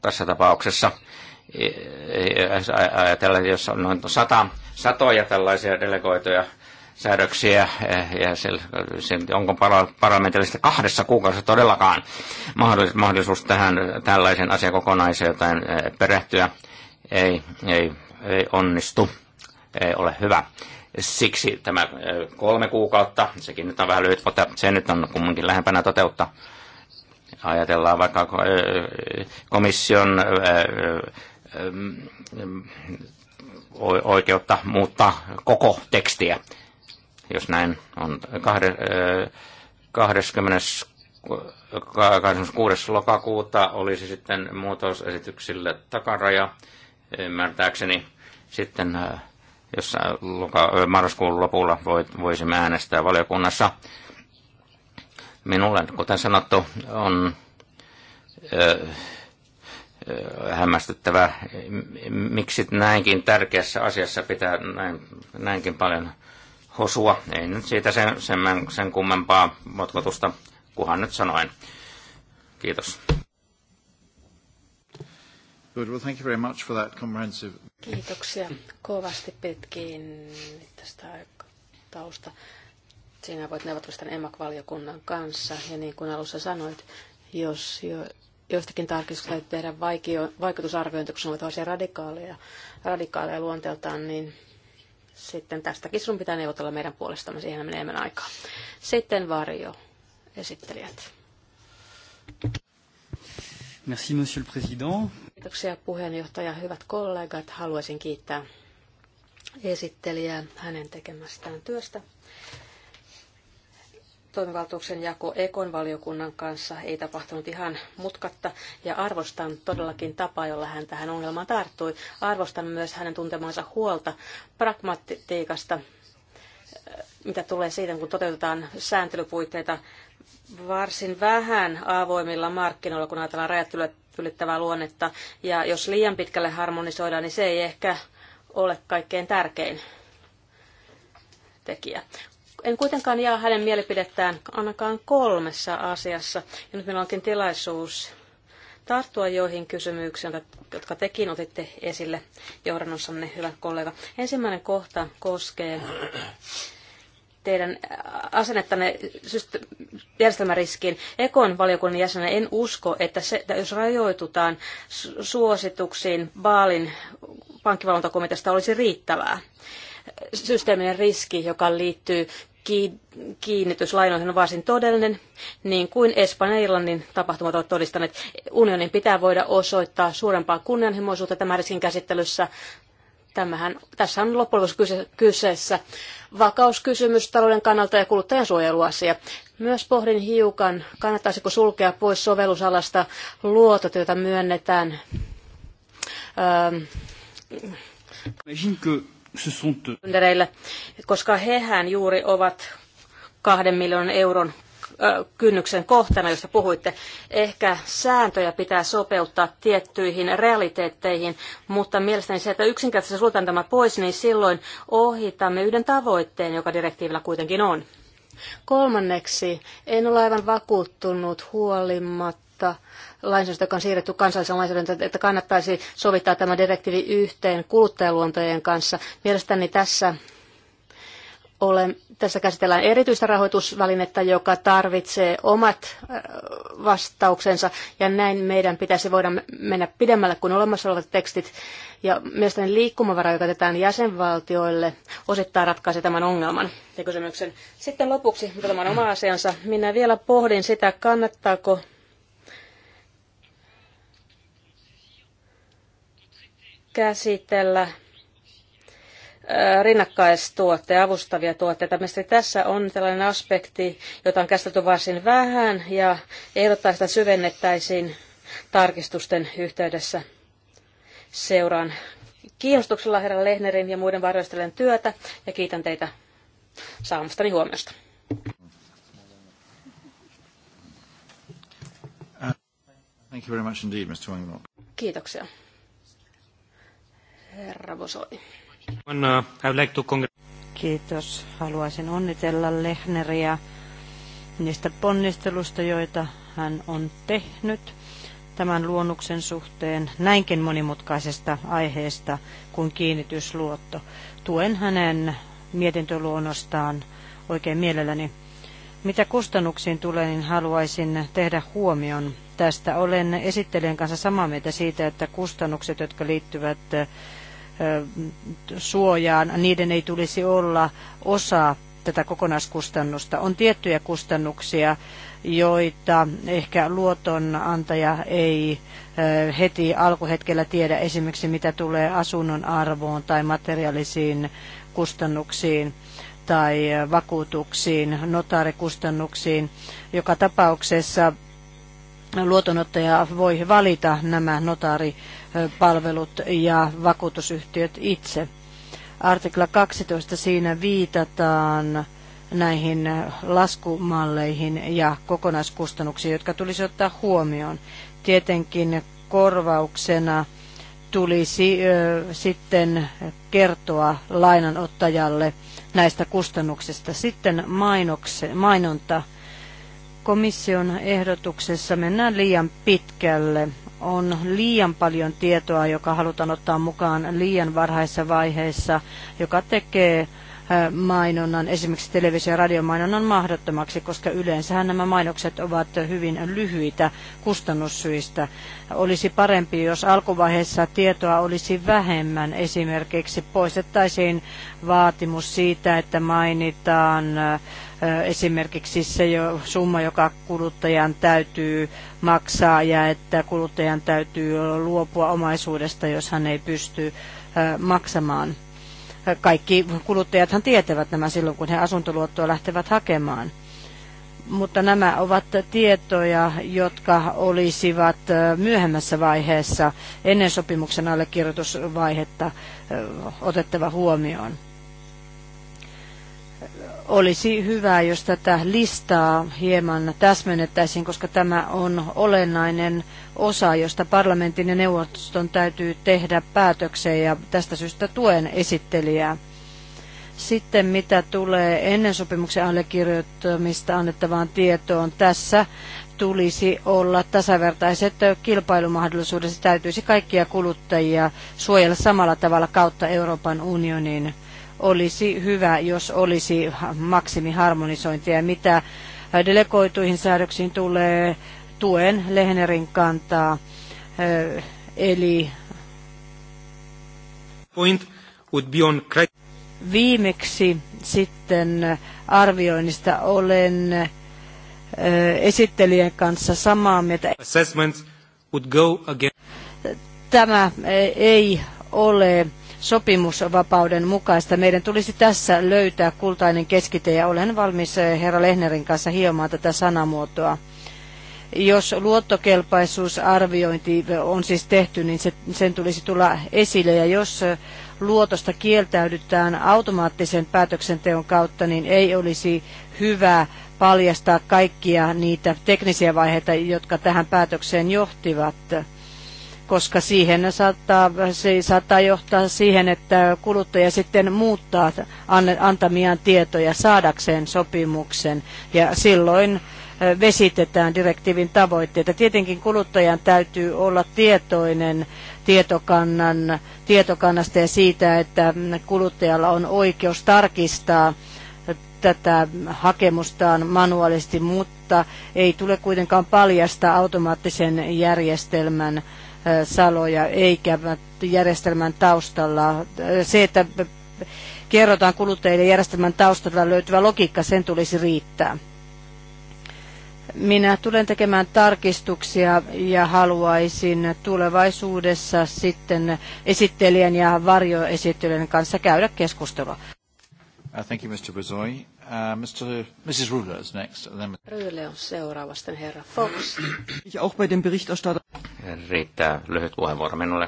tässä tapauksessa. E, e, e, Ajatellaan, jos on noin sata satoja tällaisia delegoituja säädöksiä, eh, ja onko parlamentillista kahdessa kuukaudessa todellakaan mahdollisuus tähän tällaisen asiakokonaisuuteen eh, perehtyä, ei, ei, ei onnistu, ei ole hyvä. Siksi tämä eh, kolme kuukautta, sekin nyt on vähän lyhyt, mutta se nyt on kumminkin lähempänä toteuttaa. Ajatellaan vaikka komission oikeutta muuttaa koko tekstiä, jos näin on. 26. lokakuuta olisi sitten muutosesityksille takaraja, ymmärtääkseni sitten jos marraskuun lopulla voisimme äänestää valiokunnassa. Minulle, kuten sanottu, on hämmästyttävä, miksi näinkin tärkeässä asiassa pitää näin, näinkin paljon hosua. Ei nyt siitä sen, sen, sen kummempaa motkotusta, kuhan nyt sanoin. Kiitos. Good. Well, thank you very much for that comprehensive... Kiitoksia kovasti pitkin tästä tausta. Siinä voit neuvotella tämän emak kanssa, ja niin kuin alussa sanoit, jos jo joistakin tarkistuksista täytyy tehdä vaikio, vaikutusarviointi, kun ne ovat varsin radikaaleja, radikaaleja luonteeltaan, niin sitten tästäkin sun pitää neuvotella meidän puolestamme, siihen menee enemmän aikaa. Sitten varjo, esittelijät. Merci, monsieur le président. Kiitoksia puheenjohtaja. Hyvät kollegat, haluaisin kiittää esittelijää hänen tekemästään työstä toimivaltuuksien jako Ekon valiokunnan kanssa ei tapahtunut ihan mutkatta ja arvostan todellakin tapaa, jolla hän tähän ongelmaan tarttui. Arvostan myös hänen tuntemansa huolta pragmatiikasta, mitä tulee siitä, kun toteutetaan sääntelypuitteita varsin vähän avoimilla markkinoilla, kun ajatellaan rajat ylittävää luonnetta. Ja jos liian pitkälle harmonisoidaan, niin se ei ehkä ole kaikkein tärkein tekijä en kuitenkaan jaa hänen mielipidettään ainakaan kolmessa asiassa. Ja nyt meillä onkin tilaisuus tarttua joihin kysymyksiin, jotka tekin otitte esille johdannossanne, hyvä kollega. Ensimmäinen kohta koskee teidän asennettanne järjestelmäriskiin. Ekon valiokunnan jäsenenä en usko, että, se, että jos rajoitutaan suosituksiin Baalin pankkivalvontakomiteasta olisi riittävää systeeminen riski, joka liittyy kiinnityslainoihin on varsin todellinen, niin kuin Espanjan ja Irlannin tapahtumat ovat todistaneet. Unionin pitää voida osoittaa suurempaa kunnianhimoisuutta tämän riskin käsittelyssä. Tämähän, tässä on loppujen lopuksi kyseessä vakauskysymys talouden kannalta ja kuluttajan suojeluasia. Myös pohdin hiukan, kannattaisiko sulkea pois sovellusalasta luotot, joita myönnetään. Öö, koska hehän juuri ovat kahden miljoonan euron kynnyksen kohtana, josta puhuitte. Ehkä sääntöjä pitää sopeuttaa tiettyihin realiteetteihin, mutta mielestäni se, että yksinkertaisesti sultan tämä pois, niin silloin ohitamme yhden tavoitteen, joka direktiivillä kuitenkin on. Kolmanneksi, en ole aivan vakuuttunut huolimatta uutta lainsäädäntöä, joka on siirretty kansalliseen lainsäädäntöön, että kannattaisi sovittaa tämä direktiivi yhteen kuluttajaluontojen kanssa. Mielestäni tässä olen, tässä käsitellään erityistä rahoitusvälinettä, joka tarvitsee omat äh, vastauksensa, ja näin meidän pitäisi voida mennä pidemmälle kuin olemassa olevat tekstit. Ja mielestäni liikkumavara, joka jätetään jäsenvaltioille, osittain ratkaisee tämän ongelman ja kysymyksen. Sitten lopuksi, mutta tämä on oma asiansa, minä vielä pohdin sitä, kannattaako käsitellä rinnakkaistuotteita, avustavia tuotteita. Mielestäni tässä on tällainen aspekti, jota on käsitelty varsin vähän ja ehdottaa sitä syvennettäisiin tarkistusten yhteydessä. Seuraan kiinnostuksella herran Lehnerin ja muiden varjostelijan työtä ja kiitän teitä saamastani huomiosta. Thank you very much indeed, Mr. Kiitoksia herra uh, Kiitos. Haluaisin onnitella Lehneriä niistä ponnistelusta, joita hän on tehnyt tämän luonnoksen suhteen näinkin monimutkaisesta aiheesta kuin kiinnitysluotto. Tuen hänen mietintöluonnostaan oikein mielelläni. Mitä kustannuksiin tulee, niin haluaisin tehdä huomion tästä. Olen esittelijän kanssa samaa mieltä siitä, että kustannukset, jotka liittyvät suojaan, niiden ei tulisi olla osa tätä kokonaiskustannusta. On tiettyjä kustannuksia, joita ehkä luotonantaja ei heti alkuhetkellä tiedä, esimerkiksi mitä tulee asunnon arvoon tai materiaalisiin kustannuksiin tai vakuutuksiin, notaarikustannuksiin. Joka tapauksessa luotonottaja voi valita nämä notaari palvelut ja vakuutusyhtiöt itse. Artikla 12 siinä viitataan näihin laskumalleihin ja kokonaiskustannuksiin, jotka tulisi ottaa huomioon. Tietenkin korvauksena tulisi sitten kertoa lainanottajalle näistä kustannuksista. Sitten mainokse, mainonta. Komission ehdotuksessa mennään liian pitkälle on liian paljon tietoa, joka halutaan ottaa mukaan liian varhaisessa vaiheessa, joka tekee äh, mainonnan, esimerkiksi televisio- ja radiomainonnan mahdottomaksi, koska yleensä nämä mainokset ovat hyvin lyhyitä kustannussyistä. Olisi parempi, jos alkuvaiheessa tietoa olisi vähemmän. Esimerkiksi poistettaisiin vaatimus siitä, että mainitaan äh, esimerkiksi se jo summa, joka kuluttajan täytyy maksaa ja että kuluttajan täytyy luopua omaisuudesta, jos hän ei pysty maksamaan. Kaikki kuluttajathan tietävät nämä silloin, kun he asuntoluottoa lähtevät hakemaan mutta nämä ovat tietoja, jotka olisivat myöhemmässä vaiheessa ennen sopimuksen allekirjoitusvaihetta otettava huomioon. Olisi hyvä, jos tätä listaa hieman täsmennettäisiin, koska tämä on olennainen osa, josta parlamentin ja neuvoston täytyy tehdä päätöksen ja tästä syystä tuen esittelijää. Sitten mitä tulee ennen sopimuksen allekirjoittamista annettavaan tietoon, tässä tulisi olla tasavertaiset kilpailumahdollisuudet. Se täytyisi kaikkia kuluttajia suojella samalla tavalla kautta Euroopan unionin olisi hyvä, jos olisi maksimiharmonisointia. Mitä delegoituihin säädöksiin tulee, tuen Lehnerin kantaa. Eli Point would be on... viimeksi sitten arvioinnista olen esittelijän kanssa samaa mieltä. would go again. Tämä ei ole sopimusvapauden mukaista. Meidän tulisi tässä löytää kultainen keskite ja olen valmis eh, herra Lehnerin kanssa hiomaan tätä sanamuotoa jos luottokelpaisuusarviointi on siis tehty, niin se, sen tulisi tulla esille. Ja jos eh, luotosta kieltäydytään automaattisen päätöksenteon kautta, niin ei olisi hyvä paljastaa kaikkia niitä teknisiä vaiheita, jotka tähän päätökseen johtivat koska siihen saattaa, se saattaa johtaa siihen, että kuluttaja sitten muuttaa antamiaan tietoja saadakseen sopimuksen ja silloin vesitetään direktiivin tavoitteita. Tietenkin kuluttajan täytyy olla tietoinen tietokannan, tietokannasta ja siitä, että kuluttajalla on oikeus tarkistaa tätä hakemustaan manuaalisesti, mutta ei tule kuitenkaan paljasta automaattisen järjestelmän saloja, eikä järjestelmän taustalla. Se, että kerrotaan kuluttajille järjestelmän taustalla löytyvä logiikka, sen tulisi riittää. Minä tulen tekemään tarkistuksia ja haluaisin tulevaisuudessa sitten esittelijän ja varjoesittelijän kanssa käydä keskustelua. Uh, thank you, Mr. Uh, Mrs. Ruler is next. Then... on seuraava, sitten herra Fox. Auch bei dem Berichterstatter. Riittää lyhyt puheenvuoro minulle.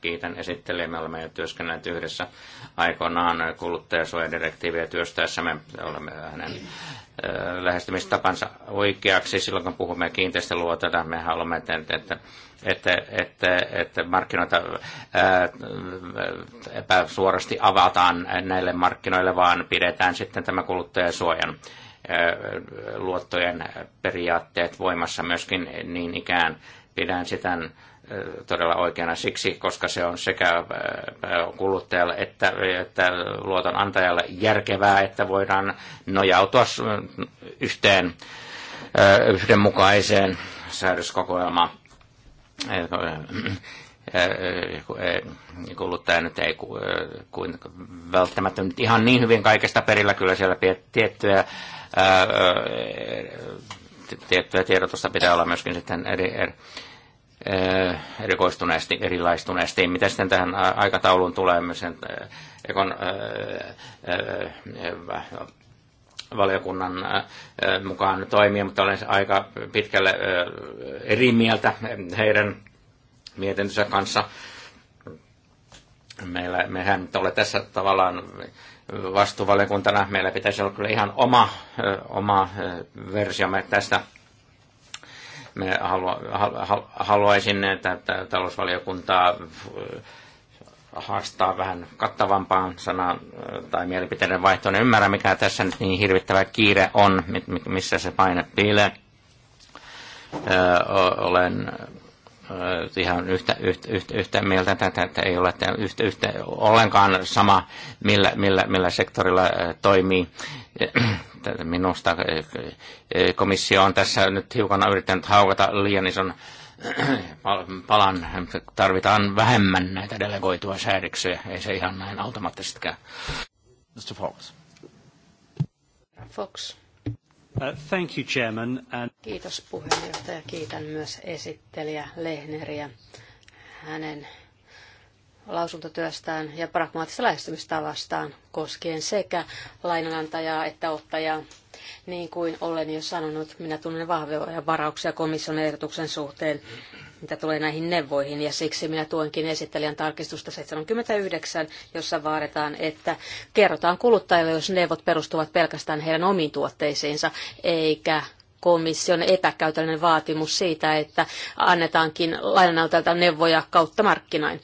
Kiitän esittelijä. Me olemme jo työskennelleet yhdessä aikoinaan kuluttajasuojadirektiiviä työstäessä. Me olemme hänen lähestymistapansa oikeaksi silloin, kun puhumme kiinteistöluotona. Me haluamme, että, että, että, että, että markkinoita ää, epäsuorasti avataan näille markkinoille, vaan pidetään sitten tämä kuluttajasuojan ää, luottojen periaatteet voimassa myöskin niin ikään. Pidän sitä todella oikeana siksi, koska se on sekä kuluttajalle että, että luotonantajalle järkevää, että voidaan nojautua yhteen yhdenmukaiseen säädöskokoelmaan kuluttaja nyt ei kuin välttämättä nyt ihan niin hyvin kaikesta perillä. Kyllä siellä tiettyjä, tiettyä tiedotusta pitää olla myöskin sitten eri, eri Eh, erikoistuneesti, erilaistuneesti. Mitä sitten tähän aikatauluun tulee, sen eh, Ekon eh, valiokunnan mukaan toimia, mutta olen aika pitkälle eri mieltä heidän mietintönsä kanssa. Meillä, mehän nyt ole tässä tavallaan vastuuvaliokuntana, meillä pitäisi olla kyllä ihan oma, oma versiomme tästä minä haluaisin, että talousvaliokuntaa äh, haastaa vähän kattavampaan sanan äh, tai mielipiteiden vaihtoon. En ymmärrä, mikä tässä nyt niin hirvittävä kiire on, missä se paine piilee. Äh, olen ihan yhtä, yhtä, yhtä, yhtä mieltä tätä, että ei ole yhtä, yhtä, ollenkaan sama, millä, millä, millä sektorilla toimii että minusta eh, eh, komissio on tässä nyt hiukan yrittänyt haukata liian ison (clears throat) palan. Tarvitaan vähemmän näitä delegoitua säädöksiä. Ei se ihan näin automaattisesti käy. Mr. Fox. Fox. Uh, thank you, Chairman. And... Kiitos puheenjohtaja. Kiitän myös esittelijä Lehneriä hänen lausuntotyöstään ja pragmaattisesta lähestymistavastaan koskien sekä lainanantajaa että ottajaa. Niin kuin olen jo sanonut, minä tunnen vahvoja varauksia komission ehdotuksen suhteen, mitä tulee näihin neuvoihin, ja siksi minä tuenkin esittelijän tarkistusta 79, jossa vaaditaan, että kerrotaan kuluttajille, jos neuvot perustuvat pelkästään heidän omiin tuotteisiinsa, eikä komission epäkäytännön vaatimus siitä, että annetaankin lainanantajalta neuvoja kautta markkinain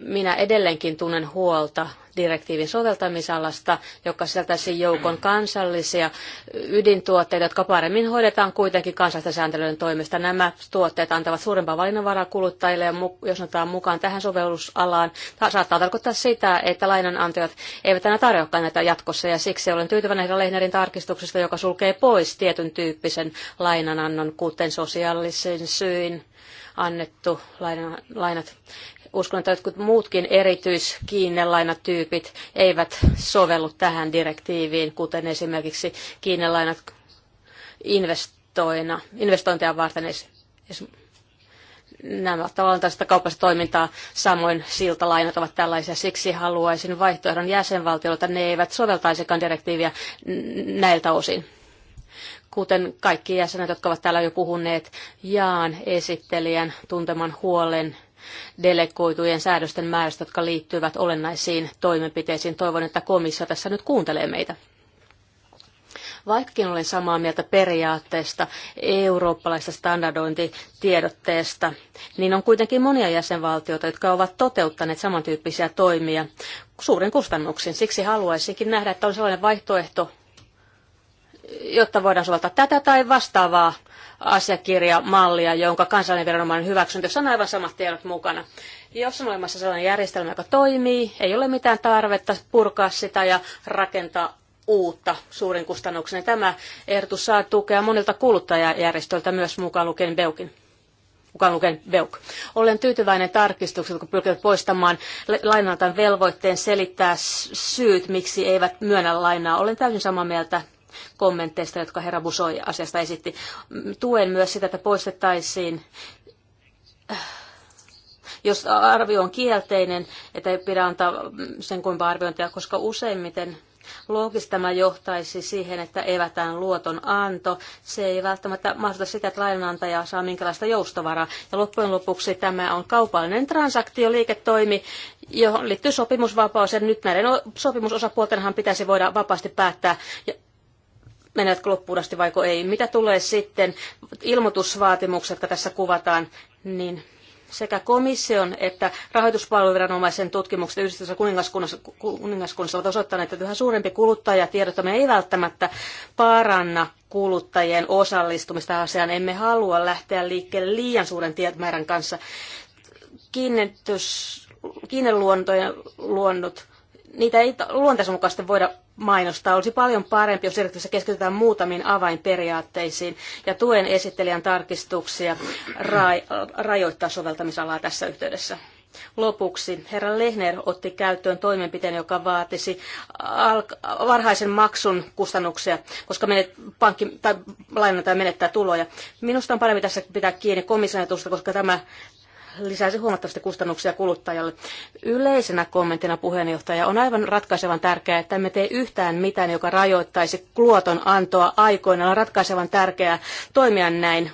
minä edelleenkin tunnen huolta direktiivin soveltamisalasta, joka sisältäisi joukon kansallisia ydintuotteita, jotka paremmin hoidetaan kuitenkin kansallisten sääntelyiden toimesta. Nämä tuotteet antavat suurempaa valinnanvaraa kuluttajille ja jos otetaan mukaan tähän sovellusalaan, saattaa tarkoittaa sitä, että lainanantajat eivät enää tarjoakaan näitä jatkossa ja siksi olen tyytyväinen herra Lehnerin tarkistuksesta, joka sulkee pois tietyn tyyppisen lainanannon, kuten sosiaalisen syyn annettu lainat. Uskon, että jotkut muutkin erityiskiinnelainatyypit eivät sovellu tähän direktiiviin, kuten esimerkiksi kiinnelainat investoina, investointeja varten nämä tavallaan tästä kaupallista toimintaa, samoin siltalainat ovat tällaisia. Siksi haluaisin vaihtoehdon että ne eivät soveltaisikaan direktiiviä näiltä osin. Kuten kaikki jäsenet, jotka ovat täällä jo puhuneet, jaan esittelijän tunteman huolen delegoitujen säädösten määrästä, jotka liittyvät olennaisiin toimenpiteisiin. Toivon, että komissio tässä nyt kuuntelee meitä. Vaikkakin olen samaa mieltä periaatteesta, eurooppalaista standardointitiedotteesta, niin on kuitenkin monia jäsenvaltioita, jotka ovat toteuttaneet samantyyppisiä toimia suurin kustannuksin. Siksi haluaisinkin nähdä, että on sellainen vaihtoehto, jotta voidaan soveltaa tätä tai vastaavaa asiakirjamallia, jonka kansallinen viranomainen hyväksynyt, jossa on aivan samat tiedot mukana. Jos on olemassa sellainen järjestelmä, joka toimii, ei ole mitään tarvetta purkaa sitä ja rakentaa uutta suurin kustannuksen. Niin tämä ehdotus saa tukea monilta kuluttajajärjestöiltä myös mukaan lukien Beukin mukaan lukien Beuk. Olen tyytyväinen tarkistukset, kun pyrkivät poistamaan lainaltaan velvoitteen selittää syyt, miksi eivät myönnä lainaa. Olen täysin samaa mieltä kommenteista, jotka herra Busoi asiasta esitti. Tuen myös sitä, että poistettaisiin äh, jos arvio on kielteinen, että ei pidä antaa sen kuin arviointia, koska useimmiten loogista tämä johtaisi siihen, että evätään luoton anto. Se ei välttämättä mahdollista sitä, että lainanantaja saa minkälaista joustovaraa. Ja loppujen lopuksi tämä on kaupallinen transaktio, liiketoimi, johon liittyy sopimusvapaus. Ja nyt näiden sopimusosapuoltenhan pitäisi voida vapaasti päättää menevätkö loppuun asti vaiko ei. Mitä tulee sitten ilmoitusvaatimukset, jotka tässä kuvataan, niin sekä komission että rahoituspalveluviranomaisen tutkimukset yhdistössä kuningaskunnassa, kuningaskunnassa ovat osoittaneet, että yhä suurempi kuluttajatiedottaminen ei välttämättä paranna kuluttajien osallistumista asiaan. Emme halua lähteä liikkeelle liian suuren tietomäärän kanssa. Kiinnitys, kiinneluontojen luonnot, niitä ei luonteensa mukaisesti voida mainostaa. Olisi paljon parempi, jos erityisesti keskitytään muutamiin avainperiaatteisiin ja tuen esittelijän tarkistuksia ra- rajoittaa soveltamisalaa tässä yhteydessä. Lopuksi herra Lehner otti käyttöön toimenpiteen, joka vaatisi varhaisen maksun kustannuksia, koska menet, pankki tai lainantaja menettää tuloja. Minusta on parempi tässä pitää kiinni komissioitusta, koska tämä lisäisi huomattavasti kustannuksia kuluttajalle. Yleisenä kommenttina puheenjohtaja on aivan ratkaisevan tärkeää, että emme tee yhtään mitään, joka rajoittaisi luoton antoa aikoinaan. On ratkaisevan tärkeää toimia näin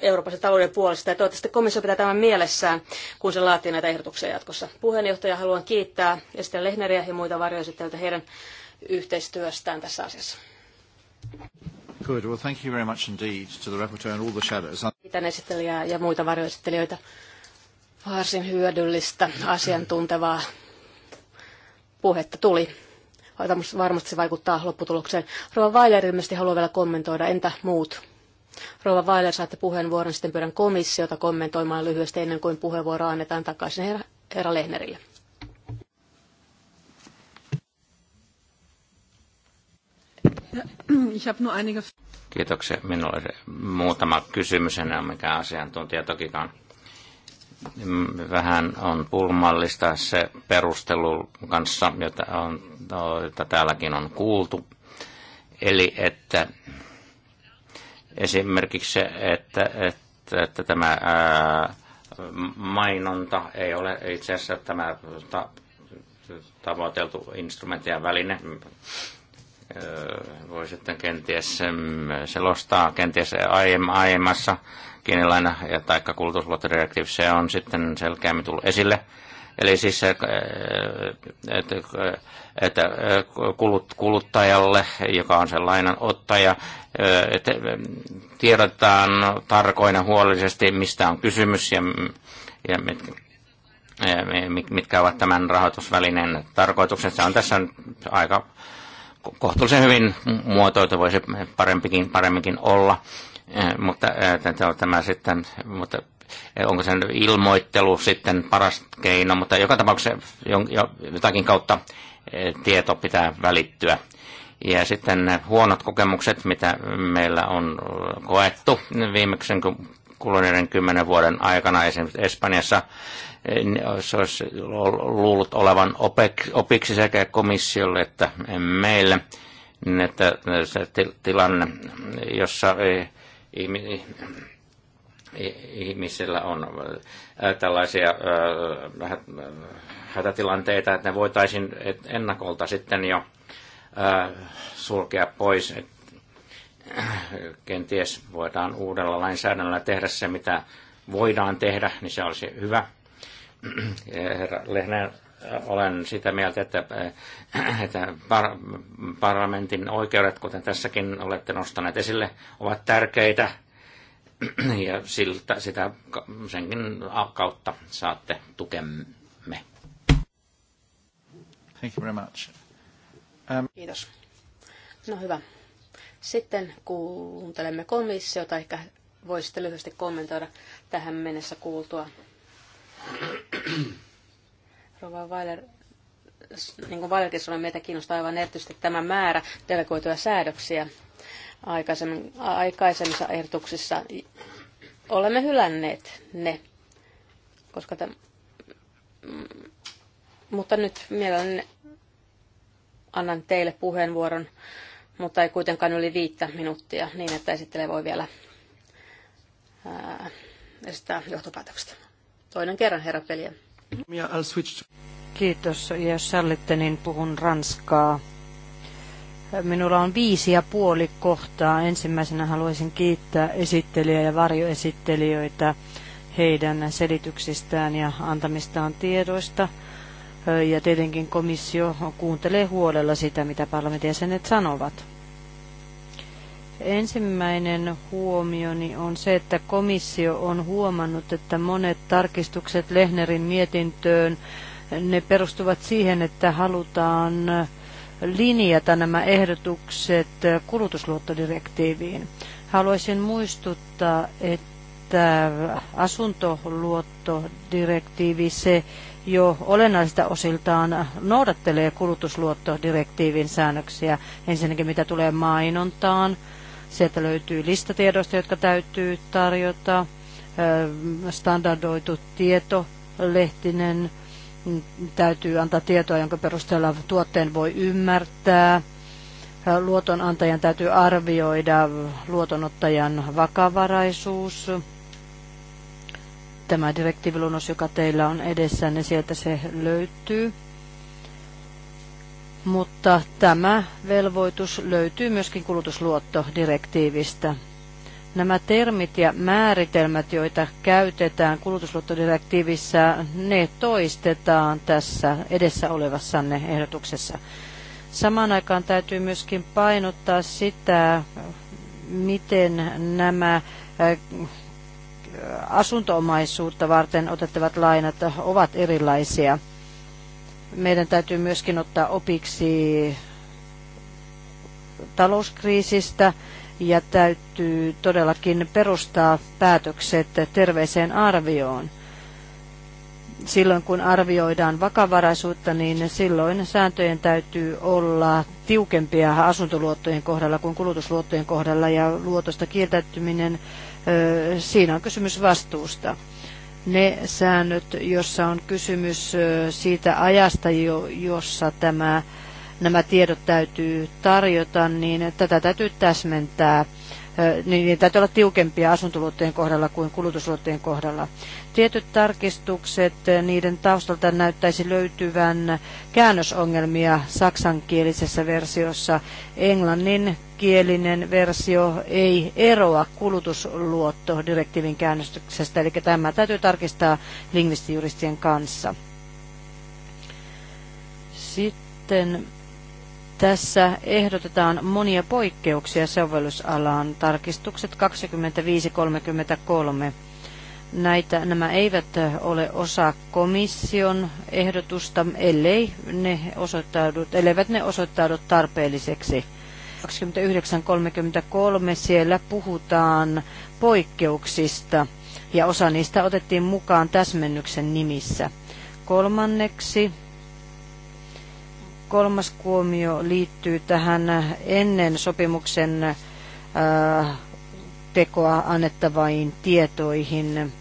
Euroopan talouden puolesta. Ja toivottavasti komissio pitää tämän mielessään, kun se laatii näitä ehdotuksia jatkossa. Puheenjohtaja haluan kiittää ja sitten Lehneriä ja muita varjoesittelijöitä heidän yhteistyöstään tässä asiassa. Good. Well, thank you very much indeed to the rapporteur and all the shadows. Kiitän esittelijää ja muita varjoesittelijöitä. Varsin hyödyllistä, asiantuntevaa puhetta tuli. Varmasti se vaikuttaa lopputulokseen. Rova Weiler ilmeisesti haluaa vielä kommentoida. Entä muut? Rova Weiler, saatte puheenvuoron. Sitten pyydän komissiota kommentoimaan lyhyesti ennen kuin puheenvuoro annetaan takaisin herra, herra Lehnerille. Kiitoksia. Minulla oli muutama kysymys enää, mikä asiantuntija tokikaan. Vähän on pulmallista se perustelu kanssa, jota, on, jota täälläkin on kuultu. Eli että esimerkiksi se, että, että, että tämä ää, mainonta ei ole itse asiassa tämä ta, tavoiteltu instrumentti ja väline, voi sitten kenties selostaa kenties aiemmassa kiinnilaina- tai kulutusluottodirektiivissä on sitten selkeämmin tullut esille. Eli siis se, että, että kuluttajalle, joka on sen lainan ottaja, että tiedotetaan tarkoina huolellisesti, mistä on kysymys ja, ja mitkä, mitkä ovat tämän rahoitusvälineen tarkoitukset. Se on tässä aika kohtuullisen hyvin muotoiltu, voisi parempikin, paremminkin olla, eh, mutta eh, tämä sitten, mutta eh, onko sen ilmoittelu sitten paras keino, mutta joka tapauksessa jotakin kautta tieto pitää välittyä. Ja sitten ne huonot kokemukset, mitä meillä on koettu viimeksi kuluneiden kymmenen vuoden aikana esimerkiksi Espanjassa, se olisi luullut olevan opiksi sekä komissiolle että meille, että se tilanne, jossa e, ihmisillä on tällaisia hätätilanteita, että ne voitaisiin ennakolta sitten jo sulkea pois. Kenties voidaan uudella lainsäädännöllä tehdä se, mitä voidaan tehdä, niin se olisi hyvä herra Lehner, olen sitä mieltä, että, että par, parlamentin oikeudet, kuten tässäkin olette nostaneet esille, ovat tärkeitä ja siltä, sitä, senkin kautta saatte tukemme. Thank you very much. Um... Kiitos. No hyvä. Sitten kuuntelemme komissiota. Ehkä voisitte lyhyesti kommentoida tähän mennessä kuultua Rova Weiler, niin kuin Weilerkin sanoi, meitä kiinnostaa aivan erityisesti tämä määrä delegoituja säädöksiä aikaisemmissa ehdotuksissa. Olemme hylänneet ne, koska tämän, mutta nyt mielelläni annan teille puheenvuoron, mutta ei kuitenkaan yli viittä minuuttia, niin että esittelee voi vielä ää, esittää johtopäätökset toinen kerran, herra Peliä. Kiitos. Ja jos sallitte, niin puhun ranskaa. Minulla on viisi ja puoli kohtaa. Ensimmäisenä haluaisin kiittää esittelijä ja varjoesittelijöitä heidän selityksistään ja antamistaan tiedoista. Ja tietenkin komissio kuuntelee huolella sitä, mitä parlamentin jäsenet sanovat. Ensimmäinen huomioni on se, että komissio on huomannut, että monet tarkistukset Lehnerin mietintöön ne perustuvat siihen, että halutaan linjata nämä ehdotukset kulutusluottodirektiiviin. Haluaisin muistuttaa, että asuntoluottodirektiivi se jo olennaisilta osiltaan noudattelee kulutusluottodirektiivin säännöksiä, ensinnäkin mitä tulee mainontaan, Sieltä löytyy listatiedosta, jotka täytyy tarjota, standardoitu tieto, lehtinen, täytyy antaa tietoa, jonka perusteella tuotteen voi ymmärtää. Luotonantajan täytyy arvioida luotonottajan vakavaraisuus. Tämä direktiiviluonnos, joka teillä on edessä, niin sieltä se löytyy mutta tämä velvoitus löytyy myöskin kulutusluottodirektiivistä. Nämä termit ja määritelmät, joita käytetään kulutusluottodirektiivissä, ne toistetaan tässä edessä olevassanne ehdotuksessa. Samaan aikaan täytyy myöskin painottaa sitä, miten nämä äh, asuntoomaisuutta varten otettavat lainat ovat erilaisia – meidän täytyy myöskin ottaa opiksi talouskriisistä ja täytyy todellakin perustaa päätökset terveeseen arvioon. Silloin kun arvioidaan vakavaraisuutta, niin silloin sääntöjen täytyy olla tiukempia asuntoluottojen kohdalla kuin kulutusluottojen kohdalla ja luotosta kieltäytyminen, siinä on kysymys vastuusta ne säännöt, jossa on kysymys siitä ajasta, jossa tämä, nämä tiedot täytyy tarjota, niin tätä täytyy täsmentää – niin, niin täytyy olla tiukempia asuntoluottojen kohdalla kuin kulutusluottojen kohdalla. Tietyt tarkistukset, niiden taustalta näyttäisi löytyvän käännösongelmia saksankielisessä versiossa. Englannin versio ei eroa kulutusluottodirektiivin käännöksestä, eli tämä täytyy tarkistaa lingvistijuristien kanssa. Sitten tässä ehdotetaan monia poikkeuksia sovellusalaan. Tarkistukset 25.33. Näitä, nämä eivät ole osa komission ehdotusta, ellei ne osoittaudut, elleivät ne osoittaudu tarpeelliseksi. 29.33 siellä puhutaan poikkeuksista ja osa niistä otettiin mukaan täsmennyksen nimissä. Kolmanneksi Kolmas kuomio liittyy tähän ennen sopimuksen äh, tekoa annettavain tietoihin.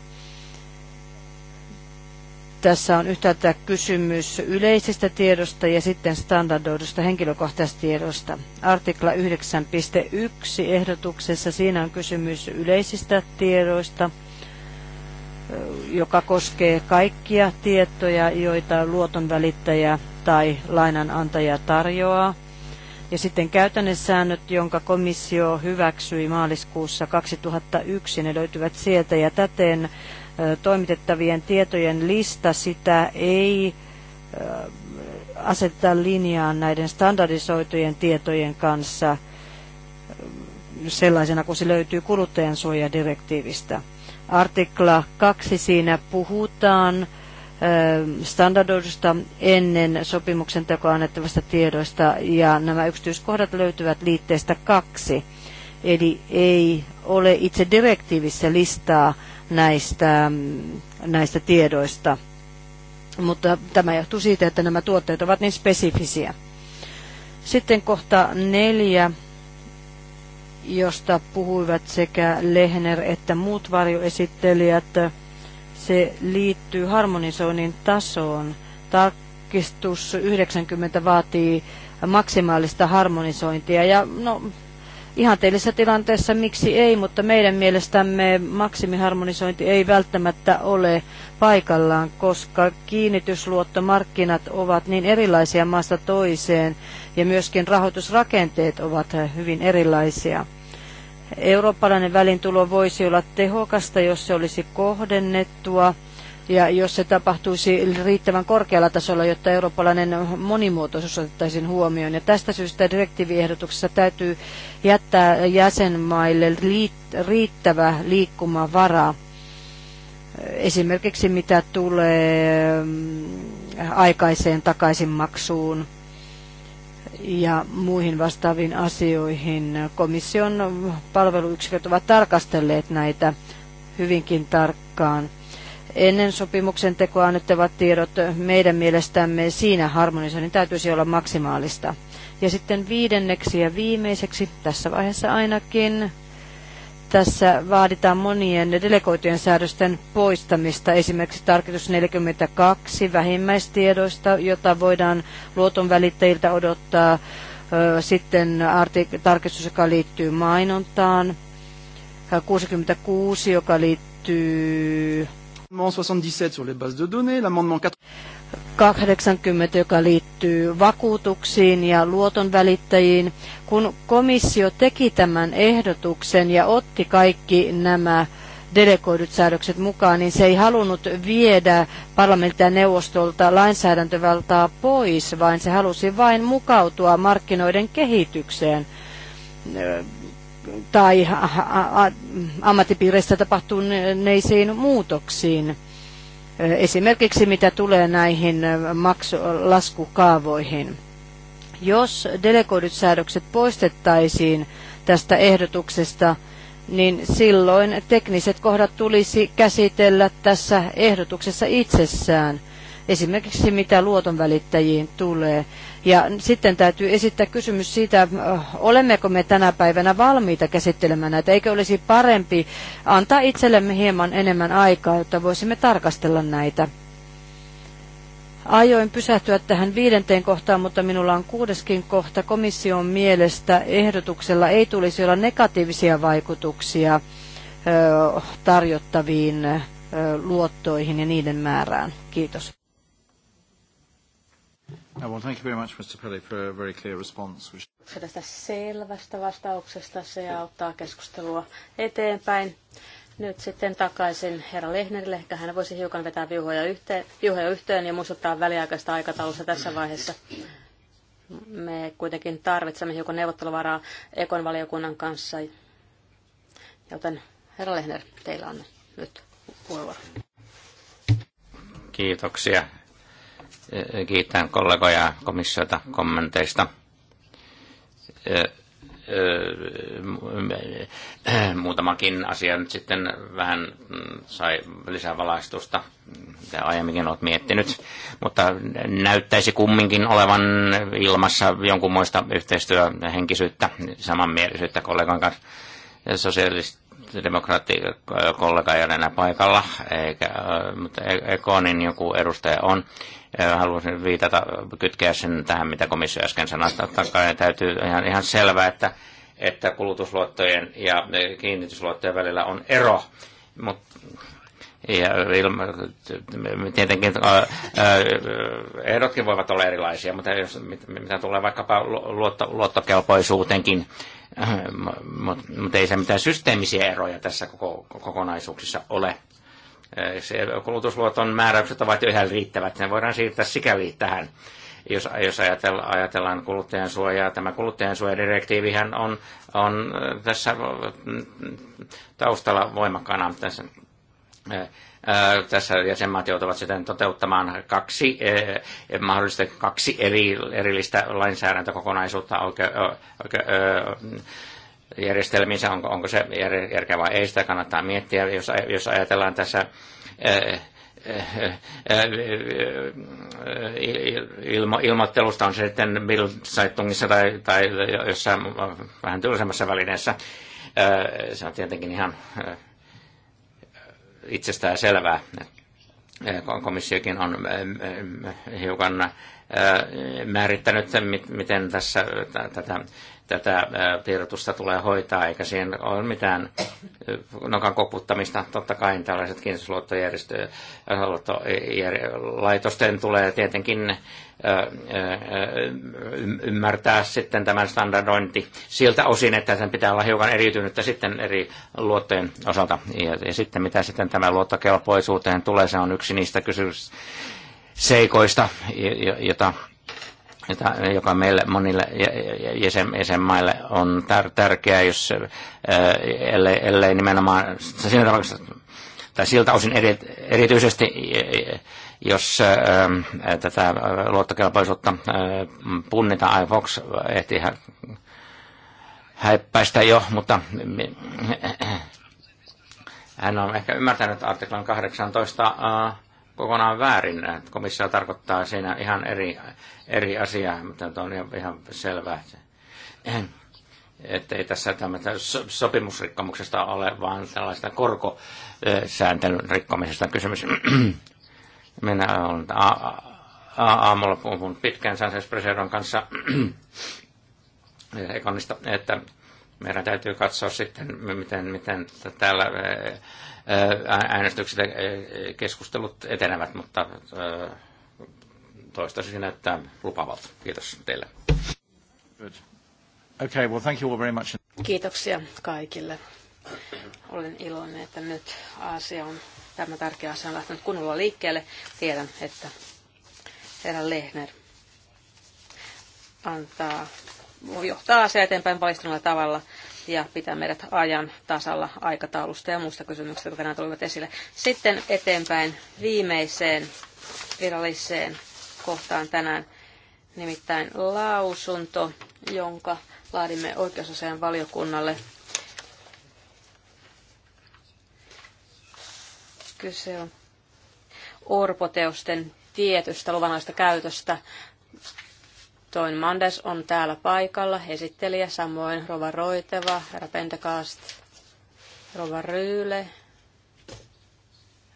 Tässä on yhtäältä kysymys yleisestä tiedosta ja sitten standardoidusta henkilökohtaisesta tiedosta. Artikla 9.1 ehdotuksessa siinä on kysymys yleisistä tiedoista, äh, joka koskee kaikkia tietoja, joita luoton välittäjä tai lainanantaja tarjoaa. Ja sitten säännöt, jonka komissio hyväksyi maaliskuussa 2001, ne löytyvät sieltä ja täten toimitettavien tietojen lista, sitä ei asettaa linjaan näiden standardisoitujen tietojen kanssa sellaisena kuin se löytyy kuluttajansuojadirektiivistä. Artikla 2 siinä puhutaan standardoidusta ennen sopimuksen tekoa annettavasta tiedoista ja nämä yksityiskohdat löytyvät liitteestä kaksi. Eli ei ole itse direktiivissä listaa näistä, mm, näistä tiedoista, mutta tämä johtuu siitä, että nämä tuotteet ovat niin spesifisiä. Sitten kohta neljä, josta puhuivat sekä Lehner että muut varjoesittelijät – se liittyy harmonisoinnin tasoon. Tarkistus 90 vaatii maksimaalista harmonisointia ja no, ihanteellisessa tilanteessa miksi ei, mutta meidän mielestämme maksimiharmonisointi ei välttämättä ole paikallaan, koska kiinnitysluottomarkkinat ovat niin erilaisia maasta toiseen ja myöskin rahoitusrakenteet ovat hyvin erilaisia. Eurooppalainen välintulo voisi olla tehokasta, jos se olisi kohdennettua ja jos se tapahtuisi riittävän korkealla tasolla, jotta eurooppalainen monimuotoisuus otettaisiin huomioon. Ja tästä syystä direktiiviehdotuksessa täytyy jättää jäsenmaille riittävä liikkumavara. Esimerkiksi mitä tulee mm, aikaiseen takaisinmaksuun ja muihin vastaaviin asioihin. Komission palveluyksiköt ovat tarkastelleet näitä hyvinkin tarkkaan. Ennen sopimuksen tekoa annettavat tiedot meidän mielestämme siinä harmonisoinnin täytyisi olla maksimaalista. Ja sitten viidenneksi ja viimeiseksi, tässä vaiheessa ainakin, tässä vaaditaan monien delegoitujen säädösten poistamista, esimerkiksi tarkoitus 42 vähimmäistiedoista, jota voidaan välittäjiltä odottaa, sitten tarkistus, joka liittyy mainontaan, 66, joka liittyy 77 sur les bases de données, l'amendement 4... 80, joka liittyy vakuutuksiin ja luotonvälittäjiin. Kun komissio teki tämän ehdotuksen ja otti kaikki nämä delegoidut säädökset mukaan, niin se ei halunnut viedä parlamentin ja neuvostolta lainsäädäntövaltaa pois, vaan se halusi vain mukautua markkinoiden kehitykseen tai ammattipiireissä tapahtuneisiin muutoksiin. Esimerkiksi mitä tulee näihin maksu- laskukaavoihin. Jos delegoidut säädökset poistettaisiin tästä ehdotuksesta, niin silloin tekniset kohdat tulisi käsitellä tässä ehdotuksessa itsessään, esimerkiksi mitä luotonvälittäjiin tulee. Ja sitten täytyy esittää kysymys siitä, äh, olemmeko me tänä päivänä valmiita käsittelemään näitä, eikö olisi parempi antaa itsellemme hieman enemmän aikaa, jotta voisimme tarkastella näitä. ajoin pysähtyä tähän viidenteen kohtaan, mutta minulla on kuudeskin kohta. Komission mielestä ehdotuksella ei tulisi olla negatiivisia vaikutuksia äh, tarjottaviin äh, luottoihin ja niiden määrään. Kiitos. Well, thank you very much, Mr. Pelli, for a very clear response. Tästä selvästä vastauksesta se auttaa keskustelua eteenpäin. Nyt sitten takaisin herra Lehnerille. Ehkä hän voisi hiukan vetää viuhoja yhteen, viuhoja yhteen ja muistuttaa väliaikaista aikataulusta tässä vaiheessa. Me kuitenkin tarvitsemme hiukan neuvotteluvaraa Ekon valiokunnan kanssa. Joten herra Lehner, teillä on nyt puheenvuoro. Kiitoksia Kiitän kollegoja komissiota kommenteista muutamakin asia nyt sitten vähän mm, sai lisää valaistusta, mitä aiemminkin olet miettinyt, mutta näyttäisi kumminkin olevan ilmassa jonkunmoista yhteistyöhenkisyyttä, samanmielisyyttä kollegan kanssa. Sosiaalist, demokraattikollega ei ole enää paikalla, eikä, mutta e- Ekonin joku edustaja on. Haluaisin viitata, kytkeä sen tähän, mitä komissio äsken sanoi. Takkaan täytyy ihan, ihan selvää, että, että kulutusluottojen ja kiinnitysluottojen välillä on ero. Mut, ja ilma, tietenkin ää, ehdotkin voivat olla erilaisia, mutta jos, mitä tulee vaikkapa luotto, luottokelpoisuuteenkin, Äh, mutta ei se mitään systeemisiä eroja tässä koko, kokonaisuuksissa ole. Äh, se kulutusluoton määräykset ovat jo ihan riittävät, ne voidaan siirtää sikäli tähän. Jos, jos ajatellaan, ajatellaan kuluttajan suojaa, tämä kuluttajan suojadirektiivihän on, on äh, tässä taustalla voimakkaana tässä tässä jäsenmaat joutuvat sitten toteuttamaan kaksi, mahdollisesti kaksi eri, erillistä lainsäädäntökokonaisuutta oike, ö, järjestelmiinsä, onko, onko se järkeä vai ei, sitä kannattaa miettiä, jos, jos ajatellaan tässä ilmo, ilmoittelusta on se sitten Bildzeitungissa tai, tai jossain vähän tylsemmässä välineessä. Se on tietenkin ihan itsestään selvää. Komissiokin on eh, eh, hiukan eh, määrittänyt, miten tässä tätä tätä piirrotusta tulee hoitaa, eikä siinä ole mitään nokan koputtamista. Totta kai tällaiset kiinnostusluottolaitosten tulee tietenkin ymmärtää sitten tämän standardointi siltä osin, että sen pitää olla hiukan eriytynyttä sitten eri luottojen osalta. Ja, ja sitten mitä sitten tämä luottokelpoisuuteen tulee, se on yksi niistä kysymys seikoista, jota joka meille monille jäsen, jäsenmaille on tär, tärkeää, jos ellei, ellei nimenomaan siinä tapauksessa, tai siltä osin eri, erityisesti, jos ää, tätä luottokelpoisuutta punnitaan, iFox ehti häippäistä jo, mutta hän on ehkä ymmärtänyt artiklan 18 ää, kokonaan väärin. Komissio tarkoittaa siinä ihan eri, eri asiaa, mutta on ihan selvää, että ei tässä tämmöistä sopimusrikkomuksesta ole, vaan tällaista korkosääntelyn rikkomisesta kysymys. (clears throat) Minä olen aamulla puhunut pitkään Sanchez Preseron kanssa (clears throat) ekonista, että meidän täytyy katsoa sitten, miten, miten täällä äänestykset keskustelut etenevät, mutta toistaiseksi näyttää lupavalta. Kiitos teille. Good. Okay, well, thank you all very much. Kiitoksia kaikille. Olen iloinen, että nyt asia on, tämä tärkeä asia on lähtenyt kunnolla liikkeelle. Tiedän, että herra Lehner antaa, johtaa asia eteenpäin valistuneella tavalla ja pitää meidät ajan tasalla aikataulusta ja muista kysymyksistä, jotka tänään tulivat esille. Sitten eteenpäin viimeiseen viralliseen kohtaan tänään, nimittäin lausunto, jonka laadimme oikeusasian valiokunnalle. Kyse on orpoteosten tietystä luvanaista käytöstä Toin Mandes on täällä paikalla, esittelijä, samoin Rova Roiteva, herra Pentecast, Rova Ryyle,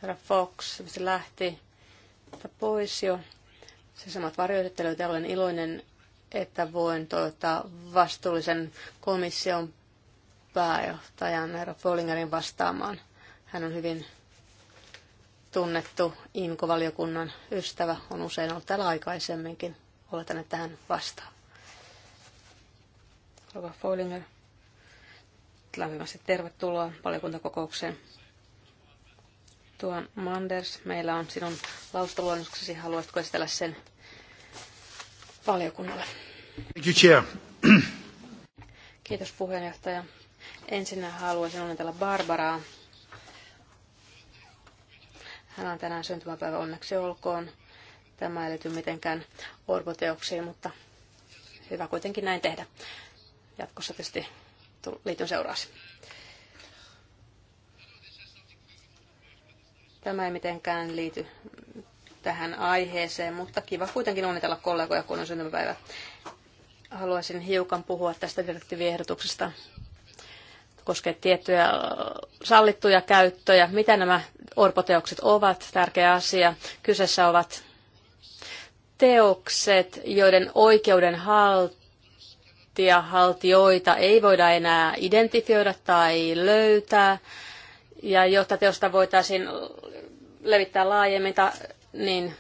herra Fox, se lähti pois jo. Se samat varjoesittelyt ja olen iloinen, että voin toivottaa vastuullisen komission pääjohtajan herra Follingerin vastaamaan. Hän on hyvin tunnettu IMKO-valiokunnan ystävä, on usein ollut täällä aikaisemminkin oletan, että hän vastaa. Rova Foilinger, lämpimästi tervetuloa valiokuntakokoukseen. Tuon Manders, meillä on sinun lausuntoluonnoksesi. Haluaisitko esitellä sen valiokunnalle? Thank you, Chair. Kiitos puheenjohtaja. Ensinnä haluaisin onnitella Barbaraa. Hän on tänään syntymäpäivä, onneksi olkoon. Tämä ei liity mitenkään orpoteoksiin, mutta hyvä kuitenkin näin tehdä. Jatkossa tietysti liityn seuraasi. Tämä ei mitenkään liity tähän aiheeseen, mutta kiva kuitenkin onnitella kollegoja, kun on syntymäpäivä. Haluaisin hiukan puhua tästä direktiiviehdotuksesta. Koskee tiettyjä äh, sallittuja käyttöjä. Mitä nämä orpoteokset ovat? Tärkeä asia. Kyseessä ovat teokset, joiden oikeudenhaltija haltioita ei voida enää identifioida tai löytää. Ja jotta teosta voitaisiin levittää laajemmin, niin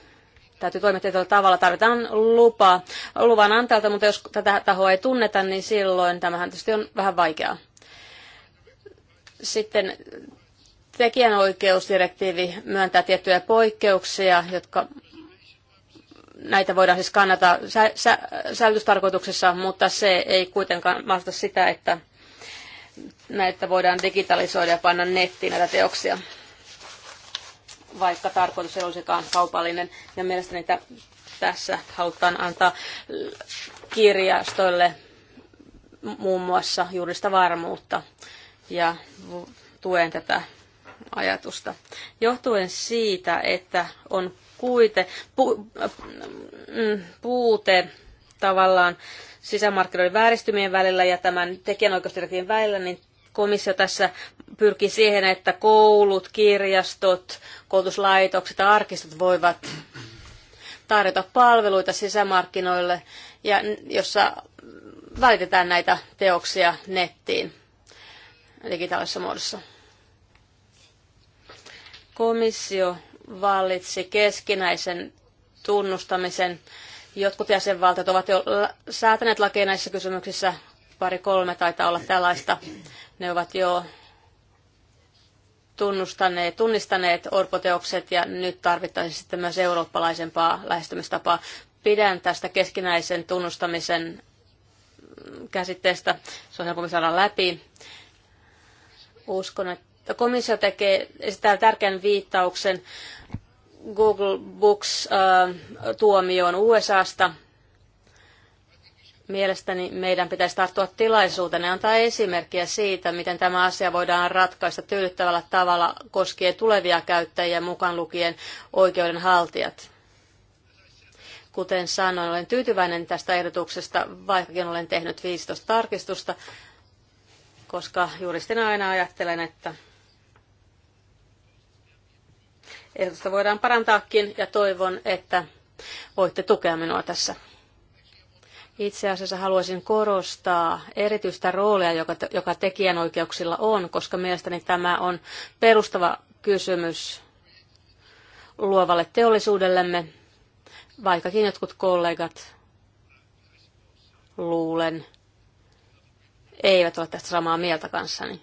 täytyy toimia tietyllä tavalla. Tarvitaan lupa luvan antajalta, mutta jos tätä tahoa ei tunneta, niin silloin tämähän tietysti on vähän vaikeaa. Sitten tekijänoikeusdirektiivi myöntää tiettyjä poikkeuksia, jotka näitä voidaan siis kannata sä, sä, säilytystarkoituksessa, mutta se ei kuitenkaan mahdollista sitä, että näitä voidaan digitalisoida ja panna nettiin näitä teoksia, vaikka tarkoitus ei olisikaan kaupallinen. Ja mielestäni t- tässä halutaan antaa kirjastoille muun muassa juuri varmuutta ja tuen tätä ajatusta. Johtuen siitä, että on kuite, pu, mm, puute tavallaan sisämarkkinoiden vääristymien välillä ja tämän tekijänoikeusdirektiivin välillä, niin komissio tässä pyrkii siihen, että koulut, kirjastot, koulutuslaitokset ja arkistot voivat tarjota palveluita sisämarkkinoille, ja jossa välitetään näitä teoksia nettiin digitaalisessa muodossa. Komissio vallitsi keskinäisen tunnustamisen. Jotkut jäsenvaltiot ovat jo säätäneet lakeja näissä kysymyksissä. Pari kolme taitaa olla tällaista. Ne ovat jo tunnustaneet, tunnistaneet orpoteokset ja nyt tarvittaisiin sitten myös eurooppalaisempaa lähestymistapaa. Pidän tästä keskinäisen tunnustamisen käsitteestä sosiaalikomissaran läpi. Uskon, että komissio tekee, esittää tärkeän viittauksen Google Books-tuomioon äh, USAsta. Mielestäni meidän pitäisi tarttua tilaisuuteen ja antaa esimerkkiä siitä, miten tämä asia voidaan ratkaista tyydyttävällä tavalla koskien tulevia käyttäjiä mukaan lukien oikeudenhaltijat. Kuten sanoin, olen tyytyväinen tästä ehdotuksesta, vaikkakin olen tehnyt 15 tarkistusta, koska juristina aina ajattelen, että ehdotusta voidaan parantaakin ja toivon, että voitte tukea minua tässä. Itse asiassa haluaisin korostaa erityistä roolia, joka, joka tekijänoikeuksilla on, koska mielestäni tämä on perustava kysymys luovalle teollisuudellemme, vaikkakin jotkut kollegat, luulen, eivät ole tästä samaa mieltä kanssani.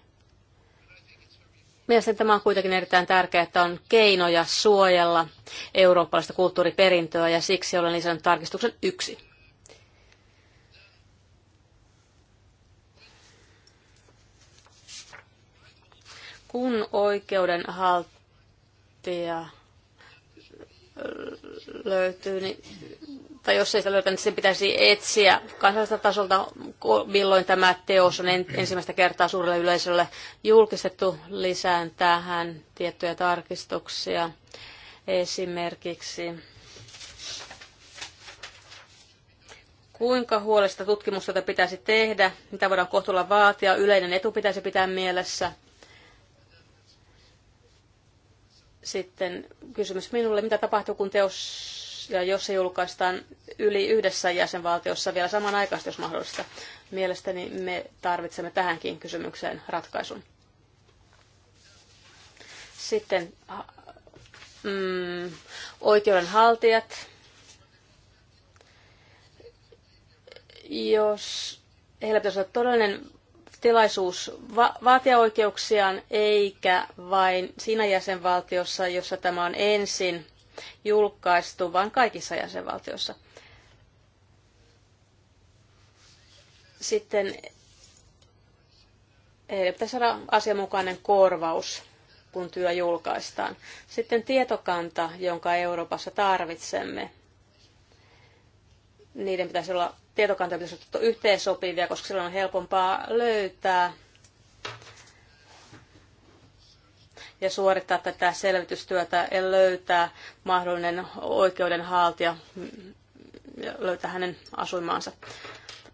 Mielestäni tämä on kuitenkin erittäin tärkeää, että on keinoja suojella eurooppalaista kulttuuriperintöä ja siksi olen lisännyt tarkistuksen yksi. Kun oikeudenhaltija löytyy, niin tai jos ei sitä löytä, niin sen pitäisi etsiä kansallista tasolta, milloin tämä teos on ensimmäistä kertaa suurelle yleisölle julkistettu lisään tähän tiettyjä tarkistuksia. Esimerkiksi kuinka huolesta tutkimusta pitäisi tehdä, mitä voidaan kohtuulla vaatia, yleinen etu pitäisi pitää mielessä. Sitten kysymys minulle, mitä tapahtuu, kun teos ja jos se julkaistaan yli yhdessä jäsenvaltiossa vielä samanaikaisesti, jos mahdollista. Mielestäni me tarvitsemme tähänkin kysymykseen ratkaisun. Sitten mm, oikeudenhaltijat. Jos heillä pitäisi olla todellinen tilaisuus va- vaatia oikeuksiaan, eikä vain siinä jäsenvaltiossa, jossa tämä on ensin julkaistu, vaan kaikissa jäsenvaltioissa. Sitten heille pitäisi saada asianmukainen korvaus, kun työ julkaistaan. Sitten tietokanta, jonka Euroopassa tarvitsemme. Niiden pitäisi olla, tietokanta pitäisi olla yhteensopivia, koska silloin on helpompaa löytää ja suorittaa tätä selvitystyötä ja löytää mahdollinen oikeudenhaltija mm, ja löytää hänen asuimaansa,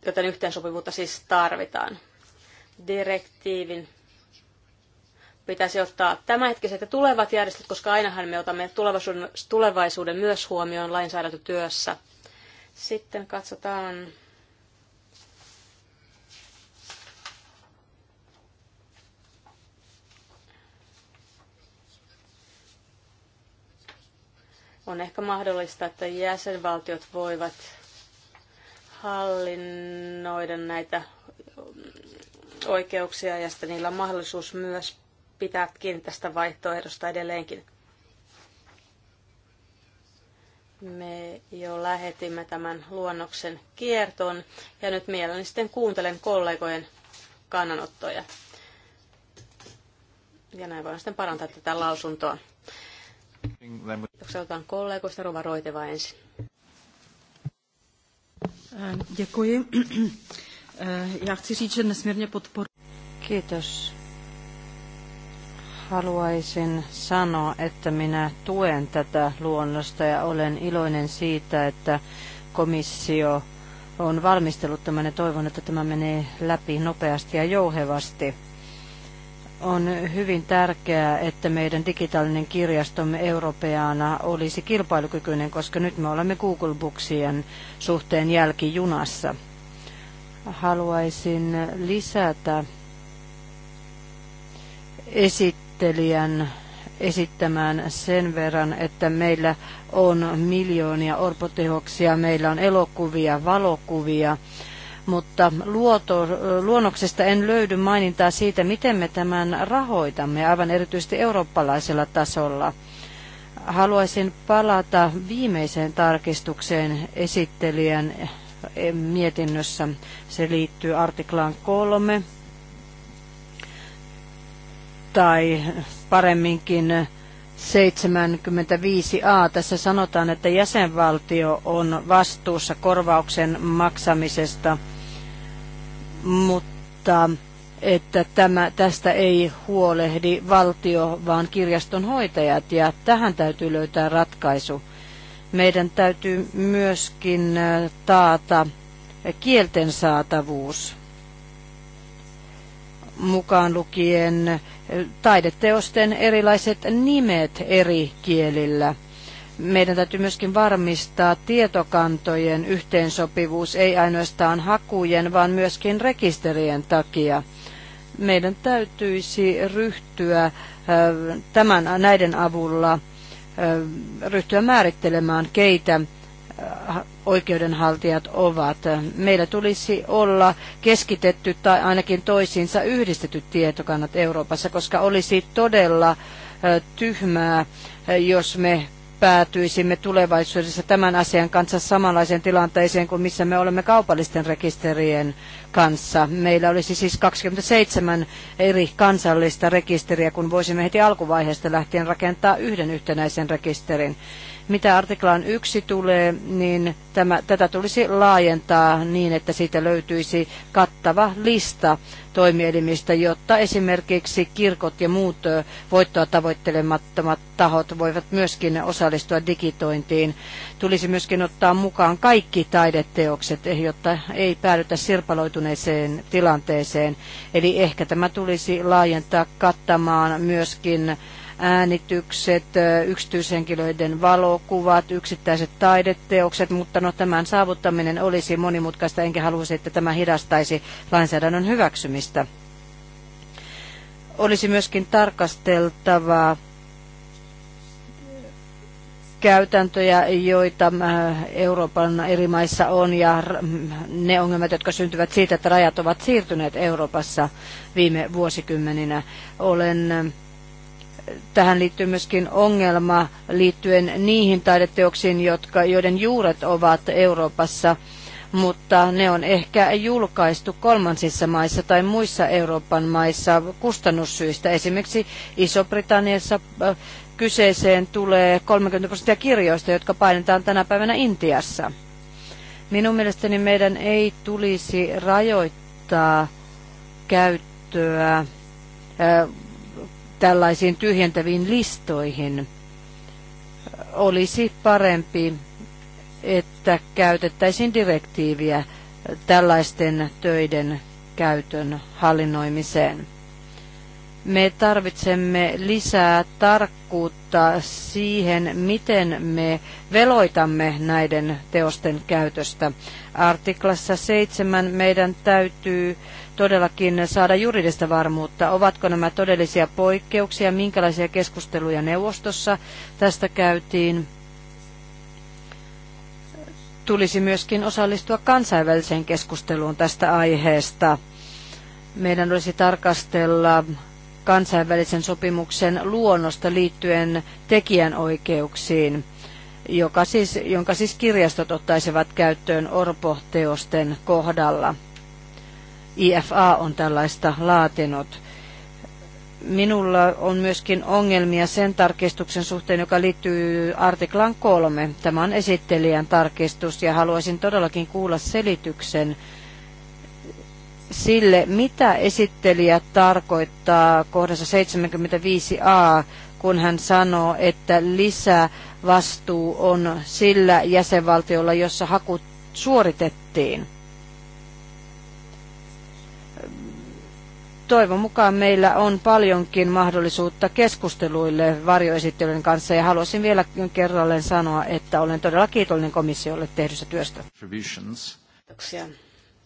joten yhteensopivuutta siis tarvitaan. Direktiivin pitäisi ottaa tämänhetkiset ja tulevat järjestöt, koska ainahan me otamme tulevaisuuden myös huomioon lainsäädäntötyössä. Sitten katsotaan on ehkä mahdollista, että jäsenvaltiot voivat hallinnoida näitä mm, oikeuksia ja sitten niillä on mahdollisuus myös pitää kiinni tästä vaihtoehdosta edelleenkin. Me jo lähetimme tämän luonnoksen kiertoon ja nyt mielelläni sitten kuuntelen kollegojen kannanottoja. Ja näin voin sitten parantaa tätä lausuntoa. Kiitoksia otan kollegoista. Rova Roiteva ensin. Děkuji. Já chci říct, že nesmírně podporu. Kiitos. Haluaisin sanoa, että minä tuen tätä luonnosta ja olen iloinen siitä, että komissio on valmistellut tämän ja toivon, että tämä menee läpi nopeasti ja jouhevasti on hyvin tärkeää, että meidän digitaalinen kirjastomme europeana olisi kilpailukykyinen, koska nyt me olemme Google Booksien suhteen jälkijunassa. Haluaisin lisätä esittelijän esittämään sen verran, että meillä on miljoonia orpotehoksia, meillä on elokuvia, valokuvia, mutta luoto, luonnoksesta en löydy mainintaa siitä, miten me tämän rahoitamme, aivan erityisesti eurooppalaisella tasolla. Haluaisin palata viimeiseen tarkistukseen esittelijän mietinnössä. Se liittyy artiklaan kolme tai paremminkin 75a. Tässä sanotaan, että jäsenvaltio on vastuussa korvauksen maksamisesta mutta että tämä, tästä ei huolehdi valtio, vaan kirjastonhoitajat, ja tähän täytyy löytää ratkaisu. Meidän täytyy myöskin taata kielten saatavuus, mukaan lukien taideteosten erilaiset nimet eri kielillä – meidän täytyy myöskin varmistaa tietokantojen yhteensopivuus, ei ainoastaan hakujen, vaan myöskin rekisterien takia. Meidän täytyisi ryhtyä tämän, näiden avulla ryhtyä määrittelemään, keitä oikeudenhaltijat ovat. Meillä tulisi olla keskitetty tai ainakin toisiinsa yhdistetyt tietokannat Euroopassa, koska olisi todella tyhmää, jos me päätyisimme tulevaisuudessa tämän asian kanssa samanlaiseen tilanteeseen kuin missä me olemme kaupallisten rekisterien kanssa. Meillä olisi siis 27 eri kansallista rekisteriä, kun voisimme heti alkuvaiheesta lähtien rakentaa yhden yhtenäisen rekisterin. Mitä artiklaan yksi tulee, niin tämä, tätä tulisi laajentaa niin, että siitä löytyisi kattava lista toimielimistä, jotta esimerkiksi kirkot ja muut voittoa tavoittelemattomat tahot voivat myöskin osallistua digitointiin. Tulisi myöskin ottaa mukaan kaikki taideteokset, eh, jotta ei päädytä sirpaloituneeseen tilanteeseen. Eli ehkä tämä tulisi laajentaa kattamaan myöskin äänitykset, yksityishenkilöiden valokuvat, yksittäiset taideteokset, mutta no, tämän saavuttaminen olisi monimutkaista, enkä haluaisi, että tämä hidastaisi lainsäädännön hyväksymistä. Olisi myöskin tarkasteltava käytäntöjä, joita Euroopan eri maissa on ja ne ongelmat, jotka syntyvät siitä, että rajat ovat siirtyneet Euroopassa viime vuosikymmeninä. Olen tähän liittyy myöskin ongelma liittyen niihin taideteoksiin, jotka, joiden juuret ovat Euroopassa, mutta ne on ehkä julkaistu kolmansissa maissa tai muissa Euroopan maissa kustannussyistä. Esimerkiksi Iso-Britanniassa äh, kyseeseen tulee 30 prosenttia kirjoista, jotka painetaan tänä päivänä Intiassa. Minun mielestäni meidän ei tulisi rajoittaa käyttöä äh, tällaisiin tyhjentäviin listoihin. Olisi parempi, että käytettäisiin direktiiviä tällaisten töiden käytön hallinnoimiseen. Me tarvitsemme lisää tarkkuutta siihen, miten me veloitamme näiden teosten käytöstä. Artiklassa 7 meidän täytyy äh, todellakin saada juridista varmuutta. Ovatko nämä todellisia poikkeuksia, minkälaisia keskusteluja neuvostossa tästä käytiin? Tulisi myöskin osallistua kansainväliseen keskusteluun tästä aiheesta. Meidän olisi tarkastella kansainvälisen sopimuksen luonnosta liittyen tekijänoikeuksiin, joka siis, jonka siis kirjastot ottaisivat käyttöön orpoteosten kohdalla. IFA on tällaista laatinut. Minulla on myöskin ongelmia sen tarkistuksen suhteen, joka liittyy artiklan kolme. Tämä on esittelijän tarkistus ja haluaisin todellakin kuulla selityksen sille, mitä esittelijä tarkoittaa kohdassa 75a, kun hän sanoo, että lisävastuu on sillä jäsenvaltiolla, jossa haku suoritettiin. toivon mukaan meillä on paljonkin mahdollisuutta keskusteluille varjoesittelyn kanssa ja haluaisin vielä kerralleen sanoa, että olen todella kiitollinen komissiolle tehdystä työstä. Kiitoksia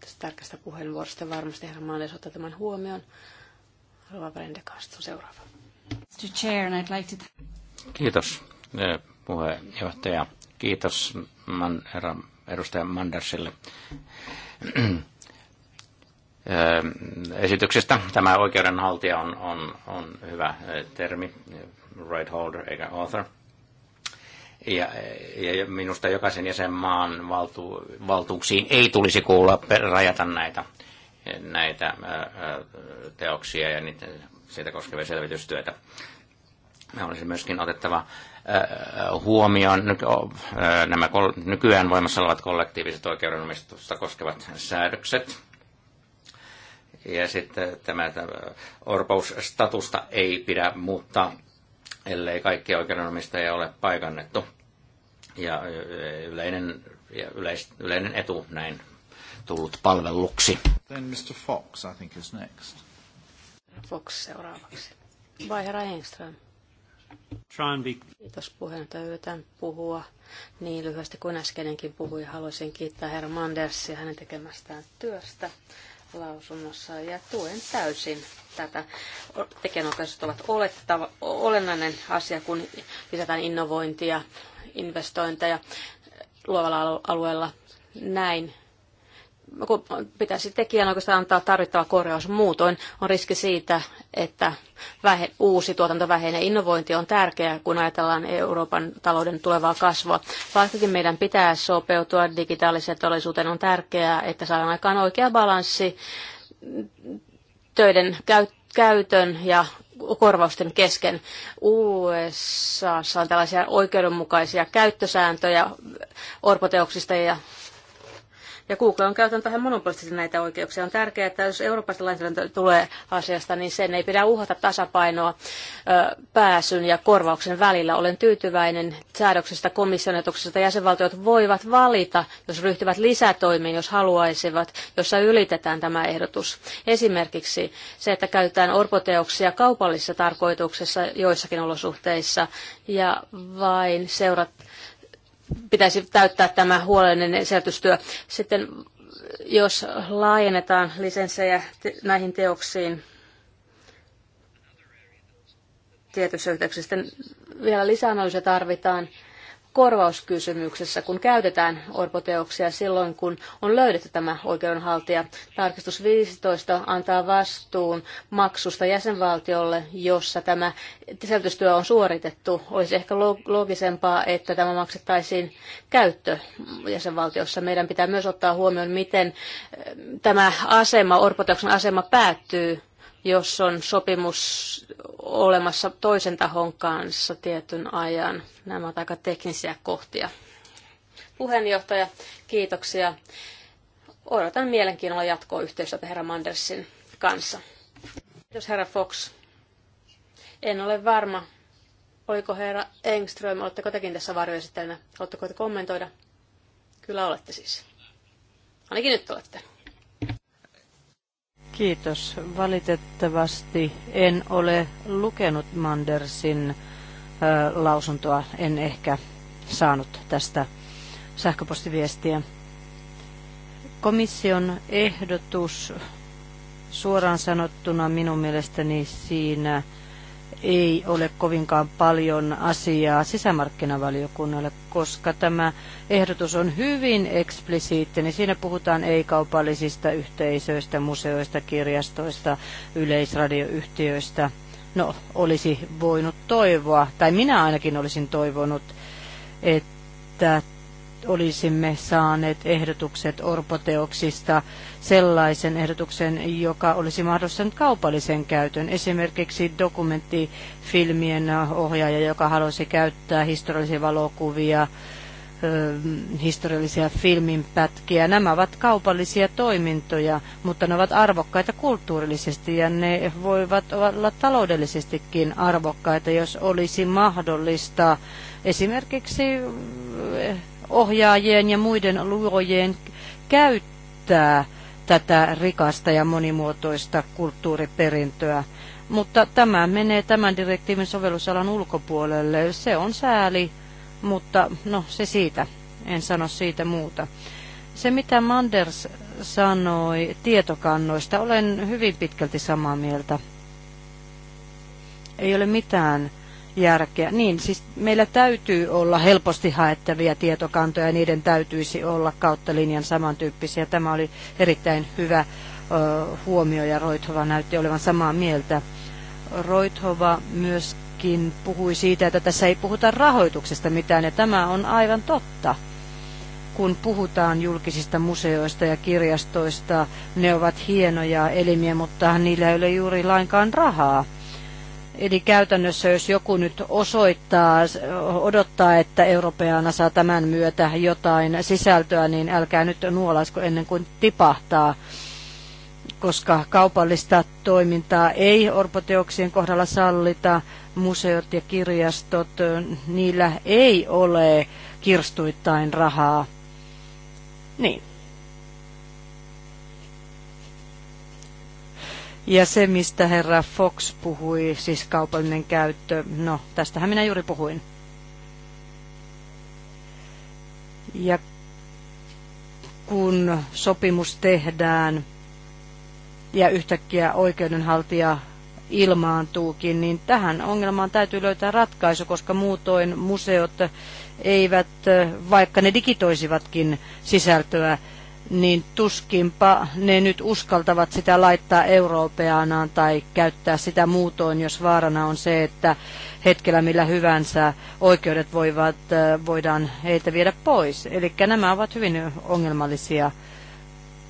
tästä tärkeästä puheenvuorosta. Varmasti herra Maales ottaa tämän huomioon. Rova Brende Kastu seuraava. Kiitos eh, puheenjohtaja. Kiitos man, herra edustaja Mandersille Öö, esityksestä. Tämä oikeudenhaltija on, on, on hyvä termi, right holder eikä author. Ja, ja minusta jokaisen jäsenmaan valtu, valtuuksiin ei tulisi kuulla rajata näitä, näitä teoksia ja niitä, siitä koskevia selvitystyötä. Me olisi myöskin otettava huomioon nämä nykyään voimassa olevat kollektiiviset oikeudenomistusta koskevat säädökset – ja sitten tämä, tämä orpousstatusta ei pidä muuttaa, ellei kaikkia oikeudenomistajia ole paikannettu. Ja yleinen, ja yleis, yleinen etu näin tullut palveluksi. Then Mr. Fox, I think, is next. Fox seuraavaksi. Vai herra Engström? Kiitos puheenjohtaja. Yritän puhua niin lyhyesti kuin äskeinenkin puhui. Haluaisin kiittää herra Mandersia hänen tekemästään työstä lausunnossa ja tuen täysin tätä. Tekijänoikeudet ovat olettava, olennainen asia, kun lisätään innovointia, investointeja luovalla alueella. Näin kun pitäisi tekijän oikeastaan antaa tarvittava korjaus. Muutoin on riski siitä, että vähe, uusi tuotanto vähenee. Innovointi on tärkeää, kun ajatellaan Euroopan talouden tulevaa kasvua. Vaikkakin meidän pitää sopeutua digitaaliseen todellisuuteen, on tärkeää, että saadaan aikaan oikea balanssi töiden käytön ja korvausten kesken. USA on tällaisia oikeudenmukaisia käyttösääntöjä orpoteoksista ja ja Google on käytänyt vähän monopolistisesti näitä oikeuksia. On tärkeää, että jos eurooppalaista lainsäädäntöä tulee asiasta, niin sen ei pidä uhata tasapainoa pääsyn ja korvauksen välillä. Olen tyytyväinen säädöksestä komission että Jäsenvaltiot voivat valita, jos ryhtyvät lisätoimiin, jos haluaisivat, jossa ylitetään tämä ehdotus. Esimerkiksi se, että käytetään orpoteoksia kaupallisissa tarkoituksessa joissakin olosuhteissa ja vain seurat pitäisi täyttää tämä huolellinen selvitystyö. Sitten jos laajennetaan lisenssejä näihin teoksiin tietyssä yhteyksissä, sitten vielä lisäanalyysiä tarvitaan korvauskysymyksessä, kun käytetään orpoteoksia silloin, kun on löydetty tämä oikeudenhaltija. Tarkistus 15 antaa vastuun maksusta jäsenvaltiolle, jossa tämä selvitystyö on suoritettu. Olisi ehkä loogisempaa, että tämä maksettaisiin käyttö jäsenvaltiossa. Meidän pitää myös ottaa huomioon, miten eh, tämä asema, orpoteoksen asema päättyy jos on sopimus olemassa toisen tahon kanssa tietyn ajan. Nämä ovat aika teknisiä kohtia. Puheenjohtaja, kiitoksia. Odotan mielenkiinnolla jatkoa yhteistyötä herra Mandersin kanssa. Kiitos herra Fox. En ole varma, oliko herra Engström, oletteko tekin tässä varjoesittäjänä? Oletteko te kommentoida? Kyllä olette siis. Ainakin nyt olette. Kiitos. Valitettavasti en ole lukenut Mandersin ö, lausuntoa, en ehkä saanut tästä sähköpostiviestiä. Komission ehdotus suoraan sanottuna minun mielestäni siinä ei ole kovinkaan paljon asiaa sisämarkkinavaliokunnalle, koska tämä ehdotus on hyvin eksplisiittinen. Siinä puhutaan ei-kaupallisista yhteisöistä, museoista, kirjastoista, yleisradioyhtiöistä. No, olisi voinut toivoa, tai minä ainakin olisin toivonut, että olisimme saaneet ehdotukset orpoteoksista sellaisen ehdotuksen, joka olisi mahdollistanut kaupallisen käytön. Esimerkiksi dokumenttifilmien ohjaaja, joka halusi käyttää historiallisia valokuvia, historiallisia filminpätkiä. Nämä ovat kaupallisia toimintoja, mutta ne ovat arvokkaita kulttuurillisesti ja ne voivat olla taloudellisestikin arvokkaita, jos olisi mahdollista esimerkiksi ohjaajien ja muiden luojien käyttää tätä rikasta ja monimuotoista kulttuuriperintöä. Mutta tämä menee tämän direktiivin sovellusalan ulkopuolelle. Se on sääli, mutta no se siitä. En sano siitä muuta. Se mitä Manders sanoi tietokannoista, olen hyvin pitkälti samaa mieltä. Ei ole mitään järkeä. Niin, siis meillä täytyy olla helposti haettavia tietokantoja ja niiden täytyisi olla kautta linjan samantyyppisiä. Tämä oli erittäin hyvä ö, huomio ja Roithova näytti olevan samaa mieltä. Roithova myöskin puhui siitä, että tässä ei puhuta rahoituksesta mitään ja tämä on aivan totta kun puhutaan julkisista museoista ja kirjastoista, ne ovat hienoja elimiä, mutta niillä ei ole juuri lainkaan rahaa. Eli käytännössä, jos joku nyt osoittaa, odottaa, että europeana saa tämän myötä jotain sisältöä, niin älkää nyt nuolaisko ennen kuin tipahtaa, koska kaupallista toimintaa ei orpoteoksien kohdalla sallita. Museot ja kirjastot, niillä ei ole kirstuittain rahaa. Niin. Ja se, mistä herra Fox puhui, siis kaupallinen käyttö, no tästähän minä juuri puhuin. Ja kun sopimus tehdään ja yhtäkkiä oikeudenhaltija ilmaantuukin, niin tähän ongelmaan täytyy löytää ratkaisu, koska muutoin museot eivät, vaikka ne digitoisivatkin sisältöä, niin tuskinpa ne nyt uskaltavat sitä laittaa Europeanaan tai käyttää sitä muutoin, jos vaarana on se, että hetkellä millä hyvänsä oikeudet voivat, voidaan heiltä viedä pois. Eli nämä ovat hyvin ongelmallisia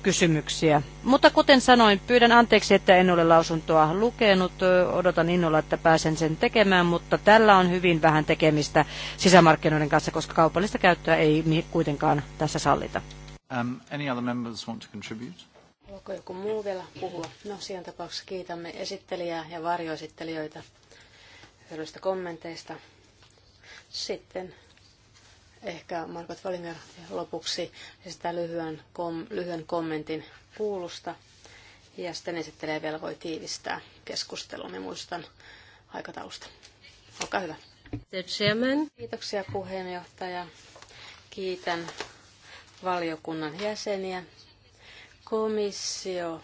kysymyksiä. Mutta kuten sanoin, pyydän anteeksi, että en ole lausuntoa lukenut. Odotan innolla, että pääsen sen tekemään, mutta tällä on hyvin vähän tekemistä sisämarkkinoiden kanssa, koska kaupallista käyttöä ei kuitenkaan tässä sallita. Um, any other members want to contribute? Haluaako joku muu vielä puhua? No siinä tapauksessa kiitämme esittelijää ja varjoesittelijöitä hyödyllistä kommenteista. Sitten ehkä Margot Wallinger lopuksi esittää lyhyen, kom- lyhyen kommentin puulusta. Ja sitten esittelee vielä voi tiivistää keskustelun ja muistan aikataulusta. Olkaa hyvä. The Kiitoksia puheenjohtaja. Kiitän valiokunnan jäseniä. Komissio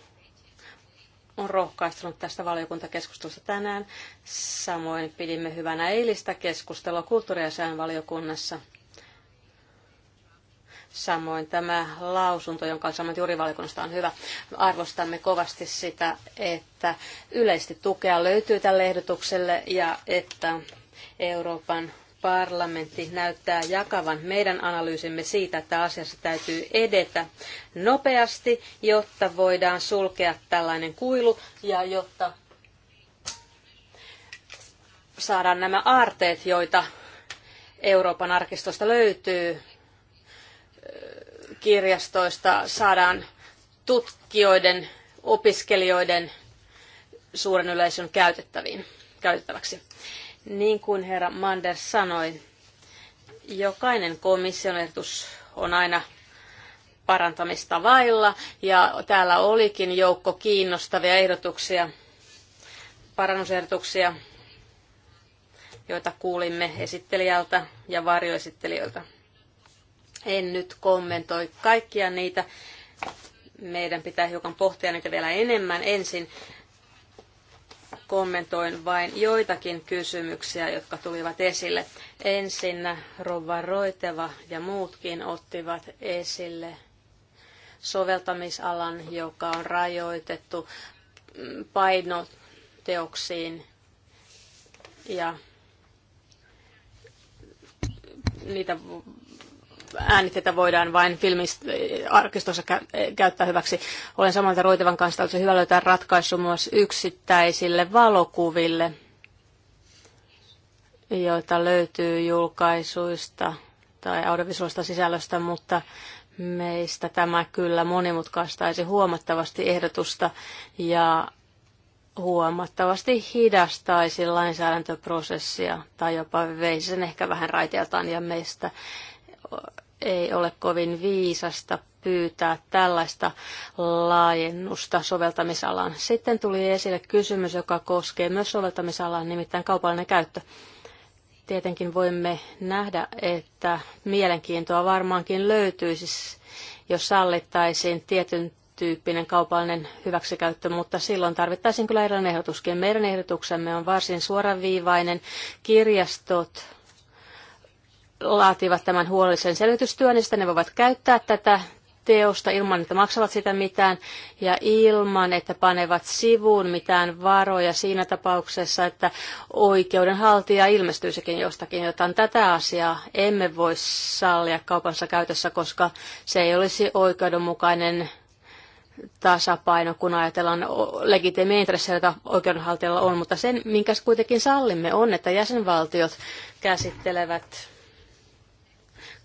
on rohkaistunut tästä valiokuntakeskustelusta tänään. Samoin pidimme hyvänä eilistä keskustelua ja valiokunnassa. Samoin tämä lausunto, jonka saamme juuri valiokunnasta, on hyvä. Arvostamme kovasti sitä, että yleisesti tukea löytyy tälle ehdotukselle ja että Euroopan parlamentti näyttää jakavan meidän analyysimme siitä, että asiassa täytyy edetä nopeasti, jotta voidaan sulkea tällainen kuilu ja jotta saadaan nämä aarteet, joita Euroopan arkistosta löytyy, kirjastoista, saadaan tutkijoiden, opiskelijoiden, suuren yleisön käytettäviin, käytettäväksi. Niin kuin herra Manders sanoi, jokainen komission ehdotus on aina parantamista vailla, ja täällä olikin joukko kiinnostavia ehdotuksia, parannusehdotuksia, joita kuulimme esittelijältä ja varjoesittelijöiltä. En nyt kommentoi kaikkia niitä. Meidän pitää hiukan pohtia niitä vielä enemmän ensin kommentoin vain joitakin kysymyksiä, jotka tulivat esille. Ensin Rova Roiteva ja muutkin ottivat esille soveltamisalan, joka on rajoitettu painoteoksiin ja niitä äänitteitä voidaan vain filmiarkistossa käyttää hyväksi. Olen samalta mieltä Roitevan kanssa, että olisi hyvä löytää ratkaisu myös yksittäisille valokuville, joita löytyy julkaisuista tai audiovisuaalista sisällöstä, mutta meistä tämä kyllä monimutkaistaisi huomattavasti ehdotusta ja huomattavasti hidastaisi lainsäädäntöprosessia tai jopa veisi sen ehkä vähän raiteeltaan ja meistä ei ole kovin viisasta pyytää tällaista laajennusta soveltamisalaan. Sitten tuli esille kysymys, joka koskee myös soveltamisalaa, nimittäin kaupallinen käyttö. Tietenkin voimme nähdä, että mielenkiintoa varmaankin löytyisi, siis jos sallittaisiin tietyn tyyppinen kaupallinen hyväksikäyttö, mutta silloin tarvittaisiin kyllä erilainen ehdotuskin. Meidän ehdotuksemme on varsin suoraviivainen. Kirjastot laativat tämän huolellisen selvitystyön, niin sitten ne voivat käyttää tätä teosta ilman, että maksavat sitä mitään ja ilman, että panevat sivuun mitään varoja siinä tapauksessa, että oikeudenhaltija ilmestyisikin jostakin. Jotain tätä asiaa emme voi sallia kaupansa käytössä, koska se ei olisi oikeudenmukainen tasapaino, kun ajatellaan legitiimiä intressejä, joita oikeudenhaltijalla on, mutta sen, minkä kuitenkin sallimme, on, että jäsenvaltiot käsittelevät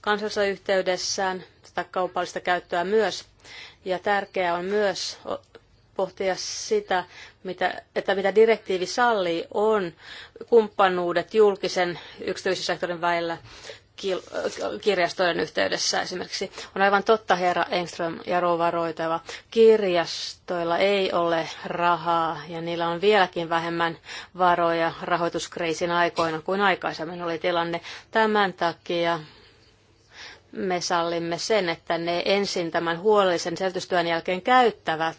kansallisessa yhteydessään, tätä kaupallista käyttöä myös. Ja tärkeää on myös pohtia sitä, mitä, että mitä direktiivi sallii, on kumppanuudet julkisen yksityisen sektorin välillä äh, kirjastojen yhteydessä esimerkiksi. On aivan totta, herra Engström ja rouva Roitava, kirjastoilla ei ole rahaa ja niillä on vieläkin vähemmän varoja rahoituskriisin aikoina kuin aikaisemmin oli tilanne. Tämän takia me sallimme sen, että ne ensin tämän huolellisen selvitystyön jälkeen käyttävät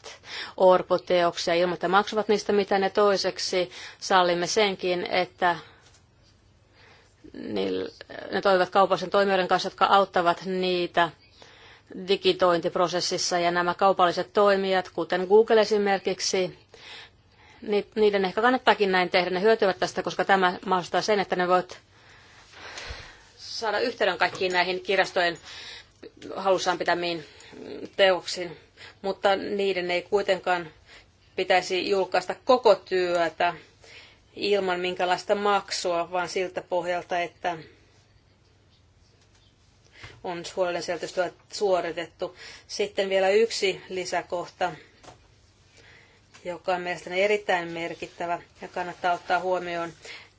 orpoteoksia ilman, että maksavat niistä mitä ne toiseksi. Sallimme senkin, että ne toimivat kaupallisen toimijoiden kanssa, jotka auttavat niitä digitointiprosessissa ja nämä kaupalliset toimijat, kuten Google esimerkiksi, niiden ehkä kannattaakin näin tehdä. Ne hyötyvät tästä, koska tämä mahdollistaa sen, että ne voivat saada yhteyden kaikkiin näihin kirjastojen halussaan pitämiin teoksiin, mutta niiden ei kuitenkaan pitäisi julkaista koko työtä ilman minkälaista maksua, vaan siltä pohjalta, että on huolelliseltystyö suoritettu. Sitten vielä yksi lisäkohta, joka on mielestäni erittäin merkittävä ja kannattaa ottaa huomioon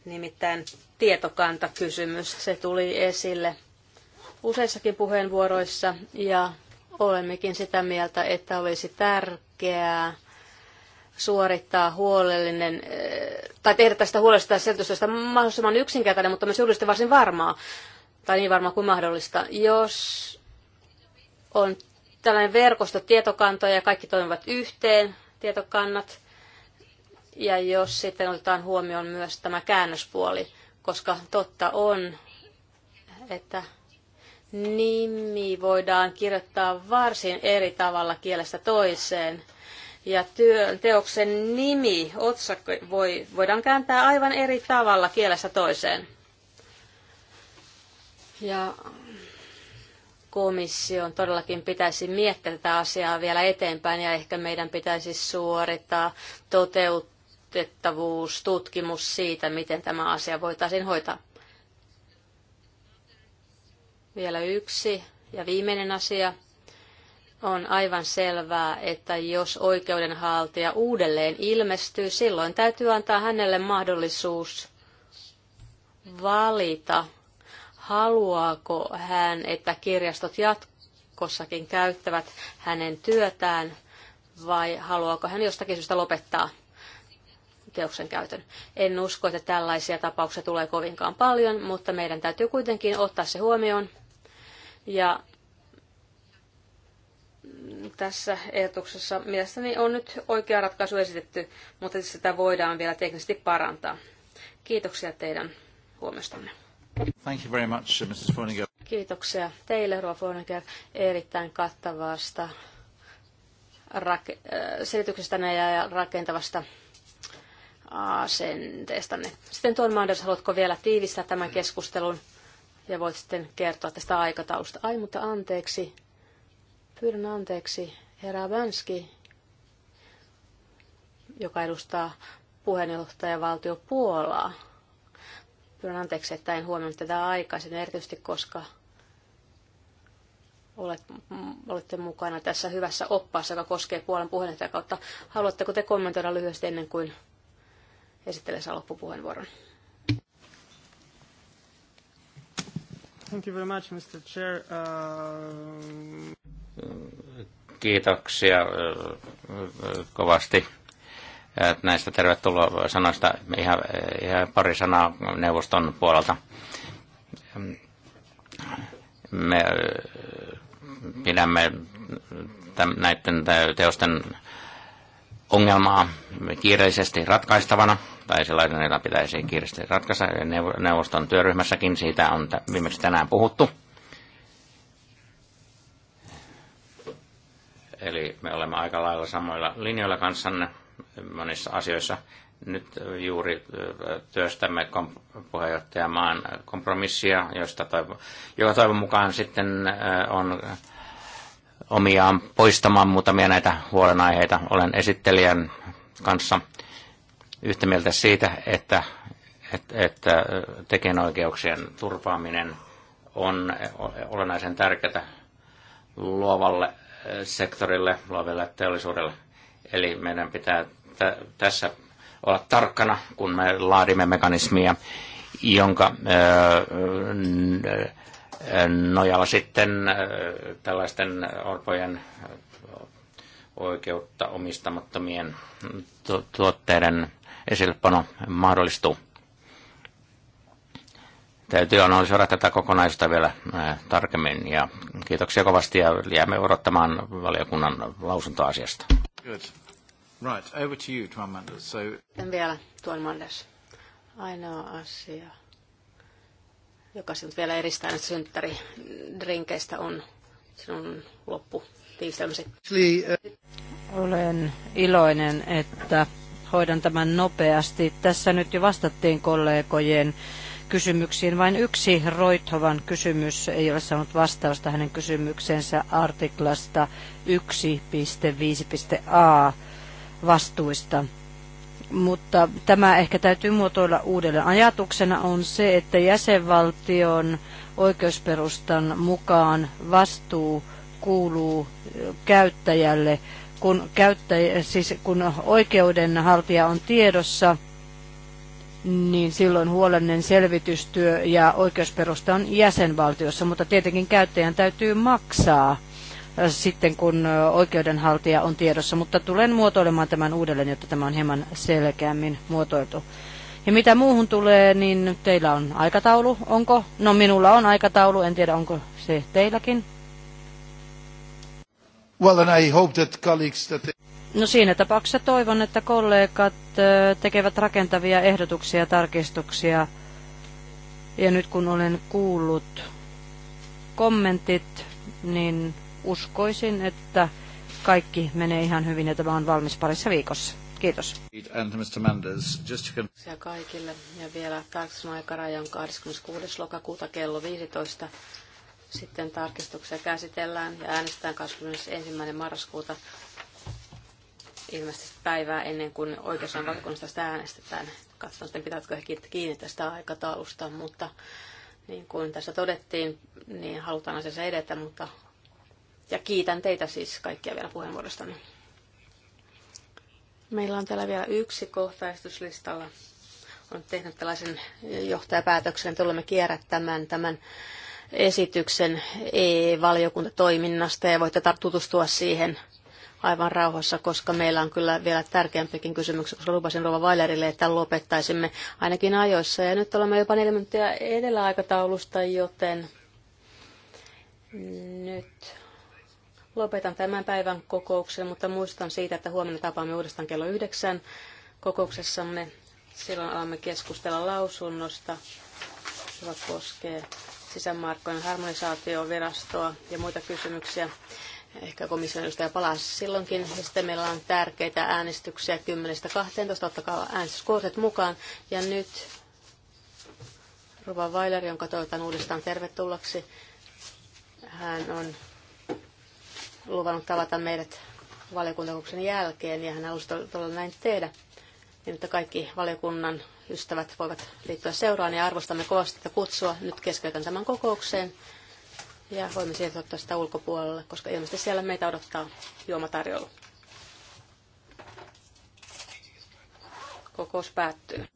nimittäin tietokantakysymys. Se tuli esille useissakin puheenvuoroissa ja olemmekin sitä mieltä, että olisi tärkeää suorittaa huolellinen, eh, tai tehdä tästä huolellisesta selitystä mahdollisimman yksinkertainen, mutta myös juridisesti varsin varmaa, tai niin varmaa kuin mahdollista. Jos on tällainen verkosto tietokantoja ja kaikki toimivat yhteen, tietokannat, ja jos sitten otetaan huomioon myös tämä käännöspuoli, koska totta on, että nimi voidaan kirjoittaa varsin eri tavalla kielestä toiseen. Ja työ, teoksen nimi, otsakko, voi, voidaan kääntää aivan eri tavalla kielestä toiseen. Ja komission todellakin pitäisi miettiä tätä asiaa vielä eteenpäin ja ehkä meidän pitäisi suorittaa, toteuttaa luotettavuus, tutkimus siitä, miten tämä asia voitaisiin hoitaa. Vielä yksi ja viimeinen asia. On aivan selvää, että jos oikeudenhaltija uudelleen ilmestyy, silloin täytyy antaa hänelle mahdollisuus valita, haluaako hän, että kirjastot jatkossakin käyttävät hänen työtään vai haluaako hän jostakin syystä lopettaa teoksen käytön. En usko, että tällaisia tapauksia tulee kovinkaan paljon, mutta meidän täytyy kuitenkin ottaa se huomioon. Ja tässä ehdotuksessa mielestäni on nyt oikea ratkaisu esitetty, mutta siis sitä voidaan vielä teknisesti parantaa. Kiitoksia teidän huomiostanne. Thank you very much, Mrs. Kiitoksia teille, Rova Forniger, erittäin kattavasta rak- äh, selityksestänne ja rakentavasta asenteestanne. Sitten tuon Manders, haluatko vielä tiivistää tämän keskustelun ja voit sitten kertoa tästä aikataulusta. Ai, mutta anteeksi. Pyydän anteeksi. Herra Vänski, joka edustaa puheenjohtajavaltio Puolaa. Pyydän anteeksi, että en huomannut tätä aikaisin, erityisesti koska olet, mm, olette mukana tässä hyvässä oppaassa, joka koskee Puolan puheenjohtajakautta. Haluatteko te kommentoida lyhyesti ennen kuin esittelen saa loppupuheenvuoron. Thank you very much, Mr. Chair. Uh... Kiitoksia uh, uh, kovasti äh, näistä tervetuloa sanoista. Ihan, äh, ihan pari sanaa neuvoston puolelta. Mm. Me äh, pidämme näiden teosten ongelmaa kiireisesti ratkaistavana – tai sellainen, jota pitäisi kiireesti ratkaista. Neuvoston työryhmässäkin siitä on viimeksi tänään puhuttu. Eli me olemme aika lailla samoilla linjoilla kanssanne monissa asioissa. Nyt juuri työstämme kom- puheenjohtajamaan kompromissia, josta toivo, joka toivon mukaan sitten on omiaan poistamaan muutamia näitä huolenaiheita. Olen esittelijän kanssa yhtä mieltä siitä, että, että, että tekijänoikeuksien turvaaminen on olennaisen tärkeää luovalle eh, sektorille, luoville teollisuudelle. Eli meidän pitää tässä olla tarkkana, kun me laadimme mekanismia, jonka eh, eh, nojalla sitten tällaisten orpojen oikeutta omistamattomien tuotteiden esillepano mahdollistuu. Täytyy analysoida tätä kokonaisuutta vielä tarkemmin ja kiitoksia kovasti ja jäämme odottamaan valiokunnan lausuntoa asiasta. Good. Right, over to you, Tuan Manders. So... Vielä Tuan Manders. Ainoa asia, joka sinut vielä eristää nyt synttäridrinkeistä, on sinun loppu tiivistämiset. Uh- Olen iloinen, että hoidan tämän nopeasti. Tässä nyt jo vastattiin kollegojen kysymyksiin. Vain yksi Roithovan kysymys ei ole saanut vastausta hänen kysymyksensä artiklasta 1.5.a vastuista. Mutta tämä ehkä täytyy muotoilla uudelleen. Ajatuksena on se, että jäsenvaltion oikeusperustan mukaan vastuu kuuluu käyttäjälle kun, käyttä, siis kun oikeudenhaltija on tiedossa, niin silloin huolellinen selvitystyö ja oikeusperusta on jäsenvaltiossa, mutta tietenkin käyttäjän täytyy maksaa äh, sitten kun äh, oikeudenhaltija on tiedossa, mutta tulen muotoilemaan tämän uudelleen, jotta tämä on hieman selkeämmin muotoiltu. Ja mitä muuhun tulee, niin teillä on aikataulu, onko? No minulla on aikataulu, en tiedä onko se teilläkin. Well, and I hope that colleagues that they... No siinä tapauksessa toivon, että kollegat tekevät rakentavia ehdotuksia ja tarkistuksia. Ja nyt kun olen kuullut kommentit, niin uskoisin, että kaikki menee ihan hyvin ja tämä on valmis parissa viikossa. Kiitos. And Mr. Manders, just to... Ja kaikille. Ja vielä tarkistusmaikaraja on 26. lokakuuta kello 15. Sitten tarkistuksia käsitellään ja äänestetään 21. marraskuuta ilmeisesti päivää ennen kuin oikeastaan valiokunnasta sitä äänestetään. Katsotaan sitten, pitääkö he kiinni tästä aikataulusta, mutta niin kuin tässä todettiin, niin halutaan asiassa edetä, mutta ja kiitän teitä siis kaikkia vielä puheenvuorostanne. Meillä on täällä vielä yksi kohtaistuslistalla. Olen tehnyt tällaisen johtajapäätöksen, tulemme kierrättämään tämän, tämän esityksen e-valiokuntatoiminnasta ja voitte tutustua siihen aivan rauhassa, koska meillä on kyllä vielä tärkeämpikin kysymyksiä, koska lupasin Rova Vailerille, että lopettaisimme ainakin ajoissa. Ja nyt olemme jopa neljä minuuttia edellä aikataulusta, joten nyt lopetan tämän päivän kokouksen, mutta muistan siitä, että huomenna tapaamme uudestaan kello yhdeksän kokouksessamme. Silloin alamme keskustella lausunnosta, joka koskee sisämarkkojen harmonisaatiovirastoa ja muita kysymyksiä. Ehkä komission edustaja palaa silloinkin. Ja sitten meillä on tärkeitä äänestyksiä 10-12. Ottakaa äänestyskohdat mukaan. Ja nyt Rova Weiler, jonka toivotan uudestaan tervetulleeksi. Hän on luvannut tavata meidät valiokuntakokouksen jälkeen ja hän halusi todella näin tehdä niin että kaikki valiokunnan ystävät voivat liittyä seuraan ja arvostamme kovasti tätä kutsua. Nyt keskeytän tämän kokoukseen ja voimme siirtyä tästä ulkopuolelle, koska ilmeisesti siellä meitä odottaa juomatarjolla. Kokous päättyy.